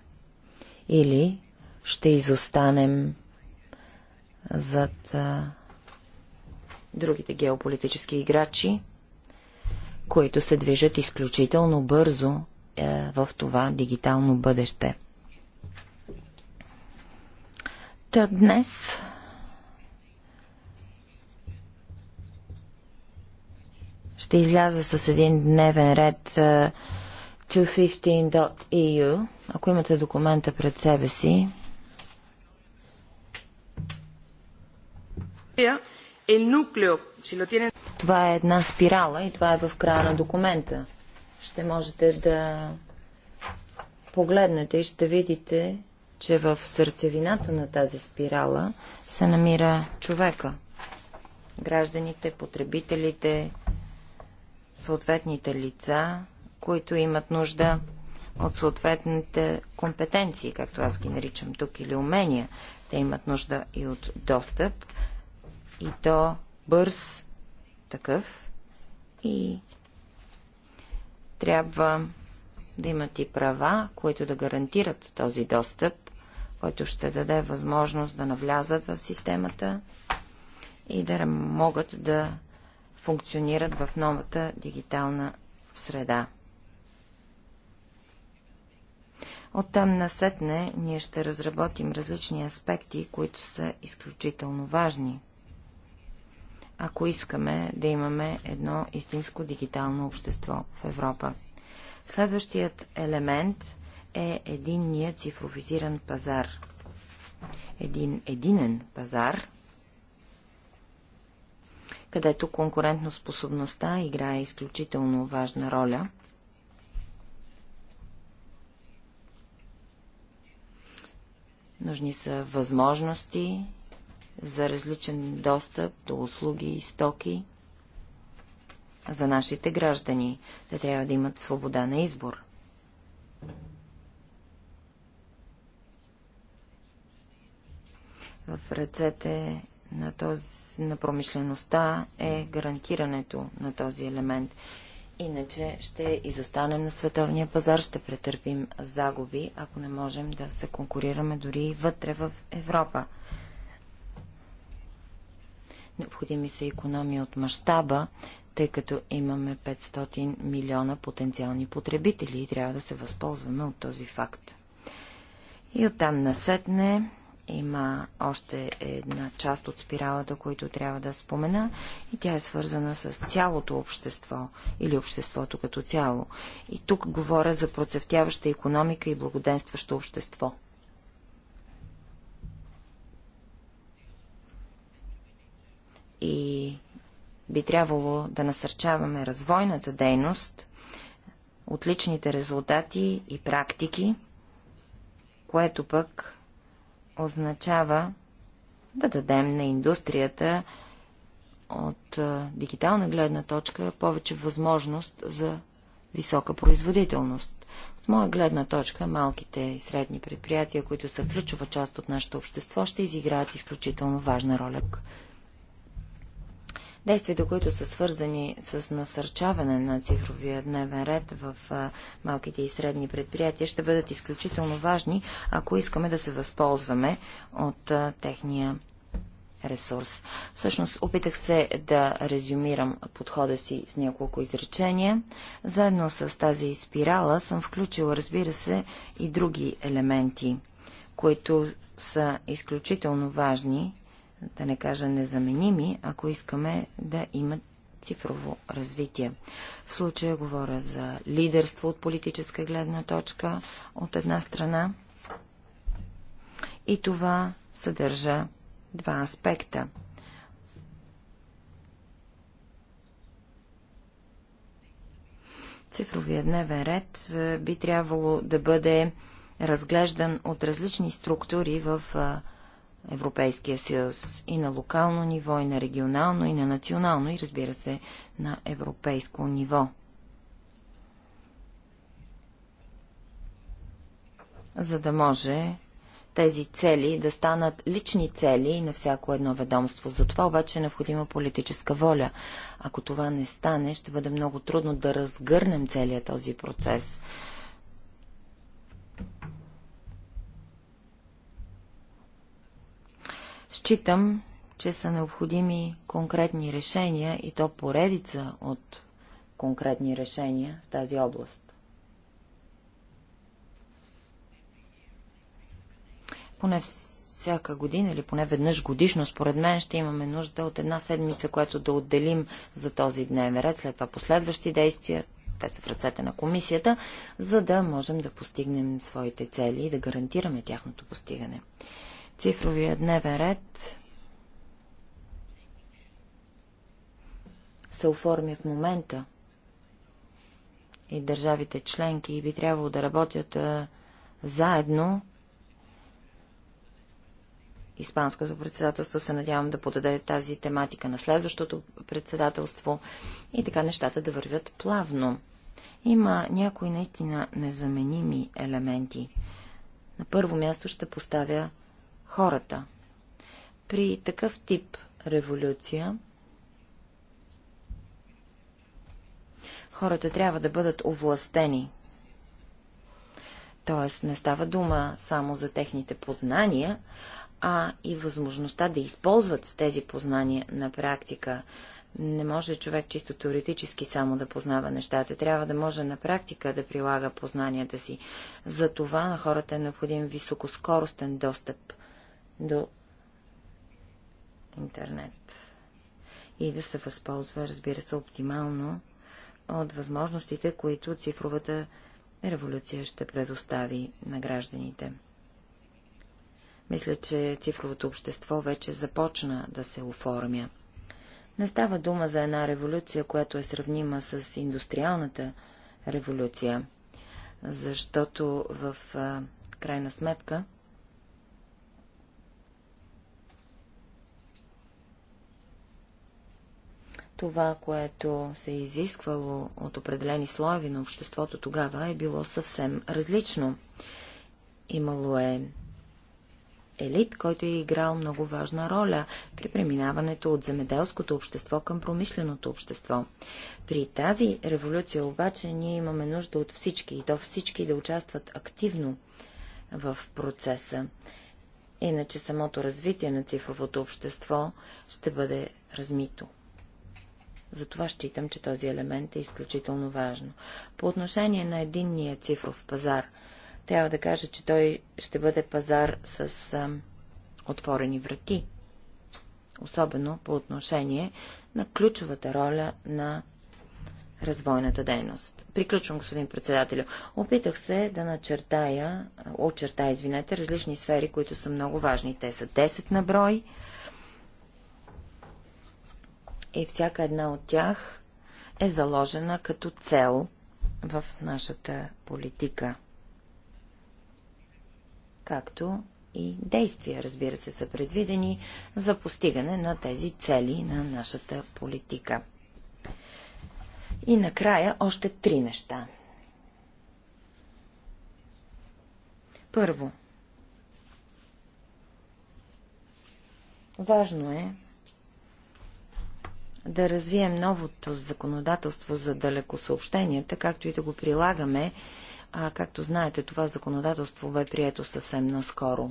или ще изостанем зад а, другите геополитически играчи, които се движат изключително бързо е, в това дигитално бъдеще. Та днес ще изляза с един дневен ред 215.eu. E Ако имате документа пред себе си, Това е една спирала и това е в края на документа. Ще можете да погледнете и ще видите че в сърцевината на тази спирала се намира човека. Гражданите, потребителите, съответните лица, които имат нужда от съответните компетенции, както аз ги наричам тук, или умения. Те имат нужда и от достъп, и то бърз такъв, и трябва да имат и права, които да гарантират този достъп който ще даде възможност да навлязат в системата и да могат да функционират в новата дигитална среда. Оттам насетне ние ще разработим различни аспекти, които са изключително важни, ако искаме да имаме едно истинско дигитално общество в Европа. Следващият елемент е единния цифровизиран пазар. Един единен пазар, където конкурентноспособността играе изключително важна роля. Нужни са възможности за различен достъп до услуги и стоки за нашите граждани. Те трябва да имат свобода на избор. в ръцете на, този, на промишлеността е гарантирането на този елемент. Иначе ще изостанем на световния пазар, ще претърпим загуби, ако не можем да се конкурираме дори вътре в Европа. Необходими са економии от мащаба, тъй като имаме 500 милиона потенциални потребители и трябва да се възползваме от този факт. И оттам насетне има още една част от спиралата, които трябва да спомена и тя е свързана с цялото общество или обществото като цяло. И тук говоря за процъфтяваща економика и благоденстващо общество. И би трябвало да насърчаваме развойната дейност, отличните резултати и практики, което пък означава да дадем на индустрията от дигитална гледна точка повече възможност за висока производителност. От моя гледна точка, малките и средни предприятия, които са ключова част от нашето общество, ще изиграят изключително важна роля Действията, които са свързани с насърчаване на цифровия дневен ред в малките и средни предприятия, ще бъдат изключително важни, ако искаме да се възползваме от техния ресурс. Всъщност, опитах се да резюмирам подхода си с няколко изречения. Заедно с тази спирала съм включила, разбира се, и други елементи, които са изключително важни да не кажа незаменими, ако искаме да имат цифрово развитие. В случая говоря за лидерство от политическа гледна точка от една страна и това съдържа два аспекта. Цифровия дневен ред е, би трябвало да бъде разглеждан от различни структури в е, Европейския съюз и на локално ниво, и на регионално, и на национално, и разбира се, на европейско ниво. За да може тези цели да станат лични цели на всяко едно ведомство. За това обаче е необходима политическа воля. Ако това не стане, ще бъде много трудно да разгърнем целият този процес. Считам, че са необходими конкретни решения и то поредица от конкретни решения в тази област. Поне всяка година или поне веднъж годишно, според мен, ще имаме нужда от една седмица, която да отделим за този дневен ред, след това последващи действия, те са в ръцете на комисията, за да можем да постигнем своите цели и да гарантираме тяхното постигане цифровия дневен ред се оформя в момента и държавите членки би трябвало да работят заедно. Испанското председателство се надявам да подаде тази тематика на следващото председателство и така нещата да вървят плавно. Има някои наистина незаменими елементи. На първо място ще поставя хората. При такъв тип революция хората трябва да бъдат овластени. Тоест не става дума само за техните познания, а и възможността да използват тези познания на практика. Не може човек чисто теоретически само да познава нещата. Трябва да може на практика да прилага познанията си. За това на хората е необходим високоскоростен достъп до интернет и да се възползва, разбира се, оптимално от възможностите, които цифровата революция ще предостави на гражданите. Мисля, че цифровото общество вече започна да се оформя. Не става дума за една революция, която е сравнима с индустриалната революция, защото в крайна сметка това, което се е изисквало от определени слоеви на обществото тогава, е било съвсем различно. Имало е елит, който е играл много важна роля при преминаването от земеделското общество към промишленото общество. При тази революция обаче ние имаме нужда от всички и то всички да участват активно в процеса. Иначе самото развитие на цифровото общество ще бъде размито. Затова считам, че този елемент е изключително важно. По отношение на единния цифров пазар, трябва да кажа, че той ще бъде пазар с а, отворени врати, особено по отношение на ключовата роля на развойната дейност. Приключвам, господин председателю. Опитах се да начертая, очертая, извинете, различни сфери, които са много важни. Те са 10 на брой и всяка една от тях е заложена като цел в нашата политика. Както и действия, разбира се, са предвидени за постигане на тези цели на нашата политика. И накрая още три неща. Първо. Важно е да развием новото законодателство за далекосъобщенията, както и да го прилагаме. А, както знаете, това законодателство бе прието съвсем наскоро.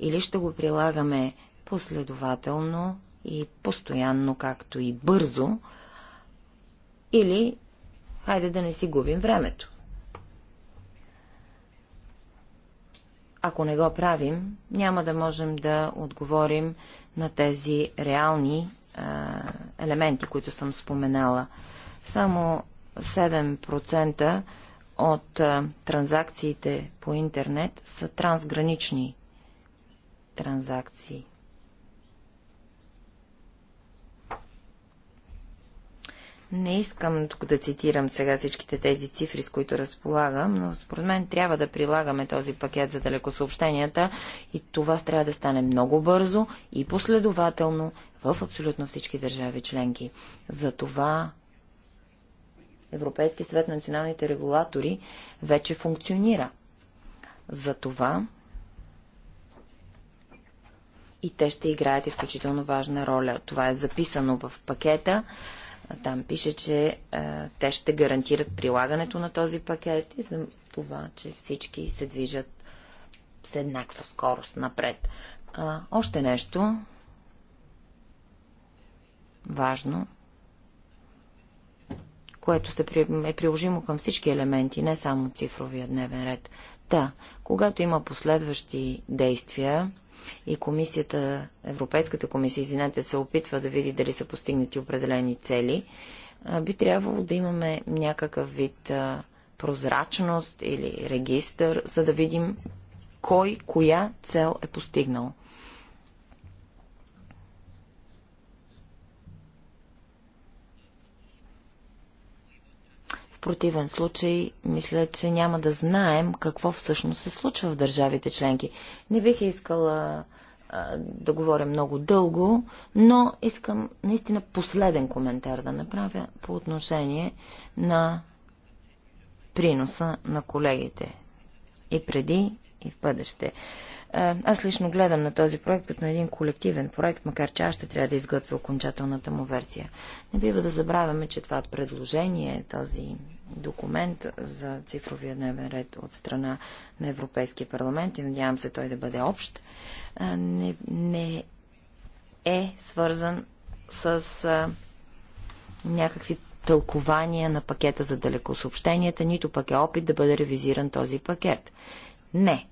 Или ще го прилагаме последователно и постоянно, както и бързо, или хайде да не си губим времето. Ако не го правим, няма да можем да отговорим на тези реални елементи, които съм споменала. Само 7% от транзакциите по интернет са трансгранични транзакции. Не искам тук да цитирам сега всичките тези цифри, с които разполагам, но според мен трябва да прилагаме този пакет за далекосъобщенията и това трябва да стане много бързо и последователно в абсолютно всички държави членки. За това Европейски съвет на националните регулатори вече функционира. За това и те ще играят изключително важна роля. Това е записано в пакета. Там пише, че а, те ще гарантират прилагането на този пакет и за това, че всички се движат с еднаква скорост напред. А, още нещо важно, което се при... е приложимо към всички елементи, не само цифровия дневен ред. Та, да, когато има последващи действия, и комисията, Европейската комисия, извинете, се опитва да види дали са постигнати определени цели, би трябвало да имаме някакъв вид прозрачност или регистър, за да видим кой, коя цел е постигнал. противен случай, мисля, че няма да знаем какво всъщност се случва в държавите членки. Не бих искала а, да говоря много дълго, но искам наистина последен коментар да направя по отношение на приноса на колегите. И преди, и в бъдеще. Аз лично гледам на този проект като на един колективен проект, макар че аз ще трябва да изготвя окончателната му версия. Не бива да забравяме, че това предложение, този документ за цифровия дневен ред от страна на Европейския парламент и надявам се той да бъде общ, не, не е свързан с а, някакви тълкования на пакета за далекосъобщенията, нито пък е опит да бъде ревизиран този пакет. Не.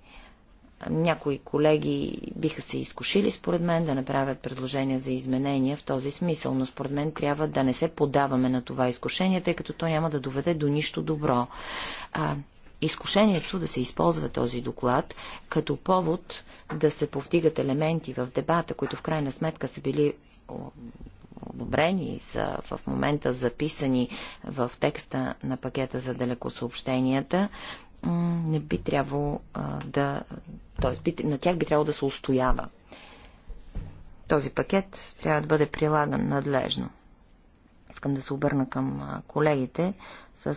Някои колеги биха се изкушили, според мен, да направят предложения за изменения в този смисъл, но според мен трябва да не се подаваме на това изкушение, тъй като то няма да доведе до нищо добро. А, изкушението да се използва този доклад като повод да се повдигат елементи в дебата, които в крайна сметка са били одобрени и са в момента записани в текста на пакета за далекосъобщенията, не би трябвало да... Т.е. на тях би трябвало да се устоява. Този пакет трябва да бъде прилаган надлежно. Искам да се обърна към колегите с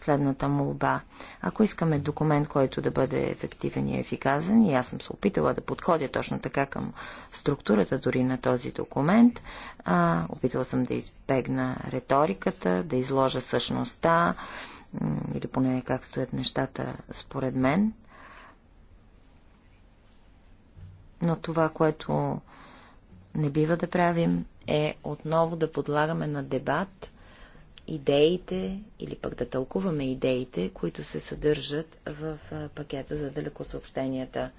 следната молба. Ако искаме документ, който да бъде ефективен и ефиказен, и аз съм се опитала да подходя точно така към структурата дори на този документ, опитала съм да избегна риториката, да изложа същността, или поне как стоят нещата според мен. Но това, което не бива да правим, е отново да подлагаме на дебат идеите или пък да тълкуваме идеите, които се съдържат в пакета за далекосъобщенията.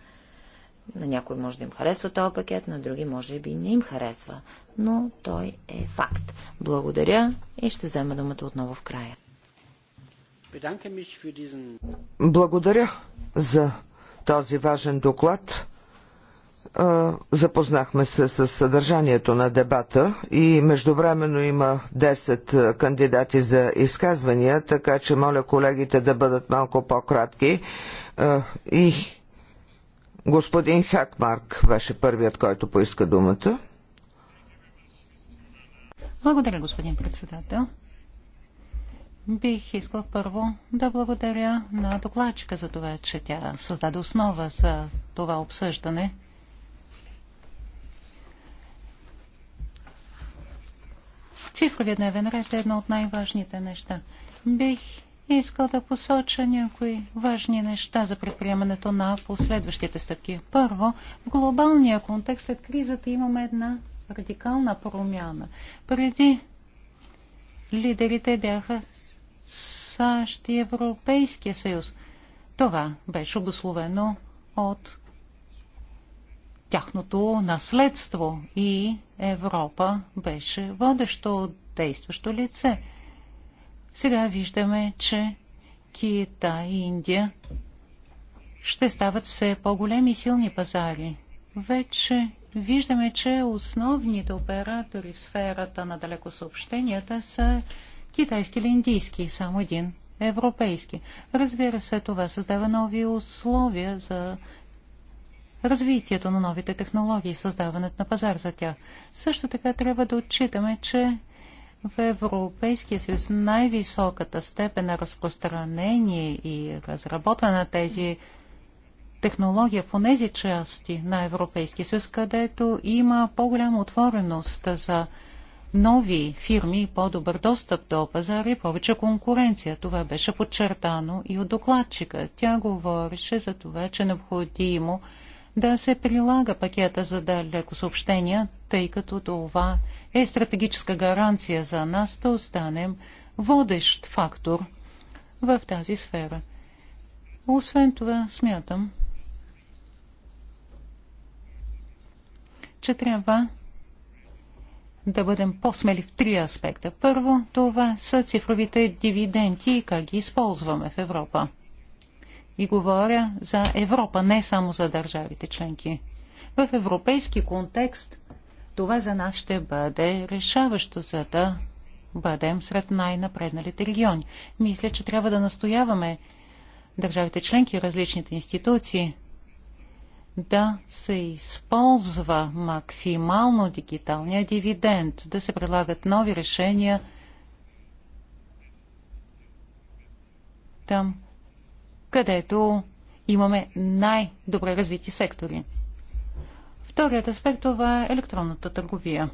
На някой може да им харесва този пакет, на други може би не им харесва, но той е факт. Благодаря и ще взема думата отново в края. Благодаря за този важен доклад. Запознахме се с съдържанието на дебата и междувременно има 10 кандидати за изказвания, така че моля колегите да бъдат малко по-кратки. И господин Хакмарк беше първият, който поиска думата. Благодаря, господин председател. Бих искал първо да благодаря на докладчика за това, че тя създаде основа за това обсъждане. Цифровия дневен ред е едно от най-важните неща. Бих искал да посоча някои важни неща за предприемането на последващите стъпки. Първо, в глобалния контекст след кризата имаме една радикална промяна. Преди лидерите бяха САЩ и Европейския съюз. Това беше обословено от тяхното наследство и Европа беше водещо действащо лице. Сега виждаме, че Китай и Индия ще стават все по-големи и силни пазари. Вече виждаме, че основните оператори в сферата на далекосъобщенията са китайски или индийски, само един европейски. Разбира се, това създава нови условия за развитието на новите технологии създаването на пазар за тях. Също така трябва да отчитаме, че в Европейския съюз най-високата степен на разпространение и разработване на тези технология в тези части на Европейския съюз, където има по-голяма отвореност за нови фирми и по-добър достъп до пазара и повече конкуренция. Това беше подчертано и от докладчика. Тя говореше за това, че е необходимо да се прилага пакета за далеко съобщения, тъй като това е стратегическа гаранция за нас да останем водещ фактор в тази сфера. Освен това, смятам, че трябва да бъдем по-смели в три аспекта. Първо, това са цифровите дивиденти и как ги използваме в Европа. И говоря за Европа, не само за държавите членки. В европейски контекст това за нас ще бъде решаващо, за да бъдем сред най-напредналите региони. Мисля, че трябва да настояваме държавите членки и различните институции – да се използва максимално дигиталния дивиденд, да се предлагат нови решения там, където имаме най-добре развити сектори. Вторият аспект това е електронната търговия.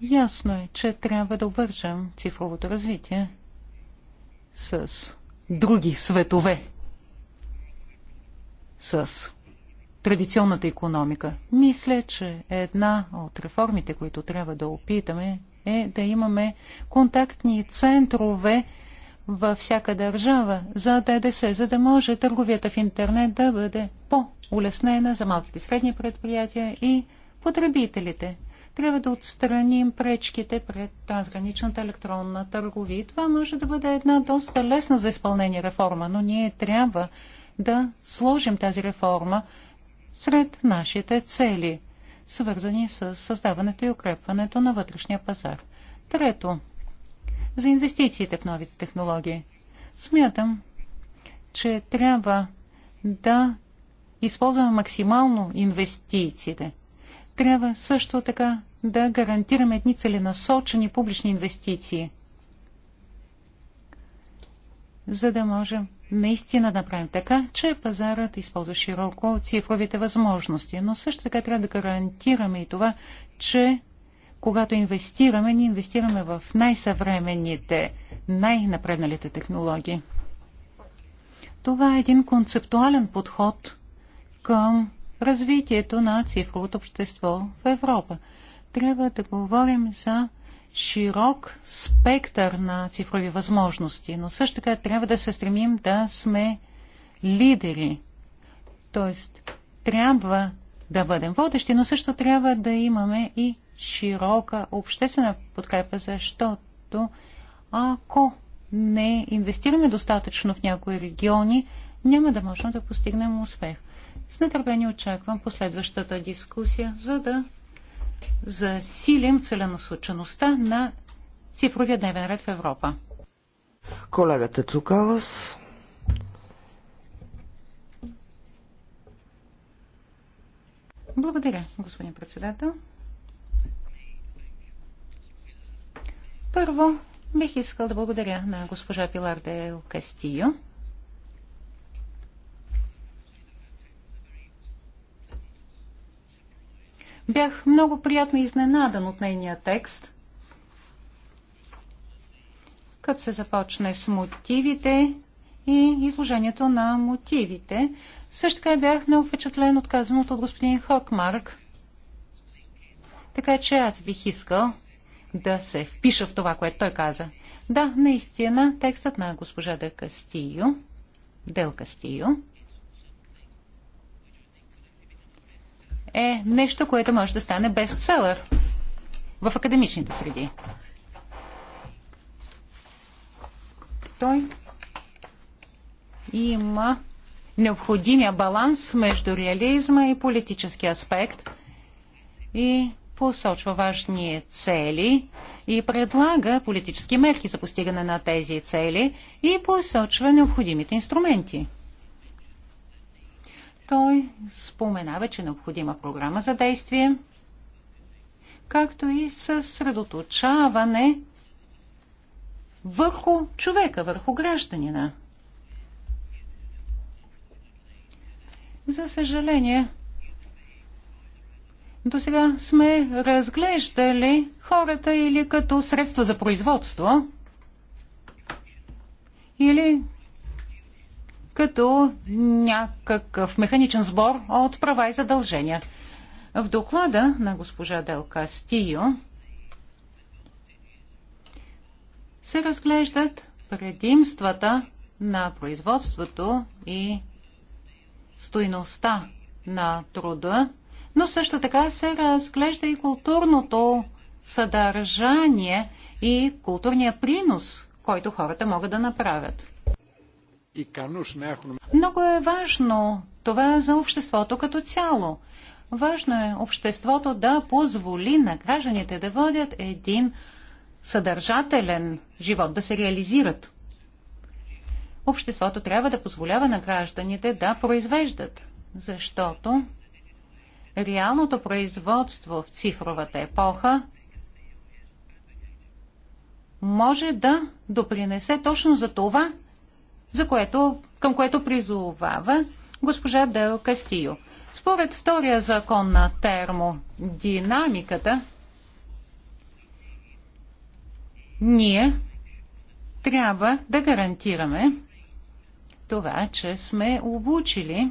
Ясно е, че трябва да обвържем цифровото развитие с други светове, с традиционната економика. Мисля, че една от реформите, които трябва да опитаме, е да имаме контактни центрове във всяка държава за ДДС, за да може търговията в интернет да бъде по-улеснена за малките и средни предприятия и потребителите. Трябва да отстраним пречките пред трансграничната електронна търговия. Това може да бъде една доста лесна за изпълнение реформа, но ние трябва да сложим тази реформа сред нашите цели, свързани с създаването и укрепването на вътрешния пазар. Трето, за инвестициите в новите технологии. Смятам, че трябва да използваме максимално инвестициите. Трябва също така да гарантираме едни целенасочени публични инвестиции, за да можем наистина да направим така, че пазарът използва широко цифровите възможности. Но също така трябва да гарантираме и това, че когато инвестираме, ние инвестираме в най-съвременните, най-напредналите технологии. Това е един концептуален подход към развитието на цифровото общество в Европа. Трябва да говорим за широк спектър на цифрови възможности, но също така трябва да се стремим да сме лидери. Тоест, трябва да бъдем водещи, но също трябва да имаме и широка обществена подкрепа, защото ако не инвестираме достатъчно в някои региони, няма да можем да постигнем успех. С нетърпение очаквам последващата дискусия, за да засилим целенасочеността на цифровия дневен ред в Европа. Колегата Цукалас. Благодаря, господин председател. Първо, бих искал да благодаря на госпожа Пилар Дел Кастио Бях много приятно изненадан от нейния текст, като се започне с мотивите и изложението на мотивите. Също така бях много впечатлен от казаното от господин Хокмарк. Така че аз бих искал да се впиша в това, което той каза. Да, наистина, текстът на госпожа Де Кастио, Дел Кастио, е нещо, което може да стане бестселър в академичните среди. Той има необходимия баланс между реализма и политически аспект и посочва важни цели и предлага политически мерки за постигане на тези цели и посочва необходимите инструменти. Той споменава, че необходима програма за действие, както и съсредоточаване върху човека, върху гражданина. За съжаление, до сега сме разглеждали хората или като средства за производство, или като някакъв механичен сбор от права и задължения. В доклада на госпожа Дел Кастио се разглеждат предимствата на производството и стойността на труда, но също така се разглежда и културното съдържание и културния принос, който хората могат да направят. Много е важно това за обществото като цяло. Важно е обществото да позволи на гражданите да водят един съдържателен живот, да се реализират. Обществото трябва да позволява на гражданите да произвеждат, защото реалното производство в цифровата епоха може да допринесе точно за това за което, към което призовава госпожа Дел Кастио. Според втория закон на термодинамиката, ние трябва да гарантираме това, че сме обучили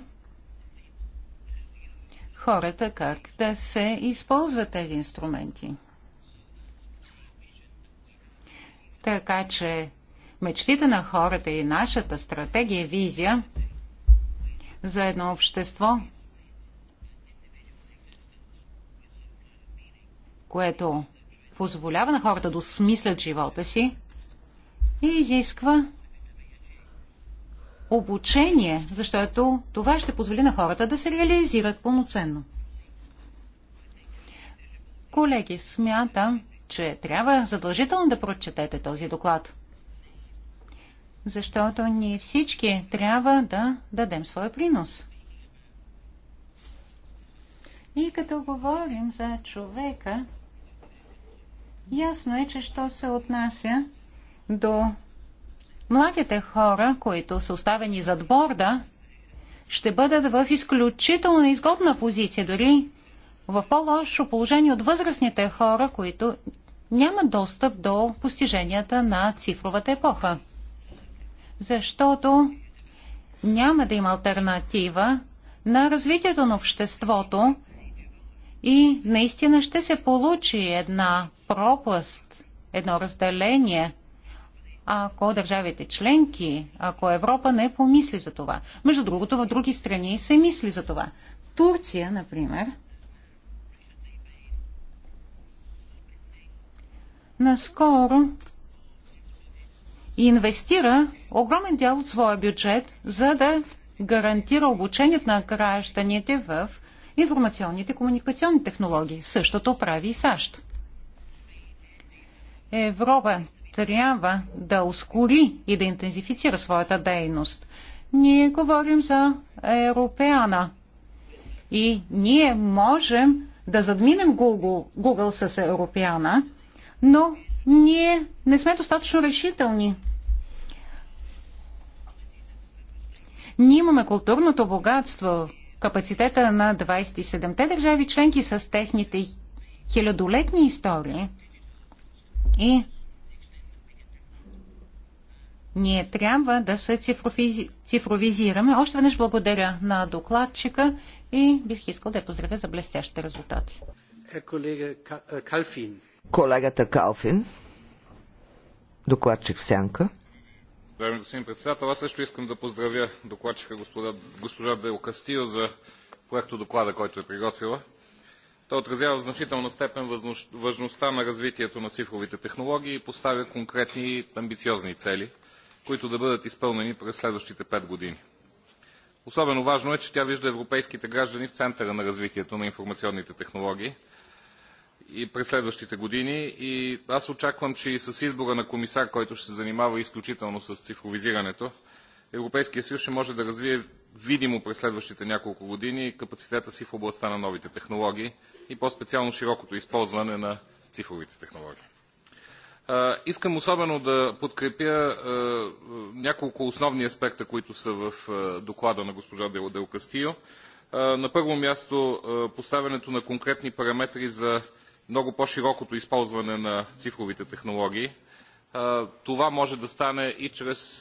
хората как да се използват тези инструменти. Така че мечтите на хората и нашата стратегия и визия за едно общество, което позволява на хората да осмислят живота си и изисква обучение, защото това ще позволи на хората да се реализират пълноценно. Колеги, смятам, че трябва задължително да прочетете този доклад защото ние всички трябва да дадем своя принос. И като говорим за човека, ясно е, че що се отнася до младите хора, които са оставени зад борда, ще бъдат в изключително изгодна позиция, дори в по-лошо положение от възрастните хора, които нямат достъп до постиженията на цифровата епоха защото няма да има альтернатива на развитието на обществото и наистина ще се получи една пропаст, едно разделение, ако държавите членки, ако Европа не помисли за това. Между другото, в други страни се мисли за това. Турция, например, наскоро инвестира огромен дял от своя бюджет, за да гарантира обучението на гражданите в информационните и комуникационни технологии. Същото прави и САЩ. Европа трябва да ускори и да интензифицира своята дейност. Ние говорим за Европеана. И ние можем да задминем Google, Google с Европеана, но ние не сме достатъчно решителни. Ние имаме културното богатство, капацитета на 27-те държави членки с техните хилядолетни истории. И ние трябва да се цифровизи... цифровизираме. Още веднъж благодаря на докладчика и бих искал да я поздравя за блестящите резултати. Е, колега е, Калфин. Колегата Калфин, докладчик в Сянка. Уважаеми господин председател, аз също искам да поздравя докладчика господа, госпожа Дел Кастио за проекто доклада, който е приготвила. Той отразява в значителна степен важността на развитието на цифровите технологии и поставя конкретни и амбициозни цели, които да бъдат изпълнени през следващите 5 години. Особено важно е, че тя вижда европейските граждани в центъра на развитието на информационните технологии – и през следващите години. И аз очаквам, че и с избора на комисар, който ще се занимава изключително с цифровизирането, Европейския съюз ще може да развие видимо през следващите няколко години капацитета си в областта на новите технологии и по-специално широкото използване на цифровите технологии. Искам особено да подкрепя няколко основни аспекта, които са в доклада на госпожа Дел Кастио. На първо място поставянето на конкретни параметри за много по-широкото използване на цифровите технологии. Това може да стане и чрез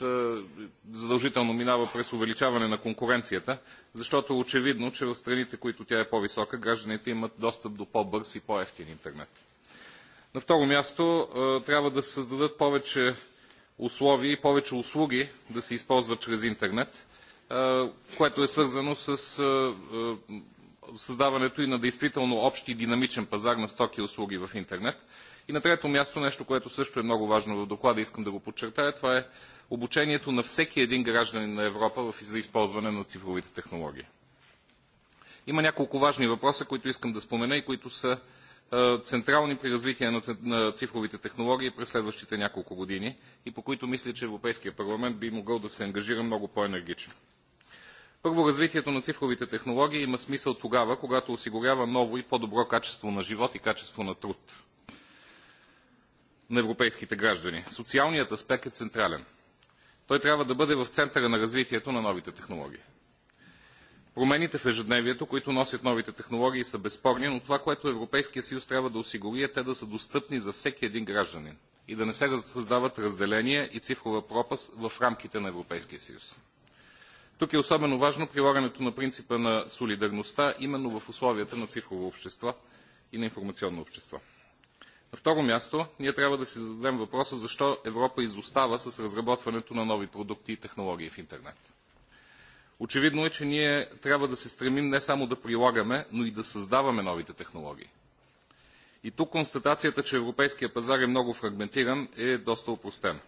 задължително минава през увеличаване на конкуренцията, защото е очевидно, че в страните, които тя е по-висока, гражданите имат достъп до по-бърз и по-ефтин интернет. На второ място, трябва да се създадат повече условия и повече услуги да се използват чрез интернет, което е свързано с създаването и на действително общ и динамичен пазар на стоки и услуги в интернет. И на трето място, нещо, което също е много важно в доклада, искам да го подчертая, това е обучението на всеки един гражданин на Европа за използване на цифровите технологии. Има няколко важни въпроса, които искам да спомена и които са е, централни при развитие на цифровите технологии през следващите няколко години и по които мисля, че Европейския парламент би могъл да се ангажира много по-енергично. Първо, развитието на цифровите технологии има смисъл тогава, когато осигурява ново и по-добро качество на живот и качество на труд на европейските граждани. Социалният аспект е централен. Той трябва да бъде в центъра на развитието на новите технологии. Промените в ежедневието, които носят новите технологии, са безспорни, но това, което Европейския съюз трябва да осигури е те да са достъпни за всеки един гражданин и да не се създават разделения и цифрова пропаст в рамките на Европейския съюз. Тук е особено важно прилагането на принципа на солидарността именно в условията на цифрово общество и на информационно общество. На второ място, ние трябва да си зададем въпроса защо Европа изостава с разработването на нови продукти и технологии в интернет. Очевидно е, че ние трябва да се стремим не само да прилагаме, но и да създаваме новите технологии. И тук констатацията, че европейския пазар е много фрагментиран, е доста упростена.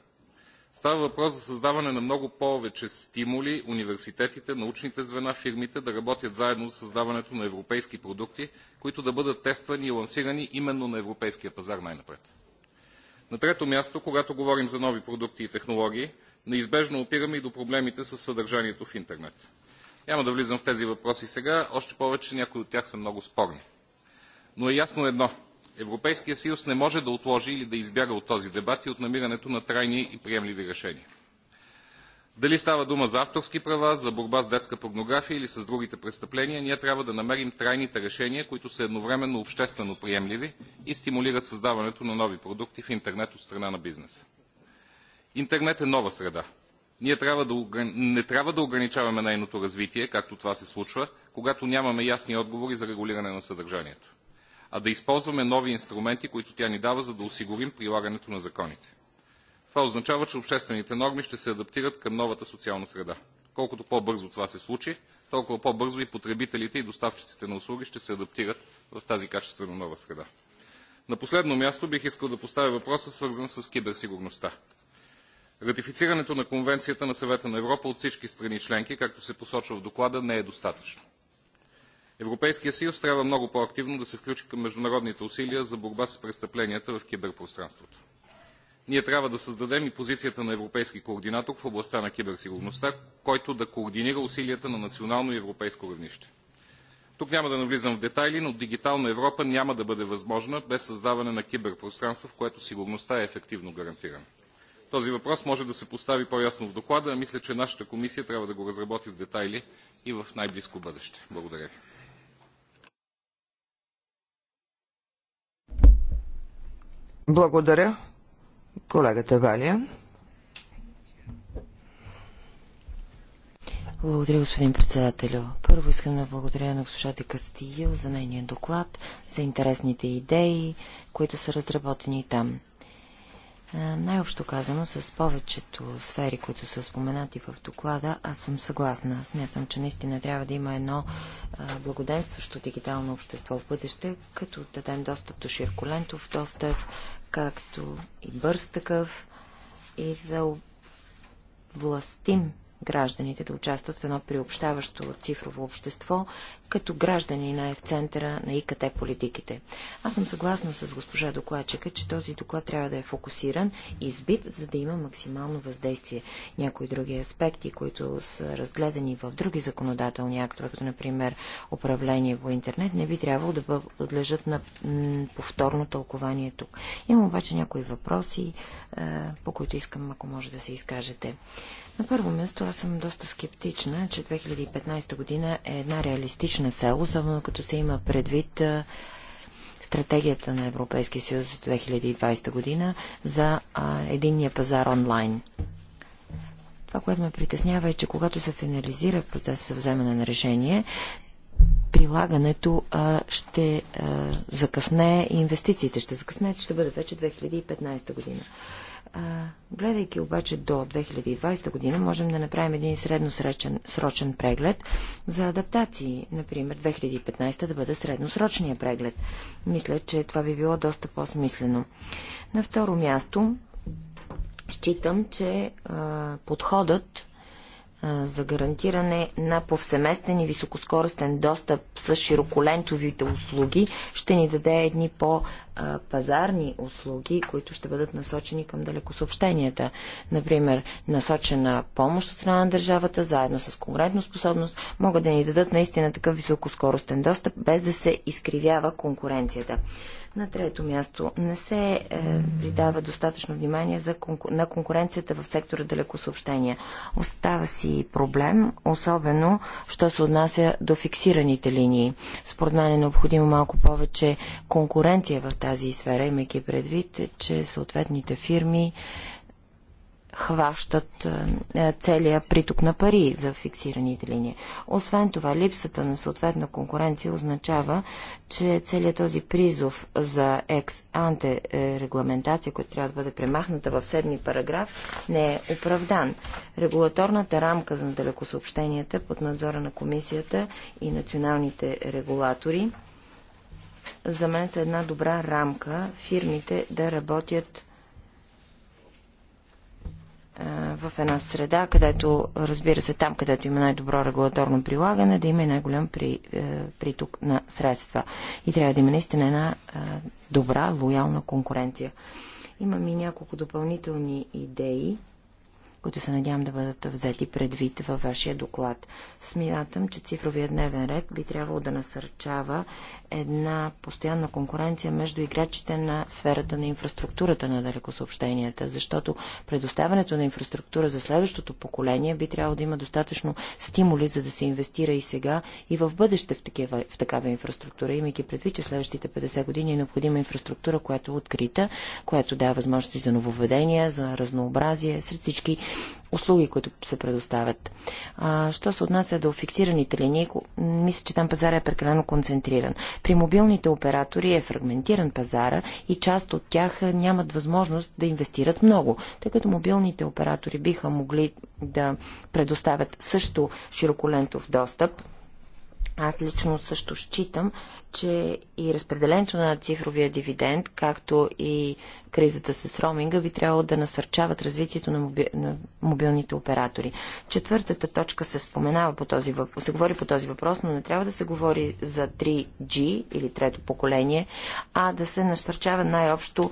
Става въпрос за създаване на много повече стимули университетите, научните звена, фирмите да работят заедно за създаването на европейски продукти, които да бъдат тествани и лансирани именно на европейския пазар най-напред. На трето място, когато говорим за нови продукти и технологии, неизбежно опираме и до проблемите с съдържанието в интернет. Няма да влизам в тези въпроси сега, още повече някои от тях са много спорни. Но е ясно едно – Европейския съюз не може да отложи или да избяга от този дебат и от намирането на трайни и приемливи решения. Дали става дума за авторски права, за борба с детска порнография или с другите престъпления, ние трябва да намерим трайните решения, които са едновременно обществено приемливи и стимулират създаването на нови продукти в интернет от страна на бизнеса. Интернет е нова среда. Ние трябва да, не трябва да ограничаваме нейното развитие, както това се случва, когато нямаме ясни отговори за регулиране на съдържанието а да използваме нови инструменти, които тя ни дава, за да осигурим прилагането на законите. Това означава, че обществените норми ще се адаптират към новата социална среда. Колкото по-бързо това се случи, толкова по-бързо и потребителите и доставчиците на услуги ще се адаптират в тази качествено нова среда. На последно място бих искал да поставя въпроса, свързан с киберсигурността. Ратифицирането на Конвенцията на Съвета на Европа от всички страни членки, както се посочва в доклада, не е достатъчно. Европейския съюз трябва много по-активно да се включи към международните усилия за борба с престъпленията в киберпространството. Ние трябва да създадем и позицията на европейски координатор в областта на киберсигурността, който да координира усилията на национално и европейско равнище. Тук няма да навлизам в детайли, но дигитална Европа няма да бъде възможна без създаване на киберпространство, в което сигурността е ефективно гарантирана. Този въпрос може да се постави по-ясно в доклада, а мисля, че нашата комисия трябва да го разработи в детайли и в най-близко бъдеще. Благодаря ви. Благодаря, колегата Валия. Благодаря, господин председателю. Първо искам да благодаря на госпожа Декастиил за нейния доклад, за интересните идеи, които са разработени там. Е, най-общо казано, с повечето сфери, които са споменати в доклада, аз съм съгласна. Смятам, че наистина трябва да има едно е, благоденстващо дигитално общество в бъдеще, като дадем достъп до ширколентов достъп, както и бърз такъв, и да властим гражданите да участват в едно приобщаващо цифрово общество, като граждани на в центъра на ИКТ политиките. Аз съм съгласна с госпожа докладчика, че този доклад трябва да е фокусиран и избит, за да има максимално въздействие. Някои други аспекти, които са разгледани в други законодателни актове, като например управление по интернет, не би трябвало да подлежат на повторно тълкование тук. Имам обаче някои въпроси, е, по които искам, ако може да се изкажете. На първо място аз съм доста скептична, че 2015 година е една реалистична сел, особено като се има предвид стратегията на Европейския съюз за 2020 година за а, единния пазар онлайн. Това, което ме притеснява е, че когато се финализира процеса за вземане на решение, прилагането а, ще а, закъсне и инвестициите ще закъсне, че ще бъде вече 2015 година гледайки обаче до 2020 година, можем да направим един средносрочен срочен преглед за адаптации. Например, 2015 да бъде средносрочния преглед. Мисля, че това би било доста по-смислено. На второ място, считам, че а, подходът а, за гарантиране на повсеместен и високоскоростен достъп с широколентовите услуги ще ни даде едни по- пазарни услуги, които ще бъдат насочени към далекосъобщенията. Например, насочена помощ от страна на държавата, заедно с конкретно способност, могат да ни дадат наистина такъв високоскоростен достъп, без да се изкривява конкуренцията. На трето място не се е, придава достатъчно внимание за конку... на конкуренцията в сектора далекосъобщения. Остава си проблем, особено, що се отнася до фиксираните линии. Според мен е необходимо малко повече конкуренция в тази тази сфера, имайки предвид, че съответните фирми хващат е, е, целия приток на пари за фиксираните линии. Освен това, липсата на съответна конкуренция означава, че целият този призов за екс-анте регламентация, която трябва да бъде премахната в седми параграф, не е оправдан. Регулаторната рамка за далекосъобщенията под надзора на комисията и националните регулатори – за мен са една добра рамка фирмите да работят в една среда, където, разбира се, там, където има най-добро регулаторно прилагане, да има и най-голям при, е, приток на средства. И трябва да има наистина една е, добра, лоялна конкуренция. Имам и няколко допълнителни идеи които се надявам да бъдат взети предвид във вашия доклад. Смятам, че цифровия дневен ред би трябвало да насърчава една постоянна конкуренция между играчите на сферата на инфраструктурата на далекосъобщенията, защото предоставянето на инфраструктура за следващото поколение би трябвало да има достатъчно стимули, за да се инвестира и сега, и в бъдеще в, такива, в такава инфраструктура, имайки предвид, че следващите 50 години е необходима инфраструктура, която е открита, която дава възможности за нововведения, за разнообразие сред всички услуги, които се предоставят. А, що се отнася до фиксираните линии, мисля, че там пазара е прекалено концентриран. При мобилните оператори е фрагментиран пазара и част от тях нямат възможност да инвестират много, тъй като мобилните оператори биха могли да предоставят също широколентов достъп аз лично също считам, че и разпределението на цифровия дивиденд, както и кризата с роминга, би трябвало да насърчават развитието на, моби... на мобилните оператори. Четвъртата точка се споменава по този въпрос, се говори по този въпрос, но не трябва да се говори за 3G или трето поколение, а да се насърчава най-общо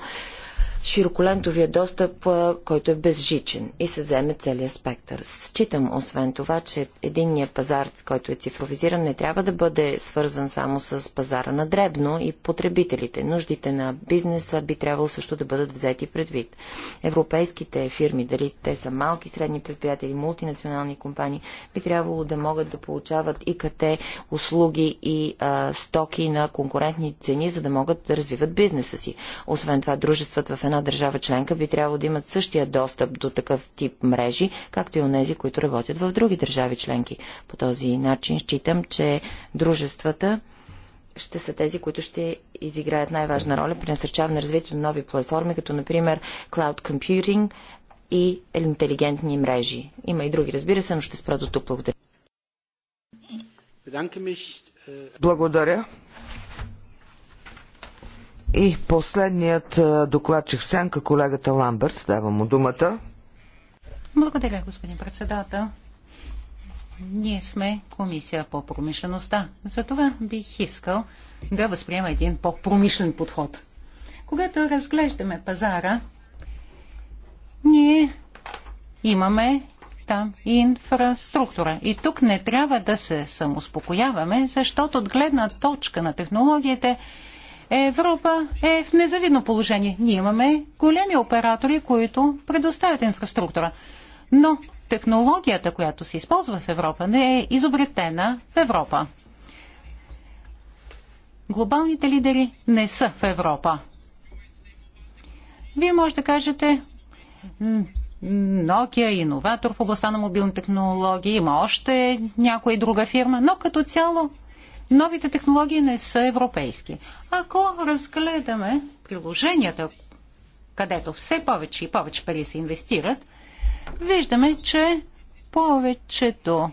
широколентовия достъп, който е безжичен и се вземе целият спектър. Считам, освен това, че единният пазар, който е цифровизиран, не трябва да бъде свързан само с пазара на дребно и потребителите. Нуждите на бизнеса би трябвало също да бъдат взети предвид. Европейските фирми, дали те са малки, средни предприятия или мултинационални компании, би трябвало да могат да получават и къте услуги и а, стоки на конкурентни цени, за да могат да развиват бизнеса си. Освен това, дружествата в една една държава членка би трябвало да имат същия достъп до такъв тип мрежи, както и у нези, които работят в други държави членки. По този начин считам, че дружествата ще са тези, които ще изиграят най-важна роля при насърчаване на развитието на нови платформи, като например Cloud Computing и интелигентни мрежи. Има и други, разбира се, но ще спра до тук. Благодаря. Э, Благодаря. И последният докладчик в сянка, колегата Ламберт, давам му думата. Благодаря, господин председател. Ние сме комисия по промишлеността. Затова бих искал да възприема един по-промишлен подход. Когато разглеждаме пазара, ние имаме там инфраструктура. И тук не трябва да се самоспокояваме, защото от гледна точка на технологиите – Европа е в незавидно положение. Ние имаме големи оператори, които предоставят инфраструктура. Но технологията, която се използва в Европа, не е изобретена в Европа. Глобалните лидери не са в Европа. Вие може да кажете, Nokia, иноватор в областта на мобилни технологии, има още някоя друга фирма, но като цяло новите технологии не са европейски. Ако разгледаме приложенията, където все повече и повече пари се инвестират, виждаме, че повечето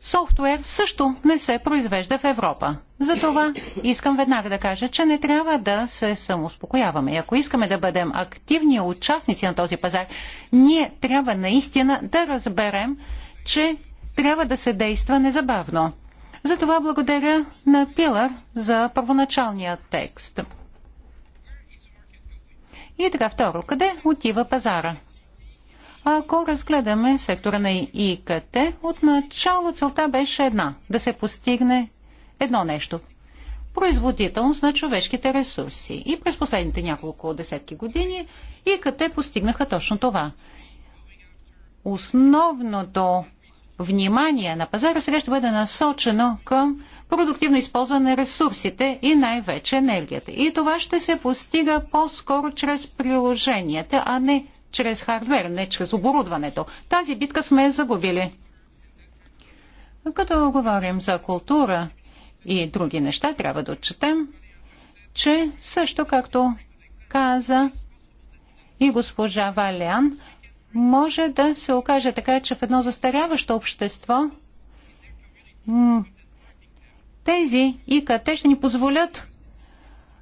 софтуер също не се произвежда в Европа. Затова искам веднага да кажа, че не трябва да се самоуспокояваме. И ако искаме да бъдем активни участници на този пазар, ние трябва наистина да разберем, че трябва да се действа незабавно. Затова благодаря на Пилар за първоначалния текст. И така, второ, къде отива пазара? Ако разгледаме сектора на ИКТ, отначало целта беше една – да се постигне едно нещо – производителност на човешките ресурси. И през последните няколко десетки години ИКТ постигнаха точно това. Основното внимание на пазара сега ще бъде насочено към продуктивно използване на ресурсите и най-вече енергията. И това ще се постига по-скоро чрез приложенията, а не чрез хардвер, не чрез оборудването. Тази битка сме загубили. Като говорим за култура и други неща, трябва да отчетем, че също както каза и госпожа Валян, може да се окаже така, че в едно застаряващо общество тези ИКТ ще ни позволят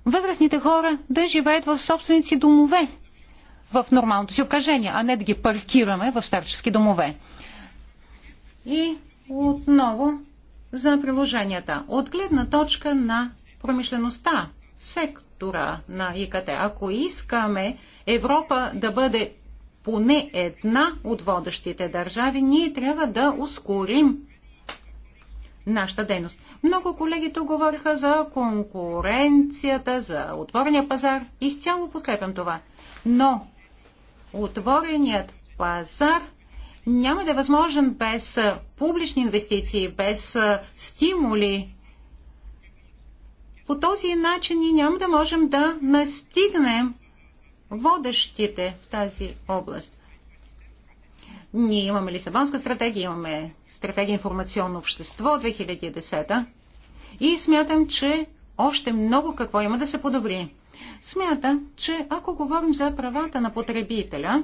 възрастните хора да живеят в собствените си домове, в нормалното си окажение, а не да ги паркираме в старчески домове. И отново за приложенията. От гледна точка на промишлеността, сектора на ИКТ, ако искаме Европа да бъде поне една от водещите държави, ние трябва да ускорим нашата дейност. Много колеги тук говориха за конкуренцията, за отворения пазар. Изцяло подкрепям това. Но отвореният пазар няма да е възможен без публични инвестиции, без стимули. По този начин ние няма да можем да настигнем водещите в тази област. Ние имаме Лисабонска стратегия, имаме стратегия информационно общество 2010 и смятам, че още много какво има да се подобри. Смятам, че ако говорим за правата на потребителя,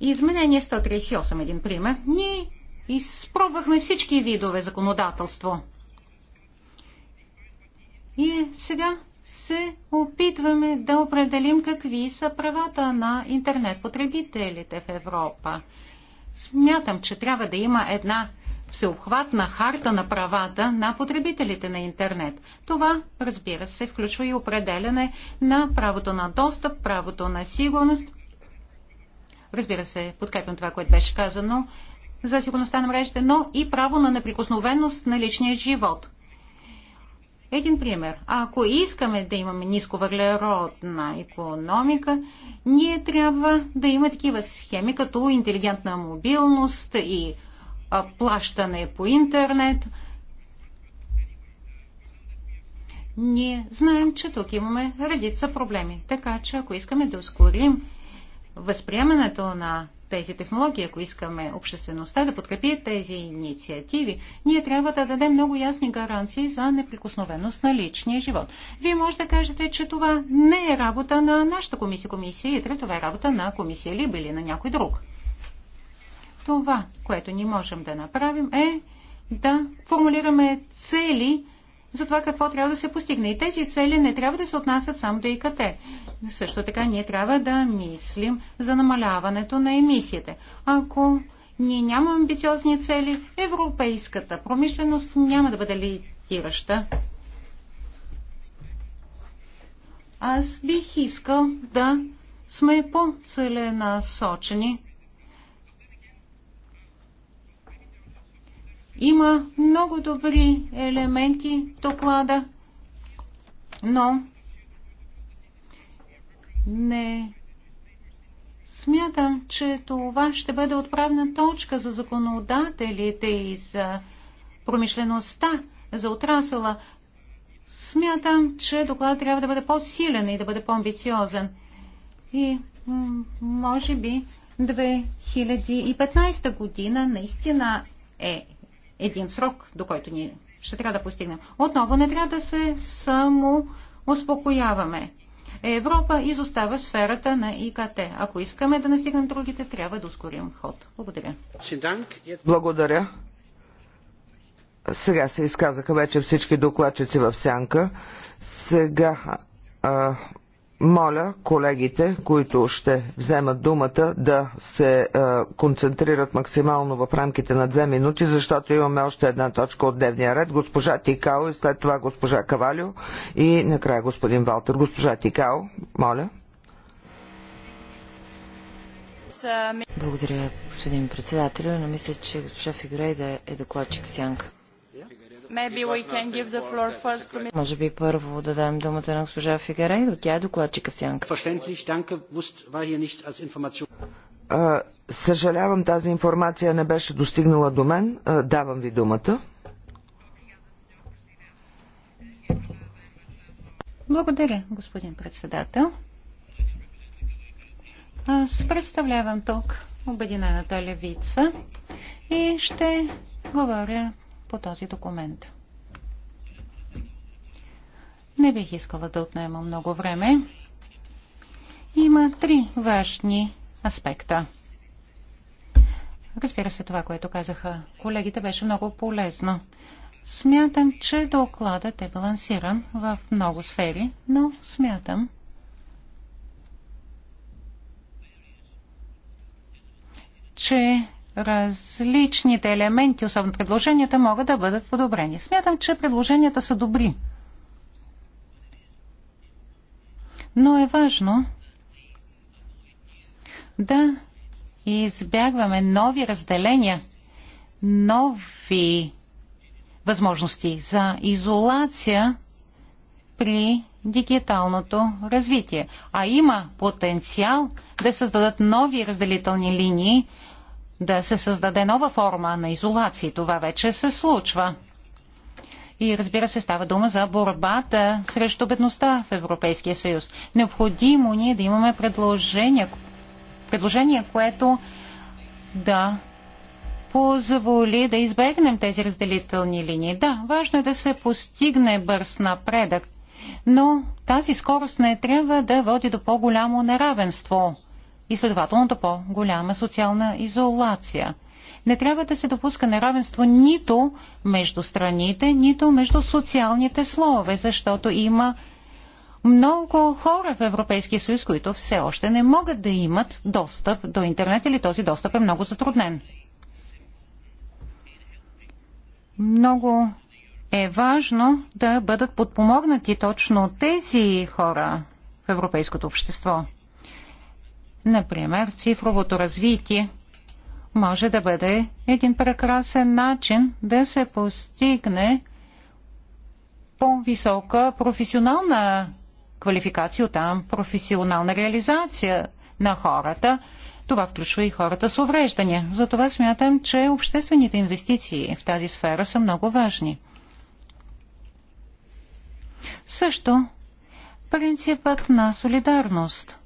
изменение 138, един пример, ние изпробвахме всички видове законодателство. И сега се опитваме да определим какви са правата на интернет потребителите в Европа. Смятам, че трябва да има една всеобхватна харта на правата на потребителите на интернет. Това, разбира се, включва и определене на правото на достъп, правото на сигурност. Разбира се, подкрепям това, което беше казано за сигурността на мрежите, но и право на неприкосновеност на личния живот – един пример. Ако искаме да имаме нисковъглеродна економика, ние трябва да има такива схеми, като интелигентна мобилност и плащане по интернет. Ние знаем, че тук имаме редица проблеми. Така че, ако искаме да ускорим възприемането на тези технологии, ако искаме обществеността да подкрепи тези инициативи, ние трябва да дадем много ясни гаранции за неприкосновеност на личния живот. Вие може да кажете, че това не е работа на нашата комисия, комисия ИТРА, това е работа на комисия Либо или на някой друг. Това, което ни можем да направим е да формулираме цели, за това какво трябва да се постигне. И тези цели не трябва да се отнасят само до ИКТ. Също така ние трябва да мислим за намаляването на емисиите. Ако ние нямаме амбициозни цели, европейската промишленост няма да бъде лидираща. Аз бих искал да сме по-целенасочени Има много добри елементи в доклада, но не смятам, че това ще бъде отправна точка за законодателите и за промишлеността, за отрасъла. Смятам, че докладът трябва да бъде по-силен и да бъде по-амбициозен. И може би 2015 година наистина е един срок, до който ние ще трябва да постигнем. Отново не трябва да се само успокояваме. Европа изостава в сферата на ИКТ. Ако искаме да настигнем другите, трябва да ускорим ход. Благодаря. Благодаря. Сега се изказаха вече всички докладчици в сянка. Сега а, моля колегите, които ще вземат думата, да се е, концентрират максимално в рамките на две минути, защото имаме още една точка от дневния ред. Госпожа Тикао и след това госпожа Кавалио и накрая господин Валтер. Госпожа Тикао, моля. Благодаря, господин председател, но мисля, че госпожа Фигрейда е докладчик в сянка. Може би първо да дадем думата на госпожа но Тя е докладчика в сянка. Съжалявам, тази информация не беше достигнала до мен. Давам ви думата. Благодаря, господин председател. Аз представлявам тук Обединената левица и ще говоря по този документ. Не бих искала да отнема много време. Има три важни аспекта. Разбира се, това, което казаха колегите, беше много полезно. Смятам, че докладът е балансиран в много сфери, но смятам, че различните елементи, особено предложенията, могат да бъдат подобрени. Смятам, че предложенията са добри. Но е важно да избягваме нови разделения, нови възможности за изолация при дигиталното развитие. А има потенциал да създадат нови разделителни линии, да се създаде нова форма на изолация. Това вече се случва. И разбира се, става дума за борбата срещу бедността в Европейския съюз. Необходимо ни е да имаме предложение, предложение което да позволи да избегнем тези разделителни линии. Да, важно е да се постигне бърз напредък, но тази скорост не трябва да води до по-голямо неравенство и следователно по-голяма социална изолация. Не трябва да се допуска неравенство нито между страните, нито между социалните слове, защото има много хора в Европейския съюз, които все още не могат да имат достъп до интернет или този достъп е много затруднен. Много е важно да бъдат подпомогнати точно тези хора в европейското общество. Например, цифровото развитие може да бъде един прекрасен начин да се постигне по-висока професионална квалификация, там професионална реализация на хората. Това включва и хората с увреждания. Затова смятам, че обществените инвестиции в тази сфера са много важни. Също принципът на солидарност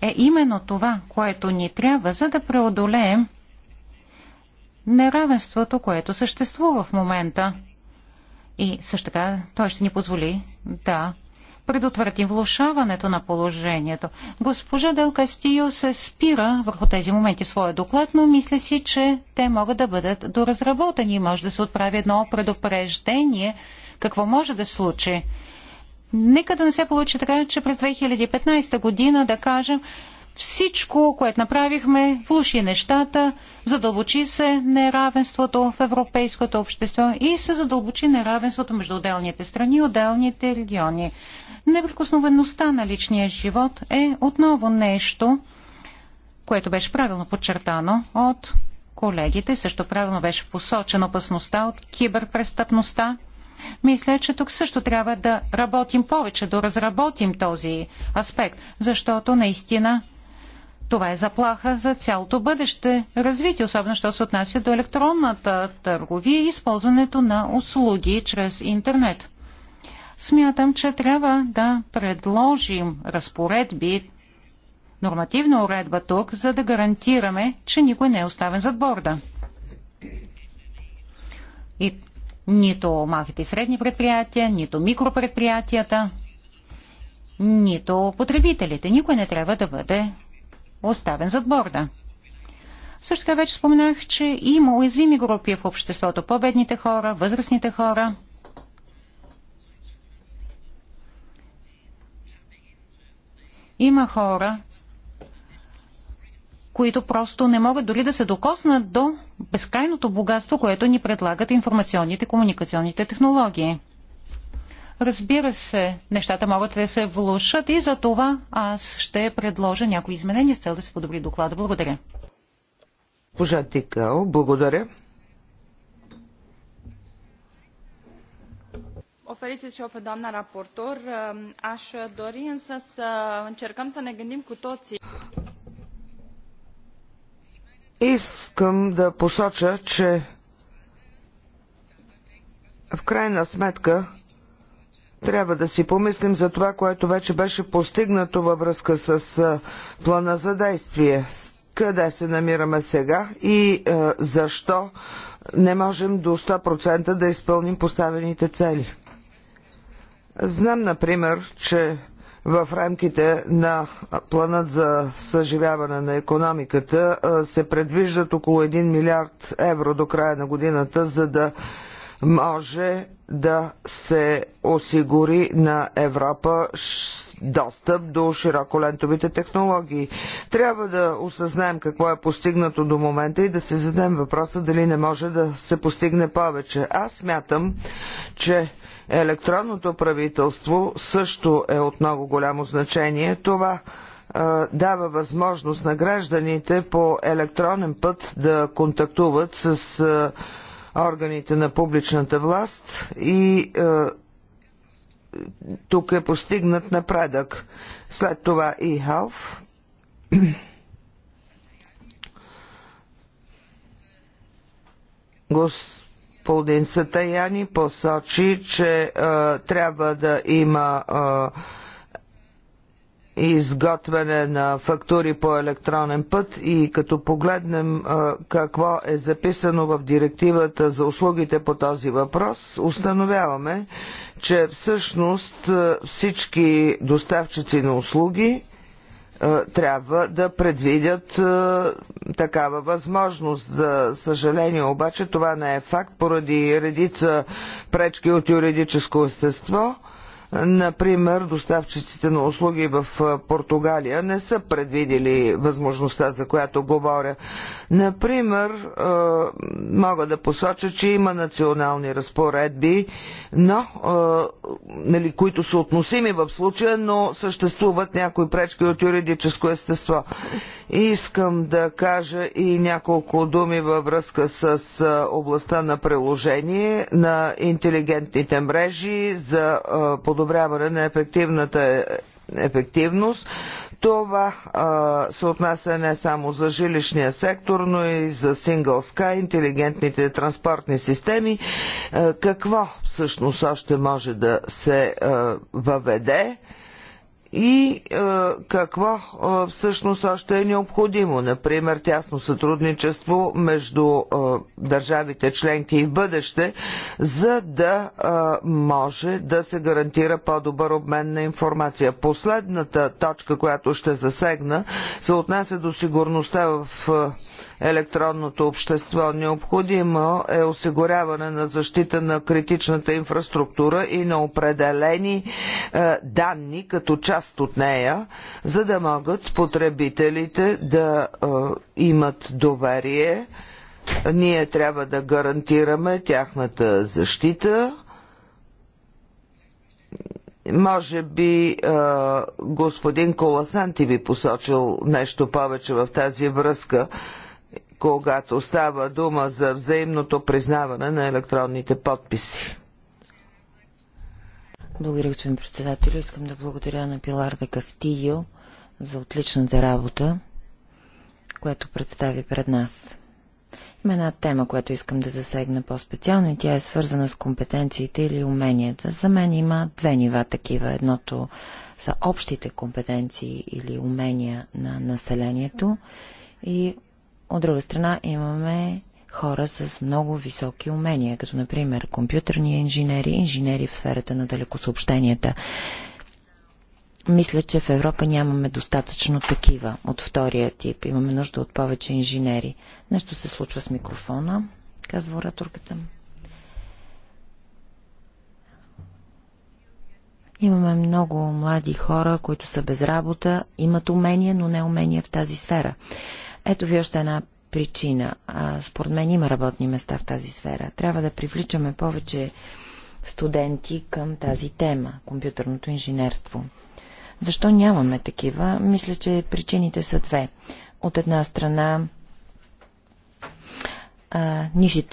е именно това, което ни трябва, за да преодолеем неравенството, което съществува в момента. И също така той ще ни позволи да предотвратим влушаването на положението. Госпожа Дел Кастио се спира върху тези моменти в своя доклад, но мисля си, че те могат да бъдат доразработени. Може да се отправи едно предупреждение какво може да случи нека да не се получи така, че през 2015 година да кажем всичко, което направихме, влуши нещата, задълбочи се неравенството в европейското общество и се задълбочи неравенството между отделните страни и отделните региони. Неприкосновеността на личния живот е отново нещо, което беше правилно подчертано от колегите, също правилно беше посочена опасността от киберпрестъпността. Мисля, че тук също трябва да работим повече, да разработим този аспект, защото наистина това е заплаха за цялото бъдеще развитие, особено що се отнася до електронната търговия и използването на услуги чрез интернет. Смятам, че трябва да предложим разпоредби, нормативна уредба тук, за да гарантираме, че никой не е оставен зад борда. И нито малките и средни предприятия, нито микропредприятията, нито потребителите. Никой не трябва да бъде оставен зад борда. Също така вече споменах, че има уязвими групи в обществото. победните хора, възрастните хора. Има хора, които просто не могат дори да се докоснат до безкрайното богатство, което ни предлагат информационните и комуникационните технологии. Разбира се, нещата могат да се влушат и за това аз ще предложа някои изменения с цел да се подобри доклада. Благодаря. Божа Тикао, благодаря. oferiți și eu pe doamna raportor. Aș dori însă să încercăm să ne gândim cu toții. Искам да посоча, че в крайна сметка трябва да си помислим за това, което вече беше постигнато във връзка с плана за действие. Къде се намираме сега и е, защо не можем до 100% да изпълним поставените цели? Знам, например, че в рамките на планът за съживяване на економиката се предвиждат около 1 милиард евро до края на годината, за да може да се осигури на Европа достъп до широколентовите технологии. Трябва да осъзнаем какво е постигнато до момента и да се зададем въпроса дали не може да се постигне повече. Аз смятам, че електронното правителство също е от много голямо значение. Това е, дава възможност на гражданите по електронен път да контактуват с е, органите на публичната власт и е, тук е постигнат напредък. След това и e Гос господин Сатаяни посочи, че е, трябва да има е, изготвяне на фактури по електронен път и като погледнем е, какво е записано в директивата за услугите по този въпрос, установяваме, че всъщност всички доставчици на услуги е, трябва да предвидят е, такава възможност. За съжаление обаче това не е факт поради редица пречки от юридическо естество – Например, доставчиците на услуги в Португалия не са предвидели възможността, за която говоря. Например, мога да посоча, че има национални разпоредби, но, нали, които са относими в случая, но съществуват някои пречки от юридическо естество. Искам да кажа и няколко думи във връзка с областта на приложение на интелигентните мрежи за подобрение подобряване на ефективната е, ефективност. Това а, се отнася не само за жилищния сектор, но и за Single Sky, интелигентните транспортни системи. А, какво всъщност още може да се а, въведе? и е, какво е, всъщност още е необходимо. Например, тясно сътрудничество между е, държавите членки и в бъдеще, за да е, може да се гарантира по-добър обмен на информация. Последната точка, която ще засегна, се отнася до сигурността в. Е, електронното общество. Необходимо е осигуряване на защита на критичната инфраструктура и на определени е, данни като част от нея, за да могат потребителите да е, имат доверие. Ние трябва да гарантираме тяхната защита може би е, господин Коласанти би посочил нещо повече в тази връзка когато става дума за взаимното признаване на електронните подписи. Благодаря, господин председател. Искам да благодаря на Пилар де Кастио за отличната работа, която представи пред нас. Има една тема, която искам да засегна по-специално и тя е свързана с компетенциите или уменията. За мен има две нива такива. Едното са общите компетенции или умения на населението и от друга страна имаме хора с много високи умения, като например компютърни инженери, инженери в сферата на далекосъобщенията. Мисля, че в Европа нямаме достатъчно такива от втория тип. Имаме нужда от повече инженери. Нещо се случва с микрофона, казва ораторката. Имаме много млади хора, които са без работа, имат умения, но не умения в тази сфера. Ето ви още една причина. А, според мен има работни места в тази сфера. Трябва да привличаме повече студенти към тази тема – компютърното инженерство. Защо нямаме такива? Мисля, че причините са две. От една страна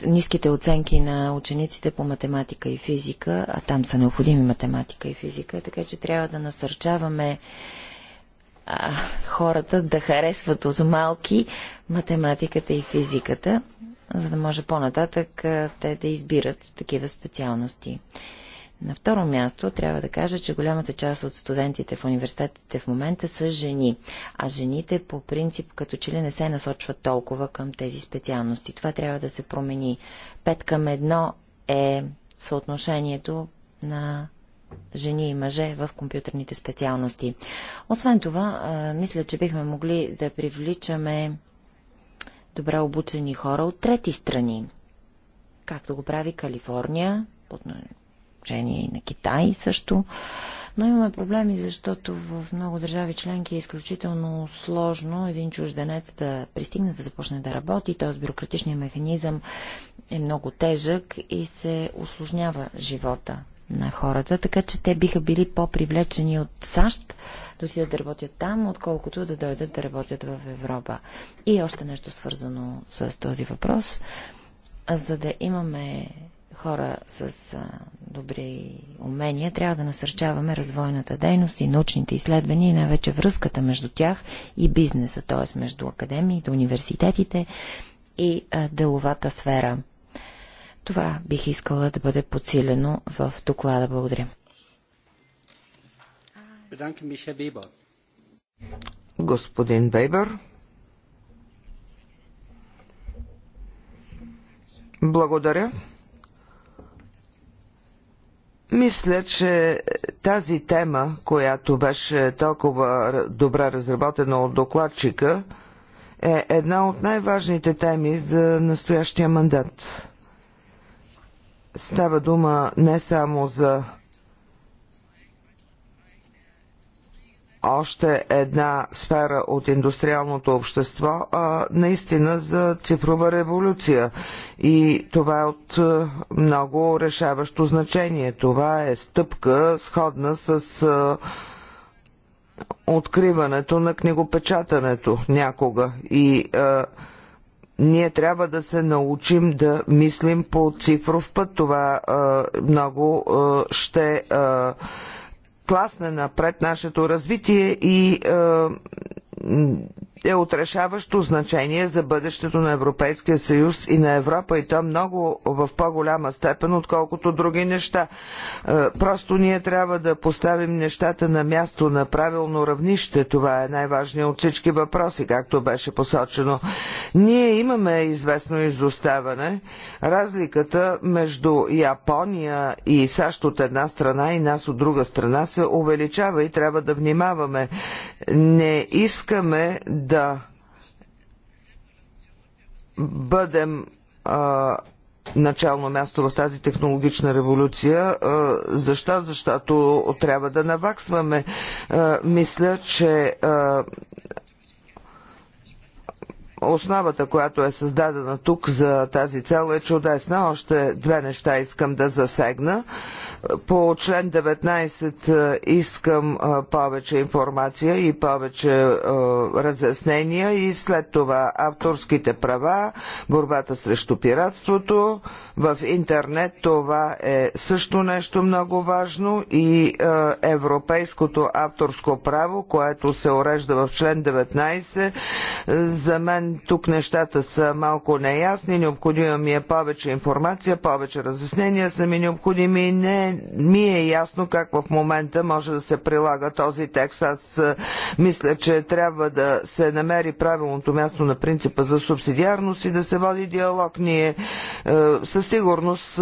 ниските оценки на учениците по математика и физика, а там са необходими математика и физика, така че трябва да насърчаваме а, хората да харесват от малки математиката и физиката, за да може по-нататък а, те да избират такива специалности. На второ място трябва да кажа, че голямата част от студентите в университетите в момента са жени, а жените по принцип като че ли не се насочват толкова към тези специалности. Това трябва да се промени. Пет към едно е съотношението на жени и мъже в компютърните специалности. Освен това, мисля, че бихме могли да привличаме добре обучени хора от трети страни, както го прави Калифорния, под отношение и на Китай също. Но имаме проблеми, защото в много държави членки е изключително сложно един чужденец да пристигне да започне да работи, т.е. бюрократичният механизъм е много тежък и се осложнява живота на хората, така че те биха били по-привлечени от САЩ да отидат да работят там, отколкото да дойдат да работят в Европа. И още нещо свързано с този въпрос. За да имаме хора с а, добри умения, трябва да насърчаваме развойната дейност и научните изследвания и най-вече връзката между тях и бизнеса, т.е. между академиите, университетите и а, деловата сфера. Това бих искала да бъде подсилено в доклада. Благодаря. Господин Бейбър. Благодаря. Мисля, че тази тема, която беше толкова добре разработена от докладчика, е една от най-важните теми за настоящия мандат става дума не само за още една сфера от индустриалното общество, а наистина за цифрова революция. И това е от много решаващо значение. Това е стъпка сходна с откриването на книгопечатането някога. И а, ние трябва да се научим да мислим по цифров път. Това а, много а, ще а, класне напред нашето развитие и а, е решаващо значение за бъдещето на Европейския съюз и на Европа и то много в по-голяма степен, отколкото други неща. Е, просто ние трябва да поставим нещата на място на правилно равнище. Това е най-важният от всички въпроси, както беше посочено. Ние имаме известно изоставане. Разликата между Япония и САЩ от една страна и нас от друга страна се увеличава и трябва да внимаваме. Не искаме да да бъдем а, начално място в тази технологична революция. Защо? Защото трябва да наваксваме. Мисля, че основата, която е създадена тук за тази цел е чудесна. Още две неща искам да засегна. По член 19 искам повече информация и повече разяснения и след това авторските права, борбата срещу пиратството. В интернет това е също нещо много важно и европейското авторско право, което се урежда в член 19. За мен тук нещата са малко неясни, необходима ми е повече информация, повече разяснения са ми необходими и не е ми е ясно как в момента може да се прилага този текст. Аз мисля, че трябва да се намери правилното място на принципа за субсидиарност и да се води диалог. Ние със сигурност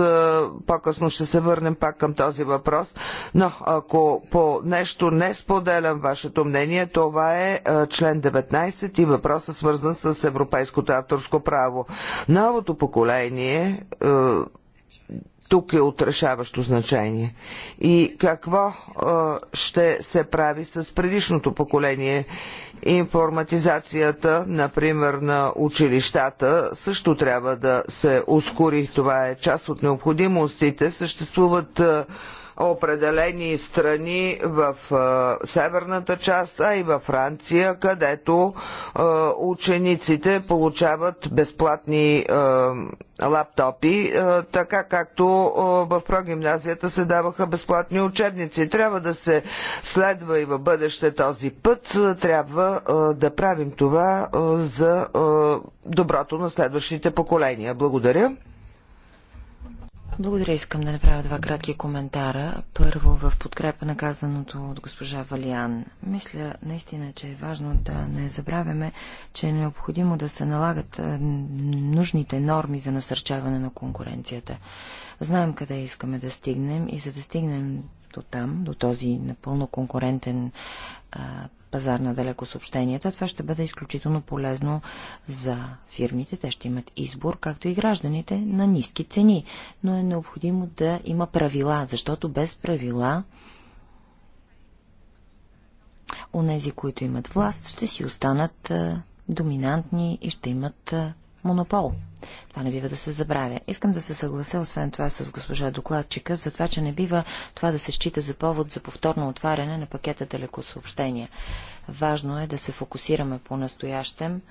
по-късно ще се върнем пак към този въпрос, но ако по нещо не споделям вашето мнение, това е член 19 и въпроса, свързан с европейското авторско право. Новото поколение тук е от решаващо значение. И какво ще се прави с предишното поколение? Информатизацията, например, на училищата също трябва да се ускори. Това е част от необходимостите. Съществуват определени страни в северната част, а и във Франция, където учениците получават безплатни лаптопи, така както в прогимназията се даваха безплатни учебници. Трябва да се следва и в бъдеще този път. Трябва да правим това за доброто на следващите поколения. Благодаря. Благодаря. Искам да направя два кратки коментара. Първо, в подкрепа на казаното от госпожа Валиан. Мисля наистина, че е важно да не забравяме, че е необходимо да се налагат е, нужните норми за насърчаване на конкуренцията. Знаем къде искаме да стигнем и за да стигнем до там, до този напълно конкурентен пазар на далекосъобщенията. Това ще бъде изключително полезно за фирмите. Те ще имат избор, както и гражданите, на ниски цени. Но е необходимо да има правила, защото без правила онези, които имат власт, ще си останат доминантни и ще имат монопол. Това не бива да се забравя. Искам да се съглася, освен това, с госпожа докладчика, за това, че не бива това да се счита за повод за повторно отваряне на пакета далекосъобщения. Важно е да се фокусираме по-настоящем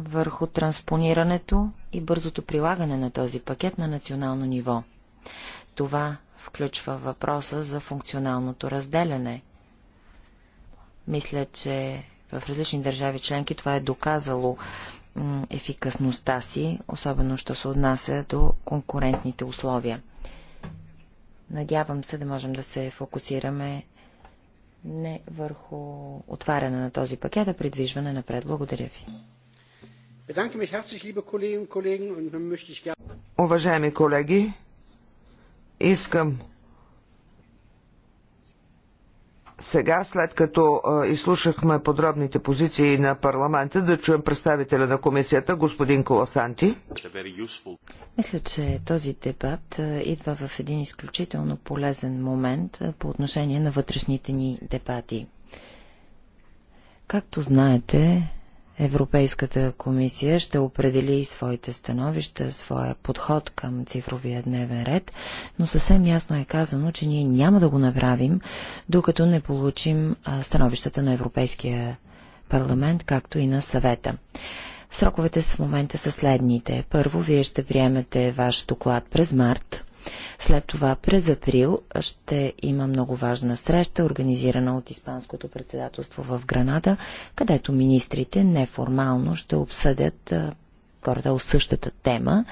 върху транспонирането и бързото прилагане на този пакет на национално ниво. Това включва въпроса за функционалното разделяне. Мисля, че в различни държави членки това е доказало ефикасността си, особено що се отнася до конкурентните условия. Надявам се да можем да се фокусираме не върху отваряне на този пакет, а придвижване напред. Благодаря ви. Уважаеми колеги, искам сега, след като изслушахме подробните позиции на парламента, да чуем представителя на комисията, господин Коласанти. Мисля, че този дебат идва в един изключително полезен момент по отношение на вътрешните ни дебати. Както знаете, Европейската комисия ще определи своите становища, своя подход към цифровия дневен ред, но съвсем ясно е казано, че ние няма да го направим, докато не получим становищата на Европейския парламент, както и на съвета. Сроковете в момента са следните. Първо, вие ще приемете ваш доклад през март. След това през април ще има много важна среща, организирана от Испанското председателство в Гранада, където министрите неформално ще обсъдят горе-долу същата тема.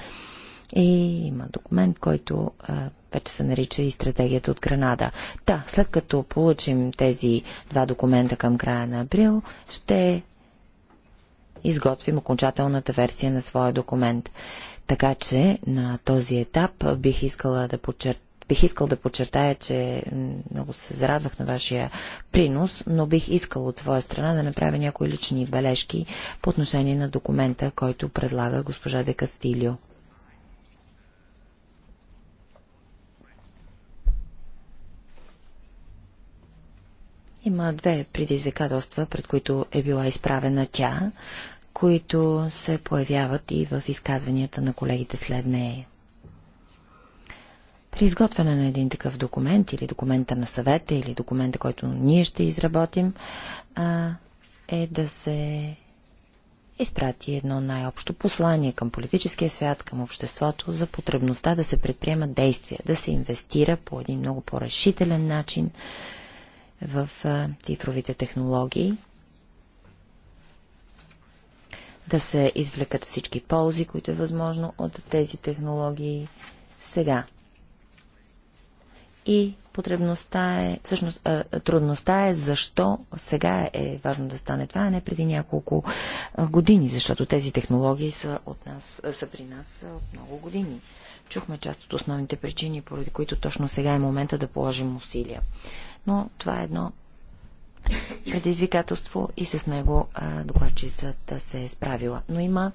И има документ, който вече се нарича и стратегията от Гранада. Да, след като получим тези два документа към края на април, ще изготвим окончателната версия на своя документ. Така че на този етап бих искала да подчертая бих искал да подчертая, че много се зарадвах на вашия принос, но бих искал от своя страна да направя някои лични бележки по отношение на документа, който предлага госпожа Де Кастилио. Има две предизвикателства, пред които е била изправена тя които се появяват и в изказванията на колегите след нея. При изготвяне на един такъв документ или документа на съвета или документа, който ние ще изработим, е да се изпрати едно най-общо послание към политическия свят, към обществото за потребността да се предприемат действия, да се инвестира по един много по-решителен начин в цифровите технологии да се извлекат всички ползи, които е възможно от тези технологии сега. И потребността е, всъщност трудността е защо сега е важно да стане това, а не преди няколко години, защото тези технологии са, от нас, са при нас от много години. Чухме част от основните причини, поради които точно сега е момента да положим усилия. Но това е едно предизвикателство и с него докладчицата се е справила. Но има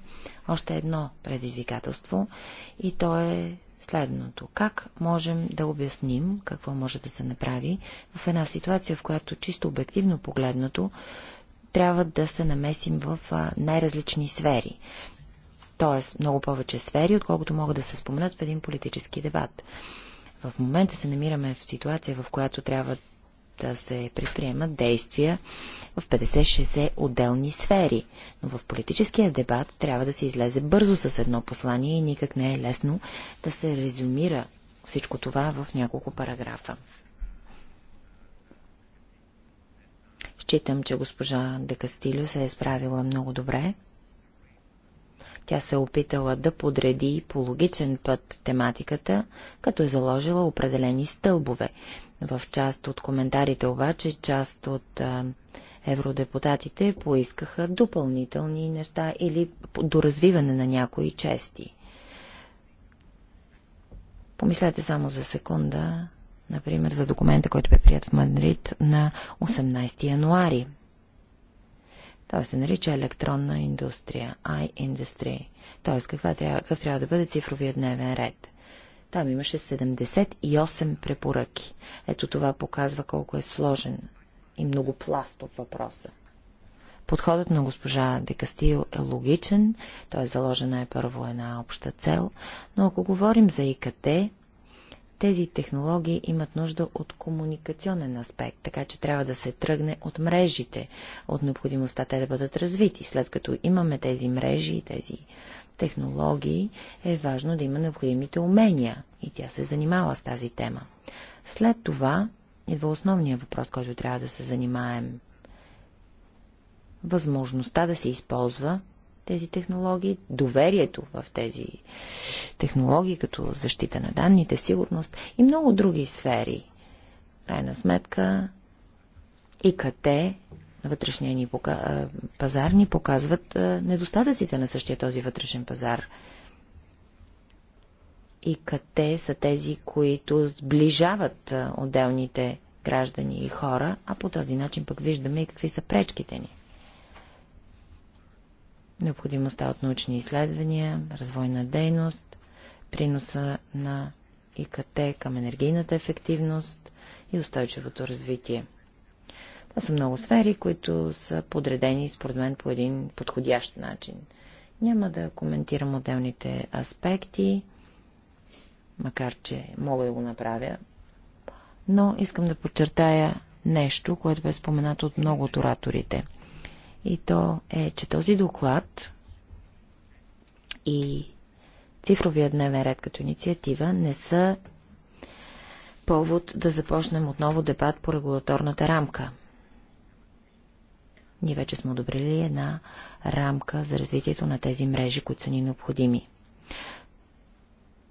още едно предизвикателство и то е следното. Как можем да обясним какво може да се направи в една ситуация, в която чисто обективно погледнато трябва да се намесим в най-различни сфери. Тоест много повече сфери, отколкото могат да се споменат в един политически дебат. В момента се намираме в ситуация, в която трябва да се предприемат действия в 50-60 отделни сфери. Но в политическия дебат трябва да се излезе бързо с едно послание и никак не е лесно да се резюмира всичко това в няколко параграфа. Считам, че госпожа Декастилю се е справила много добре. Тя се е опитала да подреди по логичен път тематиката, като е заложила определени стълбове. В част от коментарите обаче, част от а, евродепутатите поискаха допълнителни неща или доразвиване на някои чести. Помислете само за секунда, например, за документа, който бе прият в Мадрид на 18 януари. Той се нарича електронна индустрия, i-industry. Т.е. какъв трябва да бъде цифровия дневен ред? Там имаше 78 препоръки. Ето това показва колко е сложен и многопластов въпроса. Подходът на госпожа Декастио е логичен, той е заложена е първо една обща цел, но ако говорим за ИКТ, тези технологии имат нужда от комуникационен аспект, така че трябва да се тръгне от мрежите, от необходимостта те да бъдат развити. След като имаме тези мрежи и тези технологии, е важно да има необходимите умения и тя се занимава с тази тема. След това идва основния въпрос, който трябва да се занимаем. Възможността да се използва тези технологии, доверието в тези технологии, като защита на данните, сигурност и много други сфери. Крайна сметка, и на вътрешния ни пазар ни показват недостатъците на същия този вътрешен пазар. И къде са тези, които сближават отделните граждани и хора, а по този начин пък виждаме и какви са пречките ни необходимостта от научни изследвания, развойна дейност, приноса на ИКТ към енергийната ефективност и устойчивото развитие. Това са много сфери, които са подредени според мен по един подходящ начин. Няма да коментирам отделните аспекти, макар че мога да го направя, но искам да подчертая нещо, което бе споменато от много от ораторите – и то е, че този доклад и цифровия дневен ред като инициатива не са повод да започнем отново дебат по регулаторната рамка. Ние вече сме одобрили една рамка за развитието на тези мрежи, които са ни необходими.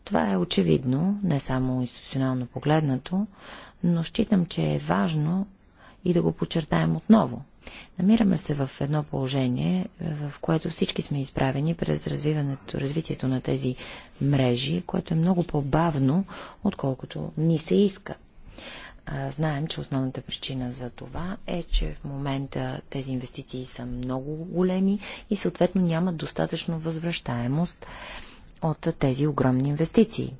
Това е очевидно, не само институционално погледнато, но считам, че е важно и да го подчертаем отново – Намираме се в едно положение, в което всички сме изправени през развиването, развитието на тези мрежи, което е много по-бавно, отколкото ни се иска. Знаем, че основната причина за това е, че в момента тези инвестиции са много големи и съответно няма достатъчно възвръщаемост от тези огромни инвестиции.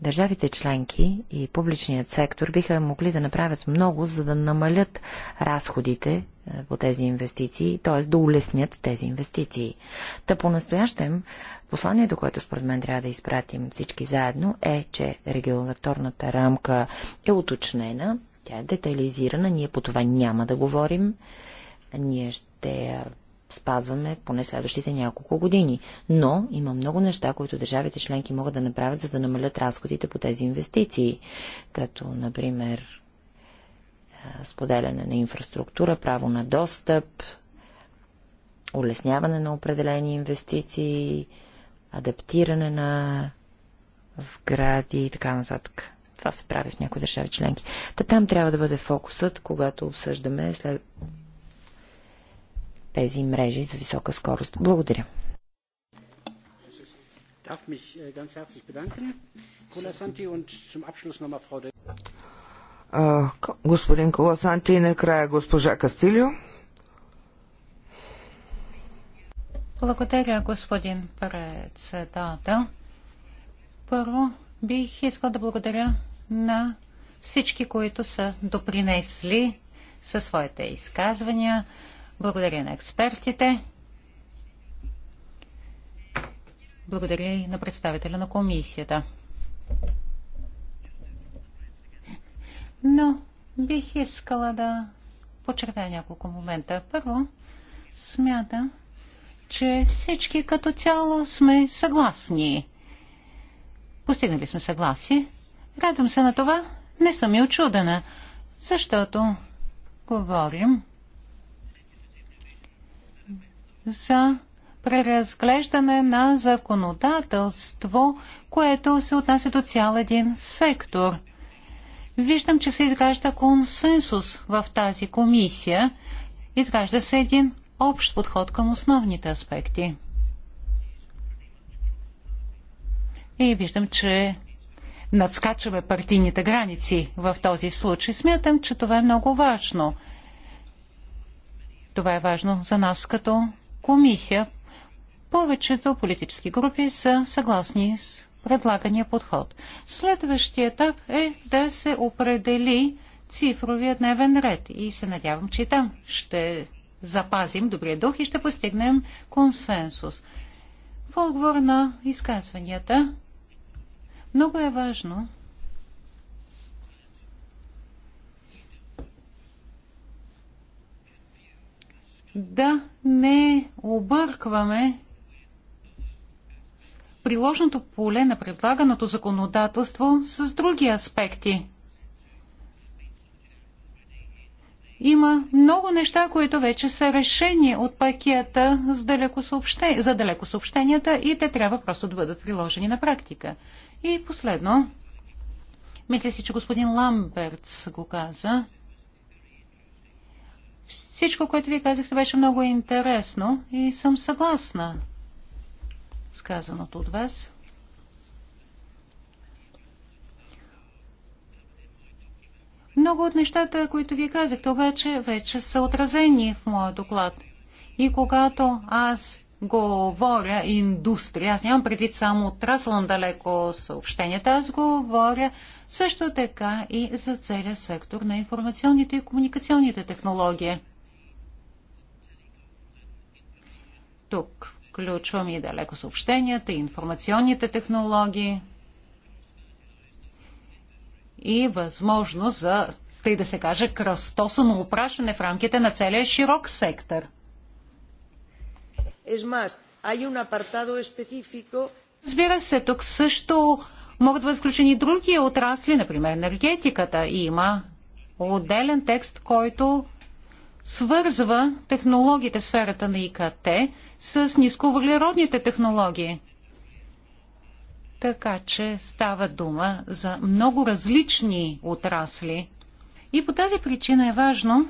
Държавите членки и публичният сектор биха могли да направят много, за да намалят разходите е, по тези инвестиции, т.е. да улеснят тези инвестиции. Та по-настоящем посланието, което според мен трябва да изпратим всички заедно е, че регуляторната рамка е уточнена, тя е детализирана, ние по това няма да говорим, ние ще е, спазваме поне следващите няколко години. Но има много неща, които държавите членки могат да направят, за да намалят разходите по тези инвестиции, като, например, споделяне на инфраструктура, право на достъп, улесняване на определени инвестиции, адаптиране на сгради и така нататък. Това се прави в някои държави членки. Та там трябва да бъде фокусът, когато обсъждаме след тези мрежи за висока скорост. Благодаря. Е, господин Коласанти и накрая госпожа Кастилио. Благодаря, господин председател. Първо бих искал да благодаря на всички, които са допринесли със своите изказвания, благодаря на експертите. Благодаря и на представителя на комисията. Но бих искала да подчертая няколко момента. Първо, смятам, че всички като цяло сме съгласни. Постигнали сме съгласие. Радвам се на това. Не съм и очудена, защото говорим за преразглеждане на законодателство, което се отнася до цял един сектор. Виждам, че се изгражда консенсус в тази комисия. Изгражда се един общ подход към основните аспекти. И виждам, че надскачаме партийните граници в този случай. Смятам, че това е много важно. Това е важно за нас като комисия, повечето политически групи са съгласни с предлагания подход. Следващия етап е да се определи цифровия дневен ред и се надявам, че там ще запазим добрия дух и ще постигнем консенсус. В отговор на изказванията много е важно да не объркваме приложното поле на предлаганото законодателство с други аспекти. Има много неща, които вече са решени от пакета за, далекосъобще... за далекосъобщенията и те трябва просто да бъдат приложени на практика. И последно, мисля си, че господин Ламбертс го каза, всичко, което ви казахте, беше много интересно и съм съгласна с казаното от вас. Много от нещата, които ви казахте, обаче вече са отразени в моя доклад. И когато аз говоря индустрия. Аз нямам предвид само отрасъл на далеко съобщенията. Аз говоря също така и за целия сектор на информационните и комуникационните технологии. Тук включвам и далеко съобщенията, и информационните технологии и възможност за, тъй да се каже, кръстосано опрашване в рамките на целия широк сектор – Es más, hay un apartado específico. Разбира се, тук също могат да бъдат включени други отрасли, например енергетиката. Има отделен текст, който свързва технологиите в сферата на ИКТ с нисковъглеродните технологии. Така че става дума за много различни отрасли. И по тази причина е важно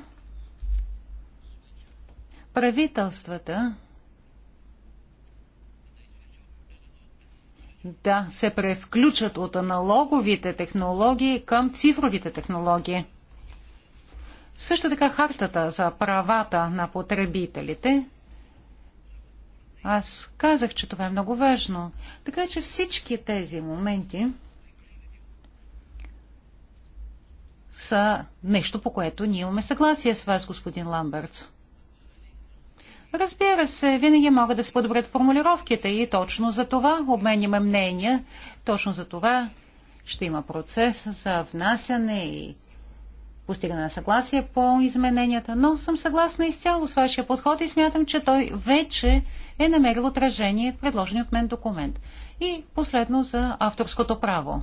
правителствата да се превключат от аналоговите технологии към цифровите технологии. Също така хартата за правата на потребителите. Аз казах, че това е много важно. Така че всички тези моменти са нещо, по което ние имаме съгласие с вас, господин Ламбертс. Разбира се, винаги могат да се подобрят формулировките и точно за това обменяме мнения, точно за това ще има процес за внасяне и постигане на съгласие по измененията, но съм съгласна изцяло с вашия подход и смятам, че той вече е намерил отражение в предложения от мен документ. И последно за авторското право.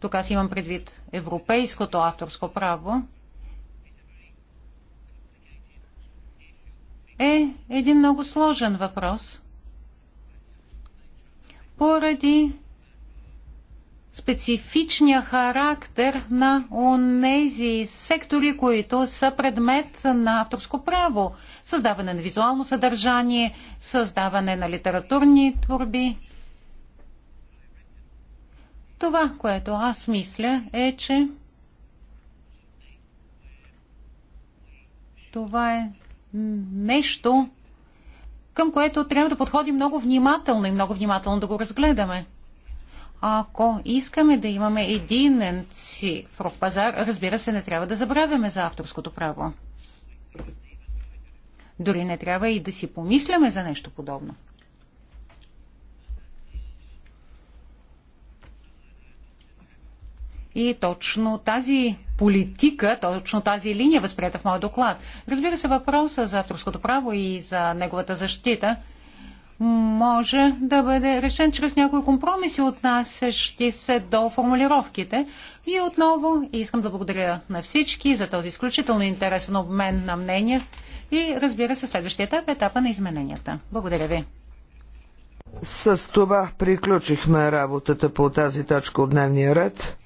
Тук аз имам предвид европейското авторско право, е един много сложен въпрос поради специфичния характер на онези сектори, които са предмет на авторско право. Създаване на визуално съдържание, създаване на литературни творби. Това, което аз мисля, е, че това е нещо, към което трябва да подходим много внимателно и много внимателно да го разгледаме. Ако искаме да имаме единен цифров пазар, разбира се, не трябва да забравяме за авторското право. Дори не трябва и да си помисляме за нещо подобно. И точно тази политика, точно тази линия е възприята в моят доклад. Разбира се, въпроса за авторското право и за неговата защита може да бъде решен чрез някои компромиси, отнасящи се до формулировките. И отново искам да благодаря на всички за този изключително интересен обмен на мнения и разбира се следващия етап е етапа на измененията. Благодаря ви. С това приключихме работата по тази точка от дневния ред.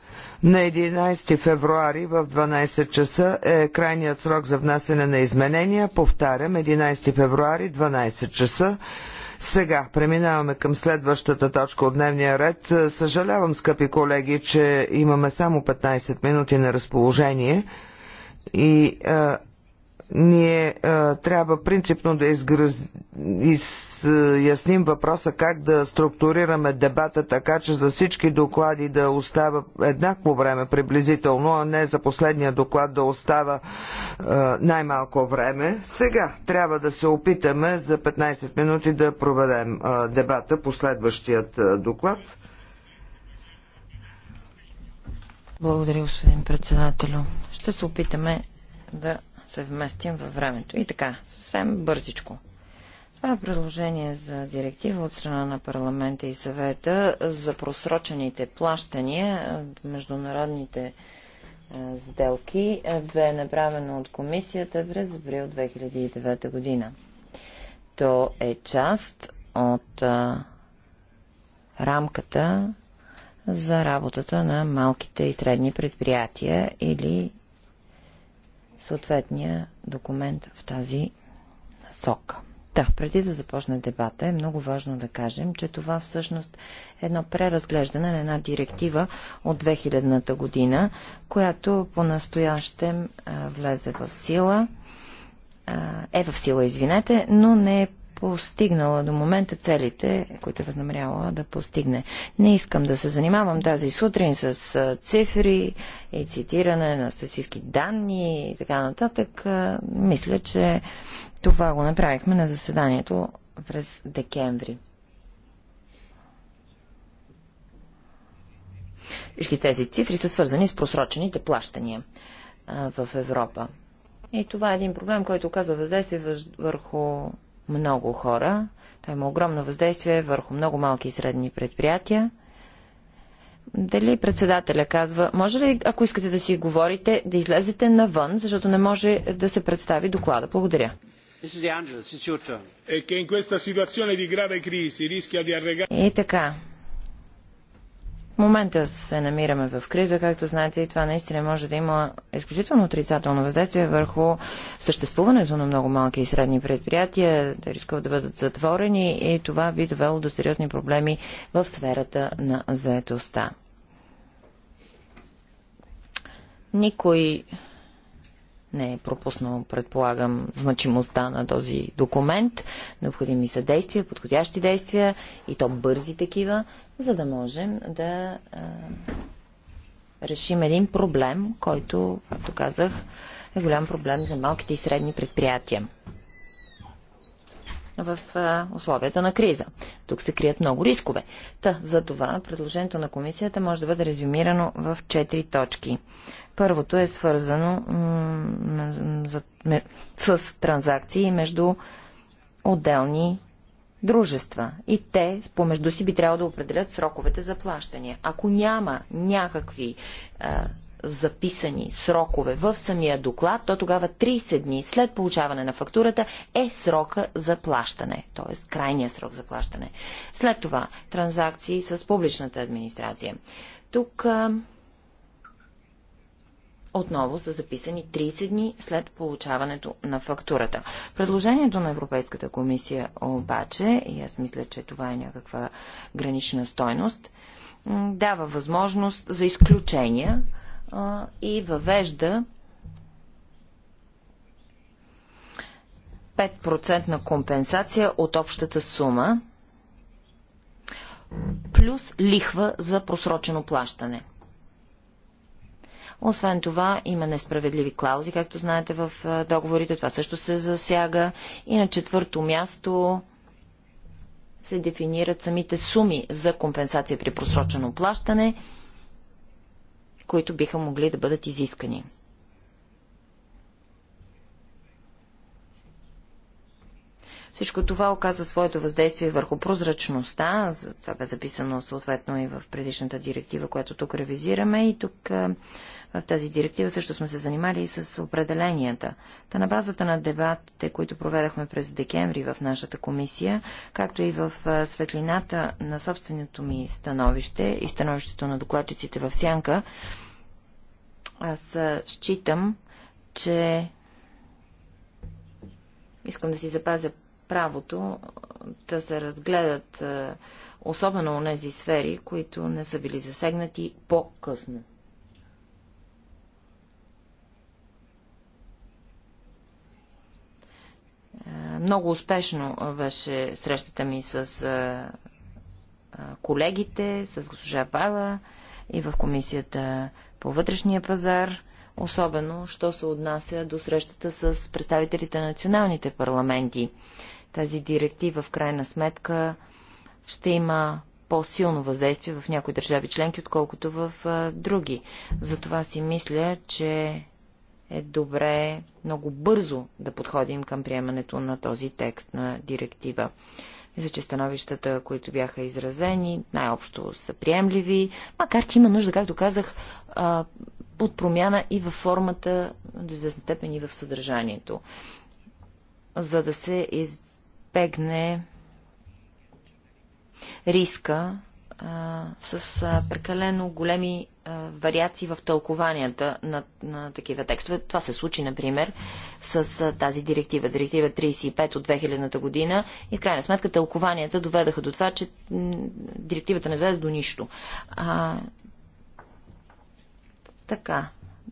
На 11 февруари в 12 часа е крайният срок за внасяне на изменения. Повтарям, 11 февруари, 12 часа. Сега преминаваме към следващата точка от дневния ред. Съжалявам, скъпи колеги, че имаме само 15 минути на разположение и а, ние а, трябва принципно да изгръз... изясним въпроса как да структурираме дебата така, че за всички доклади да остава еднакво време приблизително, а не за последния доклад да остава най-малко време. Сега трябва да се опитаме за 15 минути да проведем а, дебата по следващият а, доклад. Благодаря, господин председателю. Ще се опитаме да се вместим във времето. И така, съвсем бързичко. Това е предложение за директива от страна на парламента и съвета за просрочените плащания, международните сделки, бе направено от комисията през април 2009 година. То е част от а, рамката за работата на малките и средни предприятия или съответния документ в тази насока. Да, преди да започне дебата е много важно да кажем, че това всъщност е едно преразглеждане на една директива от 2000-та година, която по-настоящем влезе в сила, е в сила, извинете, но не е постигнала до момента целите, които е възнамеряла да постигне. Не искам да се занимавам тази сутрин с цифри и цитиране на статистически данни и така нататък. Мисля, че това го направихме на заседанието през декември. Всички тези цифри са свързани с просрочените плащания а, в Европа. И това е един проблем, който оказва въздействие върху много хора. Той има огромно въздействие върху много малки и средни предприятия. Дали председателя казва, може ли, ако искате да си говорите, да излезете навън, защото не може да се представи доклада? Благодаря. Е, и така, в момента се намираме в криза, както знаете, и това наистина може да има изключително отрицателно въздействие върху съществуването на много малки и средни предприятия, да рискуват да бъдат затворени и това би довело до сериозни проблеми в сферата на заетостта. Никой не е пропуснал, предполагам, значимостта на този документ. Необходими са действия, подходящи действия и то бързи такива, за да можем да а, решим един проблем, който, както казах, е голям проблем за малките и средни предприятия в а, условията на криза. Тук се крият много рискове. Та, за това предложението на комисията може да бъде резюмирано в четири точки. Първото е свързано за, с транзакции между отделни дружества и те помежду си би трябвало да определят сроковете за плащане. Ако няма някакви а, записани срокове в самия доклад, то тогава 30 дни след получаване на фактурата е срока за плащане, т.е. крайния срок за плащане. След това транзакции с публичната администрация. Тук а, отново са записани 30 дни след получаването на фактурата. Предложението на Европейската комисия обаче, и аз мисля, че това е някаква гранична стойност, дава възможност за изключения а, и въвежда 5% на компенсация от общата сума, плюс лихва за просрочено плащане – освен това, има несправедливи клаузи, както знаете в договорите. Това също се засяга. И на четвърто място се дефинират самите суми за компенсация при просрочено плащане, които биха могли да бъдат изискани. Всичко това оказва своето въздействие върху прозрачността. Това бе записано съответно и в предишната директива, която тук ревизираме. И тук в тази директива също сме се занимали и с определенията. Та на базата на дебатите, които проведахме през декември в нашата комисия, както и в светлината на собственото ми становище и становището на докладчиците в Сянка, аз считам, че искам да си запазя правото да се разгледат особено у нези сфери, които не са били засегнати по-късно. Е, много успешно беше срещата ми с е, е, колегите, с госпожа Пала и в комисията по вътрешния пазар, особено, що се отнася до срещата с представителите на националните парламенти. Тази директива, в крайна сметка, ще има по-силно въздействие в някои държави членки, отколкото в други. Затова си мисля, че е добре много бързо да подходим към приемането на този текст на директива. Мисля, че становищата, които бяха изразени, най-общо са приемливи, макар че има нужда, както казах, от промяна и във формата, до известна степен и в съдържанието, за да се избегне риска а, с а, прекалено големи а, вариации в тълкованията на, на такива текстове. Това се случи, например, с а, тази директива, директива 35 от 2000-та година и в крайна сметка тълкованията доведаха до това, че директивата не доведе до нищо. А, така.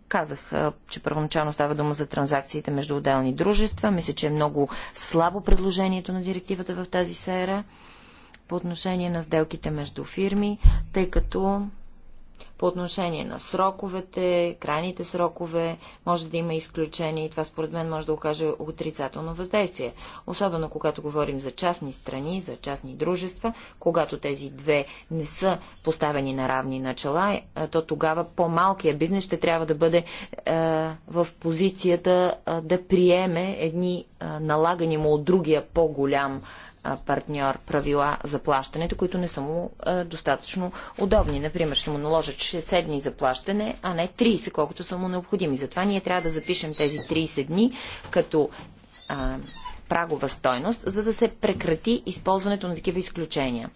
Казах, че първоначално става дума за транзакциите между отделни дружества. Мисля, че е много слабо предложението на директивата в тази сфера по отношение на сделките между фирми, тъй като по отношение на сроковете, крайните срокове, може да има изключения и това според мен може да окаже отрицателно въздействие. Особено когато говорим за частни страни, за частни дружества, когато тези две не са поставени на равни начала, то тогава по-малкият бизнес ще трябва да бъде е, в позицията е, да приеме едни е, налагани му от другия по-голям партньор правила за плащането, които не са му достатъчно удобни. Например, ще му наложат 60 дни за плащане, а не 30, колкото са му необходими. Затова ние трябва да запишем тези 30 дни като а, прагова стойност, за да се прекрати използването на такива изключения.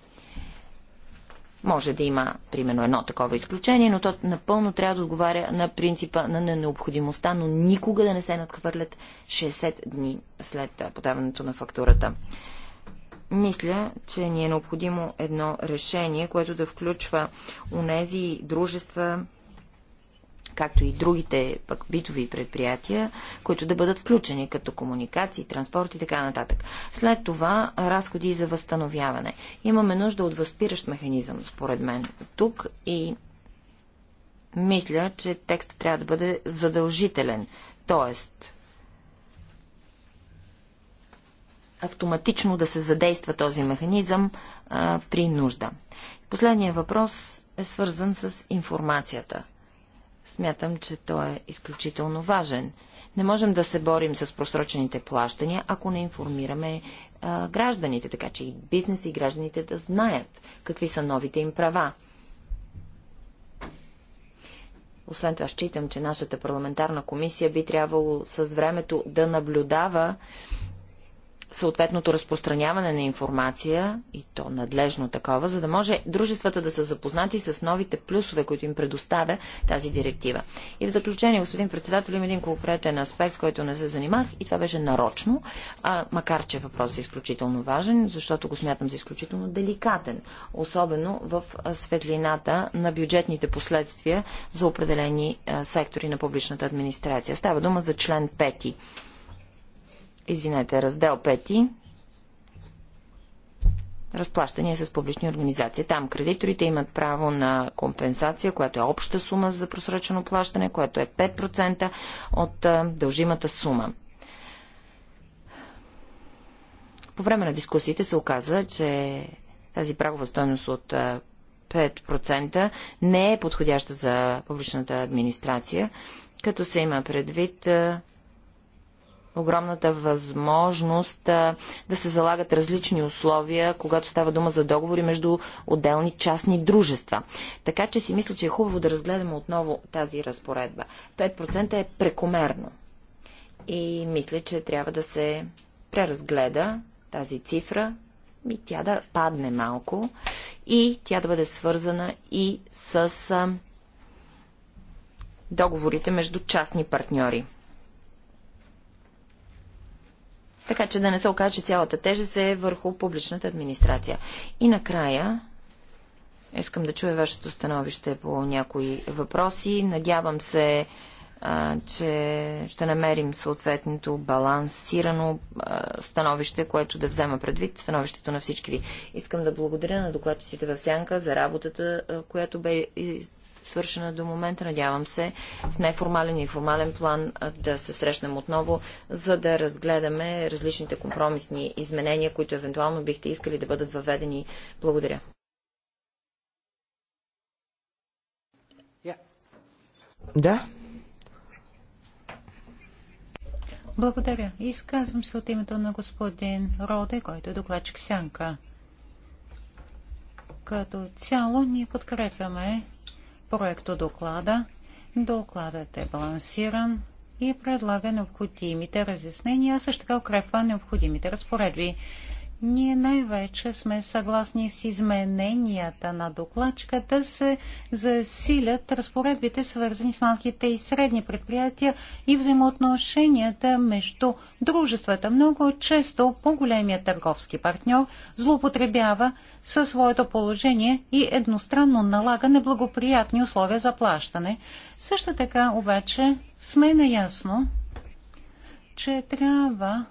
Може да има, примерно, едно такова изключение, но то напълно трябва да отговаря на принципа на необходимостта, но никога да не се надхвърлят 60 дни след подаването на фактурата. Мисля, че ни е необходимо едно решение, което да включва унези дружества, както и другите пък битови предприятия, които да бъдат включени като комуникации, транспорт и така нататък. След това разходи за възстановяване. Имаме нужда от възпиращ механизъм, според мен, тук и мисля, че текстът трябва да бъде задължителен. Тоест, автоматично да се задейства този механизъм а, при нужда. Последният въпрос е свързан с информацията. Смятам, че той е изключително важен. Не можем да се борим с просрочените плащания, ако не информираме а, гражданите, така че и бизнес и гражданите да знаят какви са новите им права. Освен това, считам, че нашата парламентарна комисия би трябвало с времето да наблюдава съответното разпространяване на информация, и то надлежно такова, за да може дружествата да са запознати с новите плюсове, които им предоставя тази директива. И в заключение, господин председател, има един конкретен аспект, с който не се занимах, и това беше нарочно, а, макар че въпросът е изключително важен, защото го смятам за изключително деликатен, особено в светлината на бюджетните последствия за определени а, сектори на публичната администрация. Става дума за член 5 Извинете, раздел 5. Разплащания с публични организации. Там кредиторите имат право на компенсация, която е обща сума за просрочено плащане, което е 5% от дължимата сума. По време на дискусиите се оказа, че тази правова стойност от 5% не е подходяща за публичната администрация, като се има предвид огромната възможност да се залагат различни условия, когато става дума за договори между отделни частни дружества. Така че си мисля, че е хубаво да разгледаме отново тази разпоредба. 5% е прекомерно. И мисля, че трябва да се преразгледа тази цифра и тя да падне малко и тя да бъде свързана и с договорите между частни партньори. така че да не се окаже, че цялата тежест е върху публичната администрация. И накрая, искам да чуя вашето становище по някои въпроси. Надявам се, а, че ще намерим съответното балансирано а, становище, което да взема предвид становището на всички ви. Искам да благодаря на докладчиците в Сянка за работата, а, която бе из, свършена до момента. Надявам се в неформален и формален план да се срещнем отново, за да разгледаме различните компромисни изменения, които евентуално бихте искали да бъдат въведени. Благодаря. Да. Благодаря. Изказвам се от името на господин Роде, който е докладчик Сянка. Като цяло ние подкрепяме проекто доклада. Докладът е балансиран и предлага необходимите разяснения, а също така укрепва необходимите разпоредби. Ние най-вече сме съгласни с измененията на докладчика да се засилят разпоредбите, свързани с малките и средни предприятия и взаимоотношенията между дружествата. Много често по-големият търговски партньор злоупотребява със своето положение и едностранно налага неблагоприятни условия за плащане. Също така обаче сме наясно, че трябва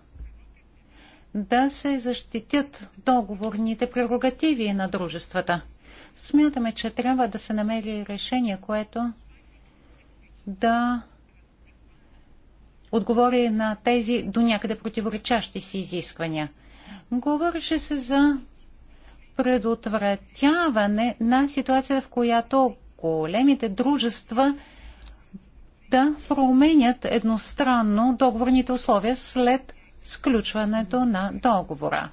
да се защитят договорните прерогативи на дружествата. Смятаме, че трябва да се намери решение, което да отговори на тези до някъде противоречащи си изисквания. Говореше се за предотвратяване на ситуация, в която големите дружества да променят едностранно договорните условия след сключването на договора.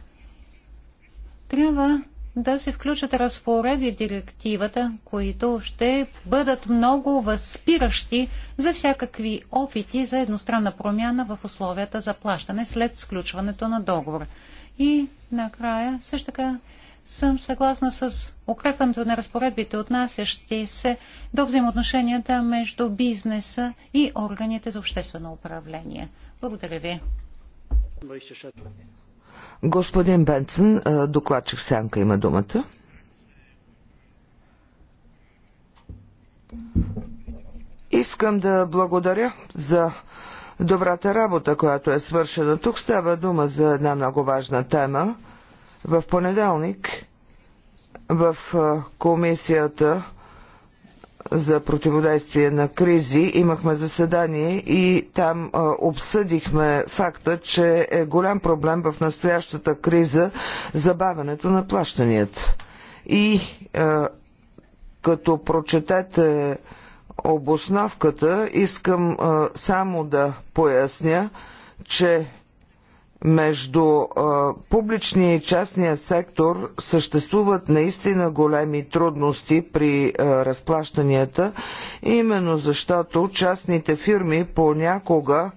Трябва да се включат разпоредби в директивата, които ще бъдат много възпиращи за всякакви опити за едностранна промяна в условията за плащане след сключването на договор. И накрая също така съм съгласна с укрепването на разпоредбите, отнасящи се до взаимоотношенията между бизнеса и органите за обществено управление. Благодаря ви. Господин Бенцен, е, докладчик Сянка има думата. Искам да благодаря за добрата работа, която е свършена. Тук става дума за една много важна тема. В понеделник в е, комисията за противодействие на кризи имахме заседание и там а, обсъдихме факта, че е голям проблем в настоящата криза забавянето на плащанията. И а, като прочетете обосновката, искам а, само да поясня, че между публичния и частния сектор съществуват наистина големи трудности при разплащанията, именно защото частните фирми понякога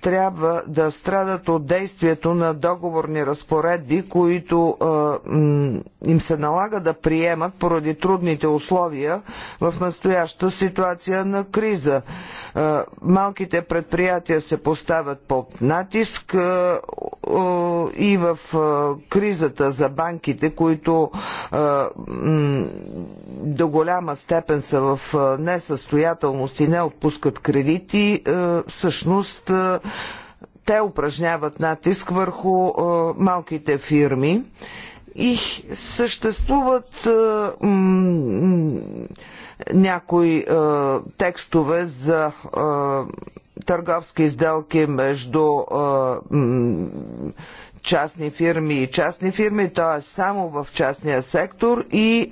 трябва да страдат от действието на договорни разпоредби, които им се налага да приемат поради трудните условия в настояща ситуация на криза. Малките предприятия се поставят под натиск и в кризата за банките, които до голяма степен са в несъстоятелност и не отпускат кредити, всъщност всъщност те упражняват натиск върху малките фирми и съществуват някои текстове за търговски сделки между частни фирми и частни фирми, т.е. само в частния сектор и е,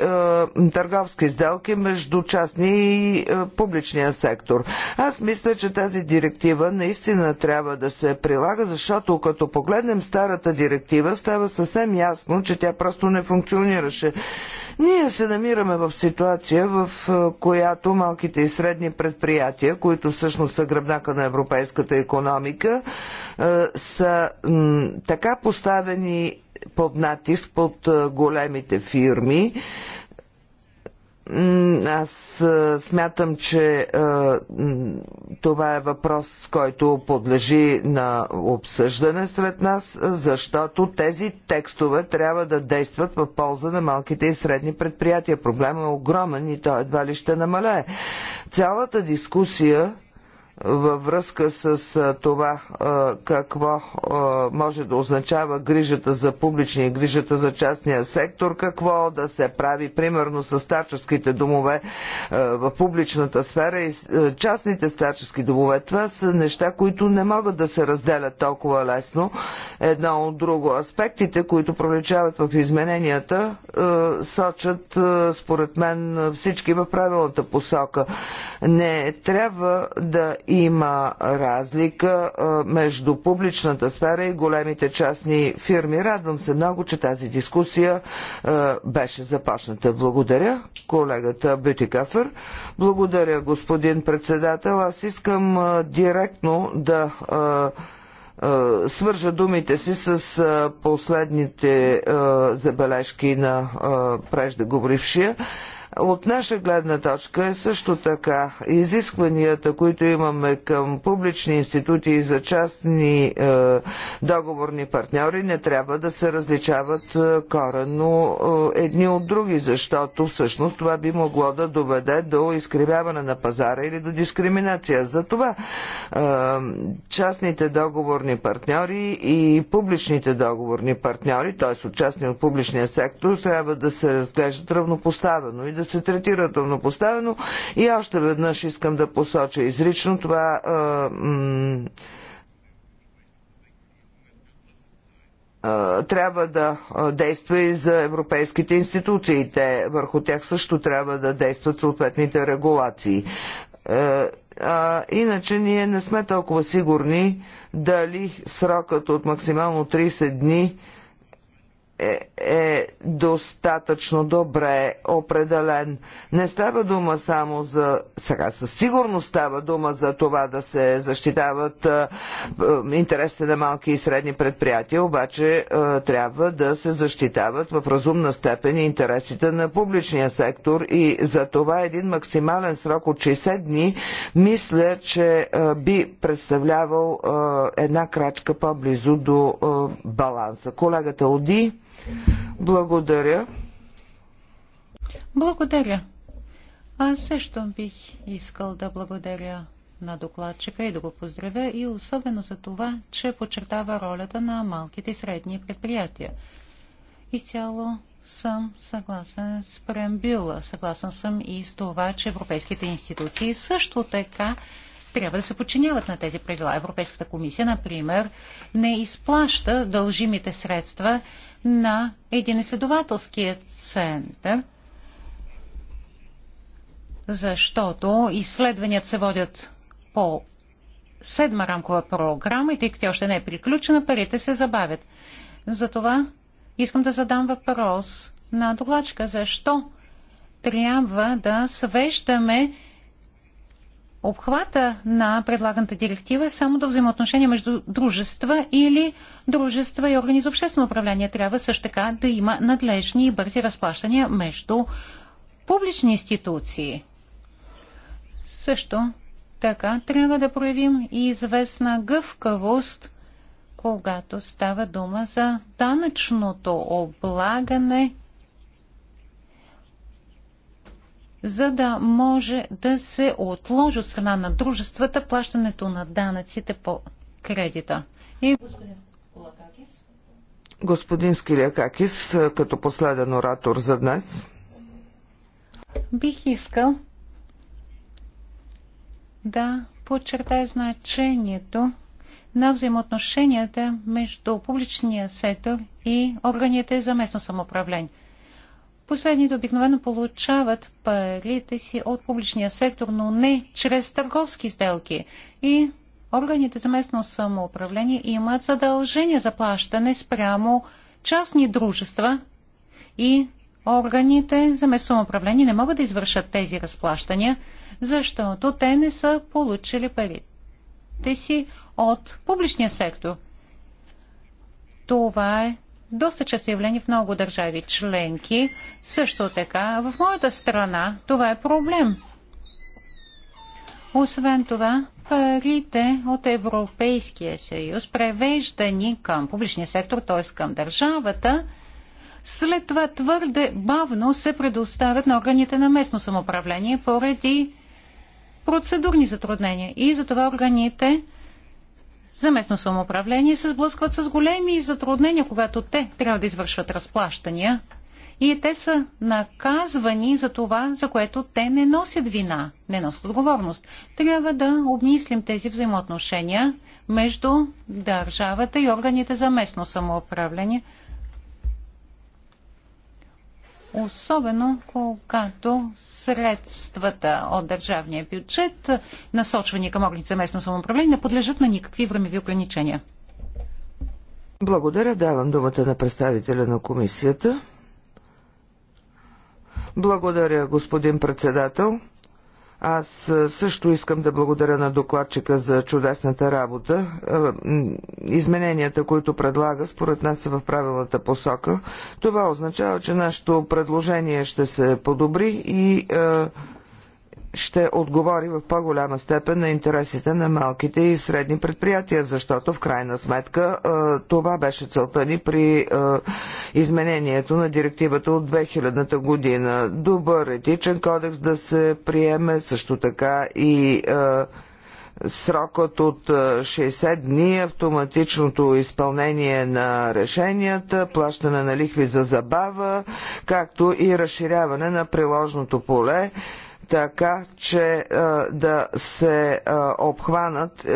търговски сделки между частния и е, публичния сектор. Аз мисля, че тази директива наистина трябва да се прилага, защото като погледнем старата директива, става съвсем ясно, че тя просто не функционираше. Ние се намираме в ситуация, в е, която малките и средни предприятия, които всъщност са гръбнака на европейската економика, е, са така поставени под натиск под големите фирми. Аз смятам, че това е въпрос, който подлежи на обсъждане сред нас, защото тези текстове трябва да действат в полза на малките и средни предприятия. Проблемът е огромен и той едва ли ще намалее. Цялата дискусия във връзка с това какво може да означава грижата за публичния и грижата за частния сектор, какво да се прави примерно с старческите домове в публичната сфера и частните старчески домове. Това са неща, които не могат да се разделят толкова лесно едно от друго. Аспектите, които проличават в измененията, сочат според мен всички в правилната посока. Не трябва да има разлика между публичната сфера и големите частни фирми. Радвам се много, че тази дискусия беше започната. Благодаря, колегата Бютикафер. Благодаря, господин председател. Аз искам директно да свържа думите си с последните забележки на преждеговорившия. От наша гледна точка е също така изискванията, които имаме към публични институти и за частни е, договорни партньори не трябва да се различават е, коренно е, едни от други, защото всъщност това би могло да доведе до изкривяване на пазара или до дискриминация. Затова е, частните договорни партньори и публичните договорни партньори, т.е. от частни от публичния сектор, трябва да се разглеждат равнопоставено и да да се третират равнопоставено. И още веднъж искам да посоча изрично това. трябва да действа и за европейските институции. Те, върху тях също трябва да действат съответните регулации. Е, а, иначе ние не сме толкова сигурни дали срокът от максимално 30 дни е, е достатъчно добре определен. Не става дума само за... Сега със сигурност става дума за това да се защитават интересите на малки и средни предприятия, обаче трябва да се защитават в разумна степен интересите на публичния сектор и за това един максимален срок от 60 дни мисля, че би представлявал една крачка по-близо до баланса. Колегата Оди благодаря. Благодаря. Аз също бих искал да благодаря на докладчика и да го поздравя и особено за това, че подчертава ролята на малките и средни предприятия. Изцяло съм съгласен с прембюла. Съгласен съм и с това, че европейските институции също така трябва да се подчиняват на тези правила. Европейската комисия, например, не изплаща дължимите средства на един изследователски център, защото изследванията се водят по седма рамкова програма и тъй като още не е приключена, парите се забавят. Затова искам да задам въпрос на докладчика. Защо трябва да свеждаме Обхвата на предлаганата директива е само до взаимоотношения между дружества или дружества и органи за обществено управление. Трябва също така да има надлежни и бързи разплащания между публични институции. Също така трябва да проявим и известна гъвкавост, когато става дума за данъчното облагане за да може да се отложи от страна на дружествата плащането на данъците по кредита. И... Господин Скилиакакис, като последен оратор за днес. Бих искал да подчертая значението на взаимоотношенията между публичния сектор и органите за местно самоуправление. Последните обикновено получават парите си от публичния сектор, но не чрез търговски сделки. И органите за местно самоуправление имат задължение за плащане спрямо частни дружества и органите за местно самоуправление не могат да извършат тези разплащания, защото те не са получили парите си от публичния сектор. Това е доста често явление в много държави членки. Също така, в моята страна това е проблем. Освен това, парите от Европейския съюз, превеждани към публичния сектор, т.е. към държавата, след това твърде бавно се предоставят на органите на местно самоуправление поради процедурни затруднения. И затова органите за местно самоуправление се сблъскват с големи затруднения, когато те трябва да извършват разплащания и те са наказвани за това, за което те не носят вина, не носят отговорност. Трябва да обмислим тези взаимоотношения между държавата и органите за местно самоуправление – особено когато средствата от държавния бюджет, насочвани към органите за местно самоуправление, не подлежат на никакви времеви ограничения. Благодаря. Давам думата на представителя на комисията. Благодаря, господин председател. Аз също искам да благодаря на докладчика за чудесната работа. Измененията, които предлага, според нас са в правилната посока. Това означава, че нашето предложение ще се подобри и ще отговори в по-голяма степен на интересите на малките и средни предприятия, защото в крайна сметка това беше целта ни при изменението на директивата от 2000-та година. Добър етичен кодекс да се приеме, също така и срокът от 60 дни, автоматичното изпълнение на решенията, плащане на лихви за забава, както и разширяване на приложното поле така, че да се обхванат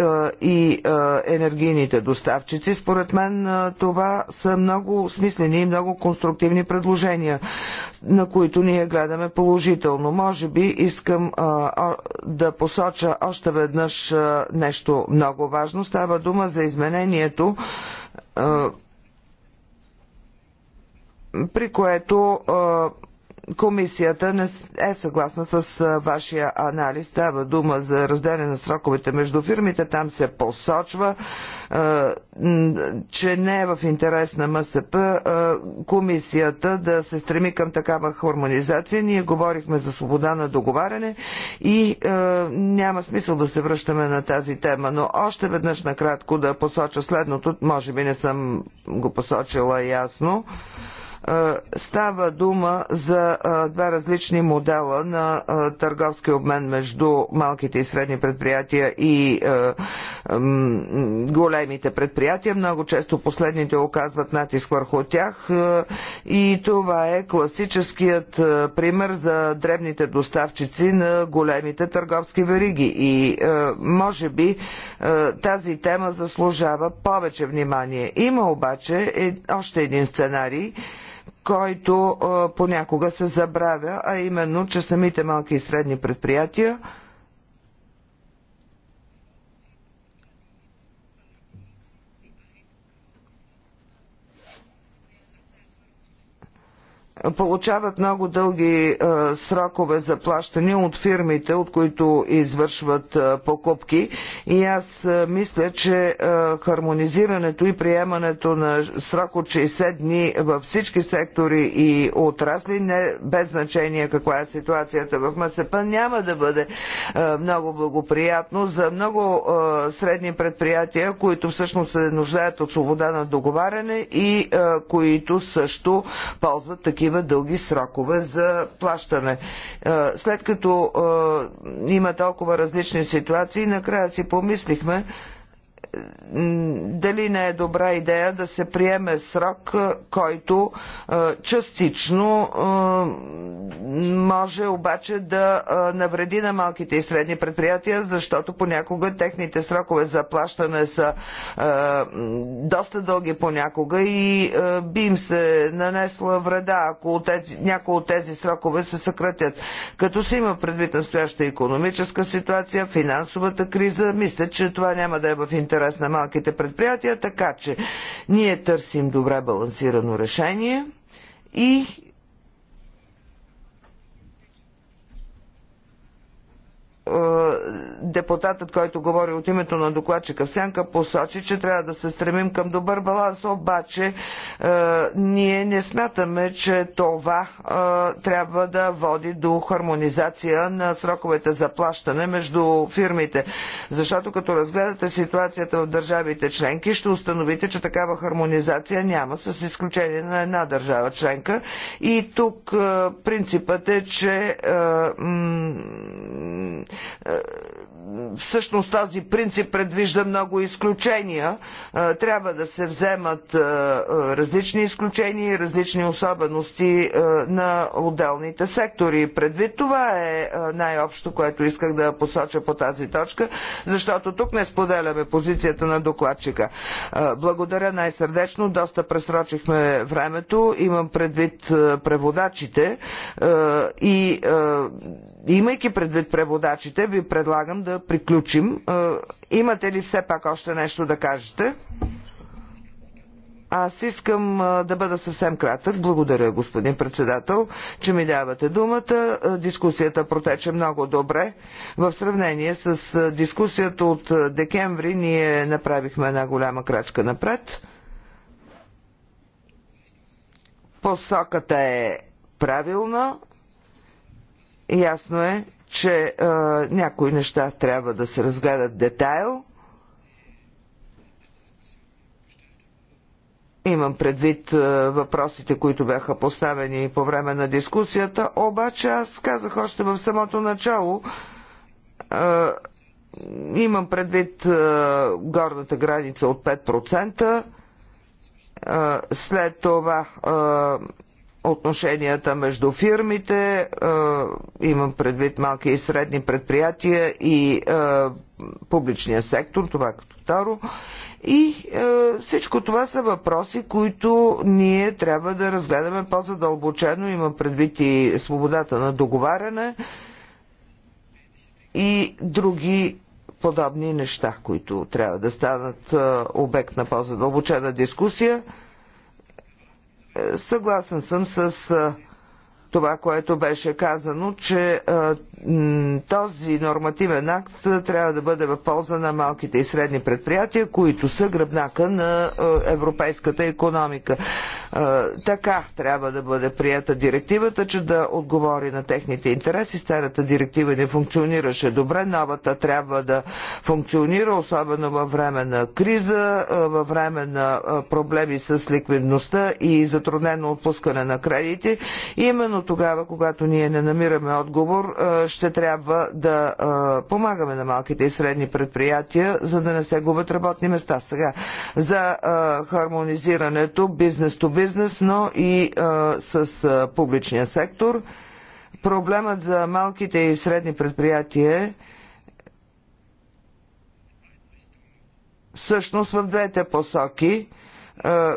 и енергийните доставчици. Според мен това са много смислени и много конструктивни предложения, на които ние гледаме положително. Може би искам да посоча още веднъж нещо много важно. Става дума за изменението при което комисията не е съгласна с вашия анализ. Става дума за разделяне на сроковете между фирмите. Там се посочва, че не е в интерес на МСП комисията да се стреми към такава хармонизация. Ние говорихме за свобода на договаряне и няма смисъл да се връщаме на тази тема. Но още веднъж накратко да посоча следното. Може би не съм го посочила ясно. Става дума за два различни модела на търговски обмен между малките и средни предприятия и големите предприятия. Много често последните оказват натиск върху тях и това е класическият пример за дребните доставчици на големите търговски вериги. И може би тази тема заслужава повече внимание. Има обаче е, още един сценарий, който понякога се забравя, а именно, че самите малки и средни предприятия – получават много дълги а, срокове за плащане от фирмите, от които извършват а, покупки. И аз а, мисля, че хармонизирането и приемането на срок от 60 дни във всички сектори и отрасли, не без значение каква е ситуацията в МСП, няма да бъде много благоприятно за много средни предприятия, които всъщност се нуждаят от свобода на договаряне и които също ползват такива такива дълги срокове за плащане. Е, след като е, има толкова различни ситуации, накрая си помислихме, дали не е добра идея да се приеме срок, е, който е, частично е, може обаче да навреди на малките и средни предприятия, защото понякога техните срокове за плащане са доста дълги понякога и би им се нанесла вреда, ако някои от тези срокове се съкратят. Като се има предвид настояща економическа ситуация, финансовата криза, мисля, че това няма да е в интерес интерес на малките предприятия, така че ние търсим добре балансирано решение и Е, депутатът, който говори от името на докладчика в Сянка, посочи, че трябва да се стремим към добър баланс, обаче е, ние не смятаме, че това е, трябва да води до хармонизация на сроковете за плащане между фирмите. Защото като разгледате ситуацията в държавите членки, ще установите, че такава хармонизация няма, с изключение на една държава членка. И тук принципът е, че всъщност този принцип предвижда много изключения. Е, трябва да се вземат е, различни изключения и различни особености е, на отделните сектори. Предвид това е най-общо, което исках да посоча по тази точка, защото тук не споделяме позицията на докладчика. Благодаря най-сърдечно, доста пресрочихме времето, имам предвид преводачите и имайки предвид преводачите, ви предлагам да приключим. Е, имате ли все пак още нещо да кажете? Аз искам е, да бъда съвсем кратък. Благодаря, господин председател, че ми давате думата. Е, дискусията протече много добре. В сравнение с дискусията от декември ние направихме една голяма крачка напред. Посоката е правилна, Ясно е, че е, някои неща трябва да се разгледат детайл. Имам предвид е, въпросите, които бяха поставени по време на дискусията, обаче аз казах още в самото начало, е, имам предвид е, горната граница от 5%, след това отношенията между фирмите, имам предвид малки и средни предприятия и публичния сектор, това е като второ. И е, всичко това са въпроси, които ние трябва да разгледаме по-задълбочено. Има предвид и свободата на договаряне и други подобни неща, които трябва да станат обект на по-задълбочена дискусия. Съгласен съм с това, което беше казано, че този нормативен акт трябва да бъде в полза на малките и средни предприятия, които са гръбнака на европейската економика. Така трябва да бъде прията директивата, че да отговори на техните интереси. Старата директива не функционираше добре, новата трябва да функционира, особено във време на криза, във време на проблеми с ликвидността и затруднено отпускане на кредити. именно тогава, когато ние не намираме отговор, ще трябва да помагаме на малките и средни предприятия, за да не се губят работни места. Сега, за хармонизирането бизнес то бизнес, но и с публичния сектор. Проблемът за малките и средни предприятия е, всъщност в двете посоки –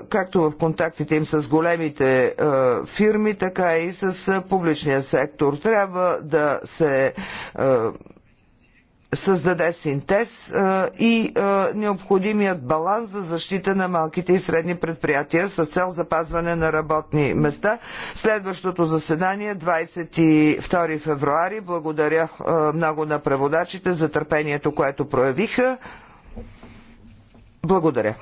както в контактите им с големите фирми, така и с публичния сектор. Трябва да се създаде синтез и необходимият баланс за защита на малките и средни предприятия с цел запазване на работни места. Следващото заседание 22 февруари. Благодаря много на преводачите за търпението, което проявиха. Благодаря.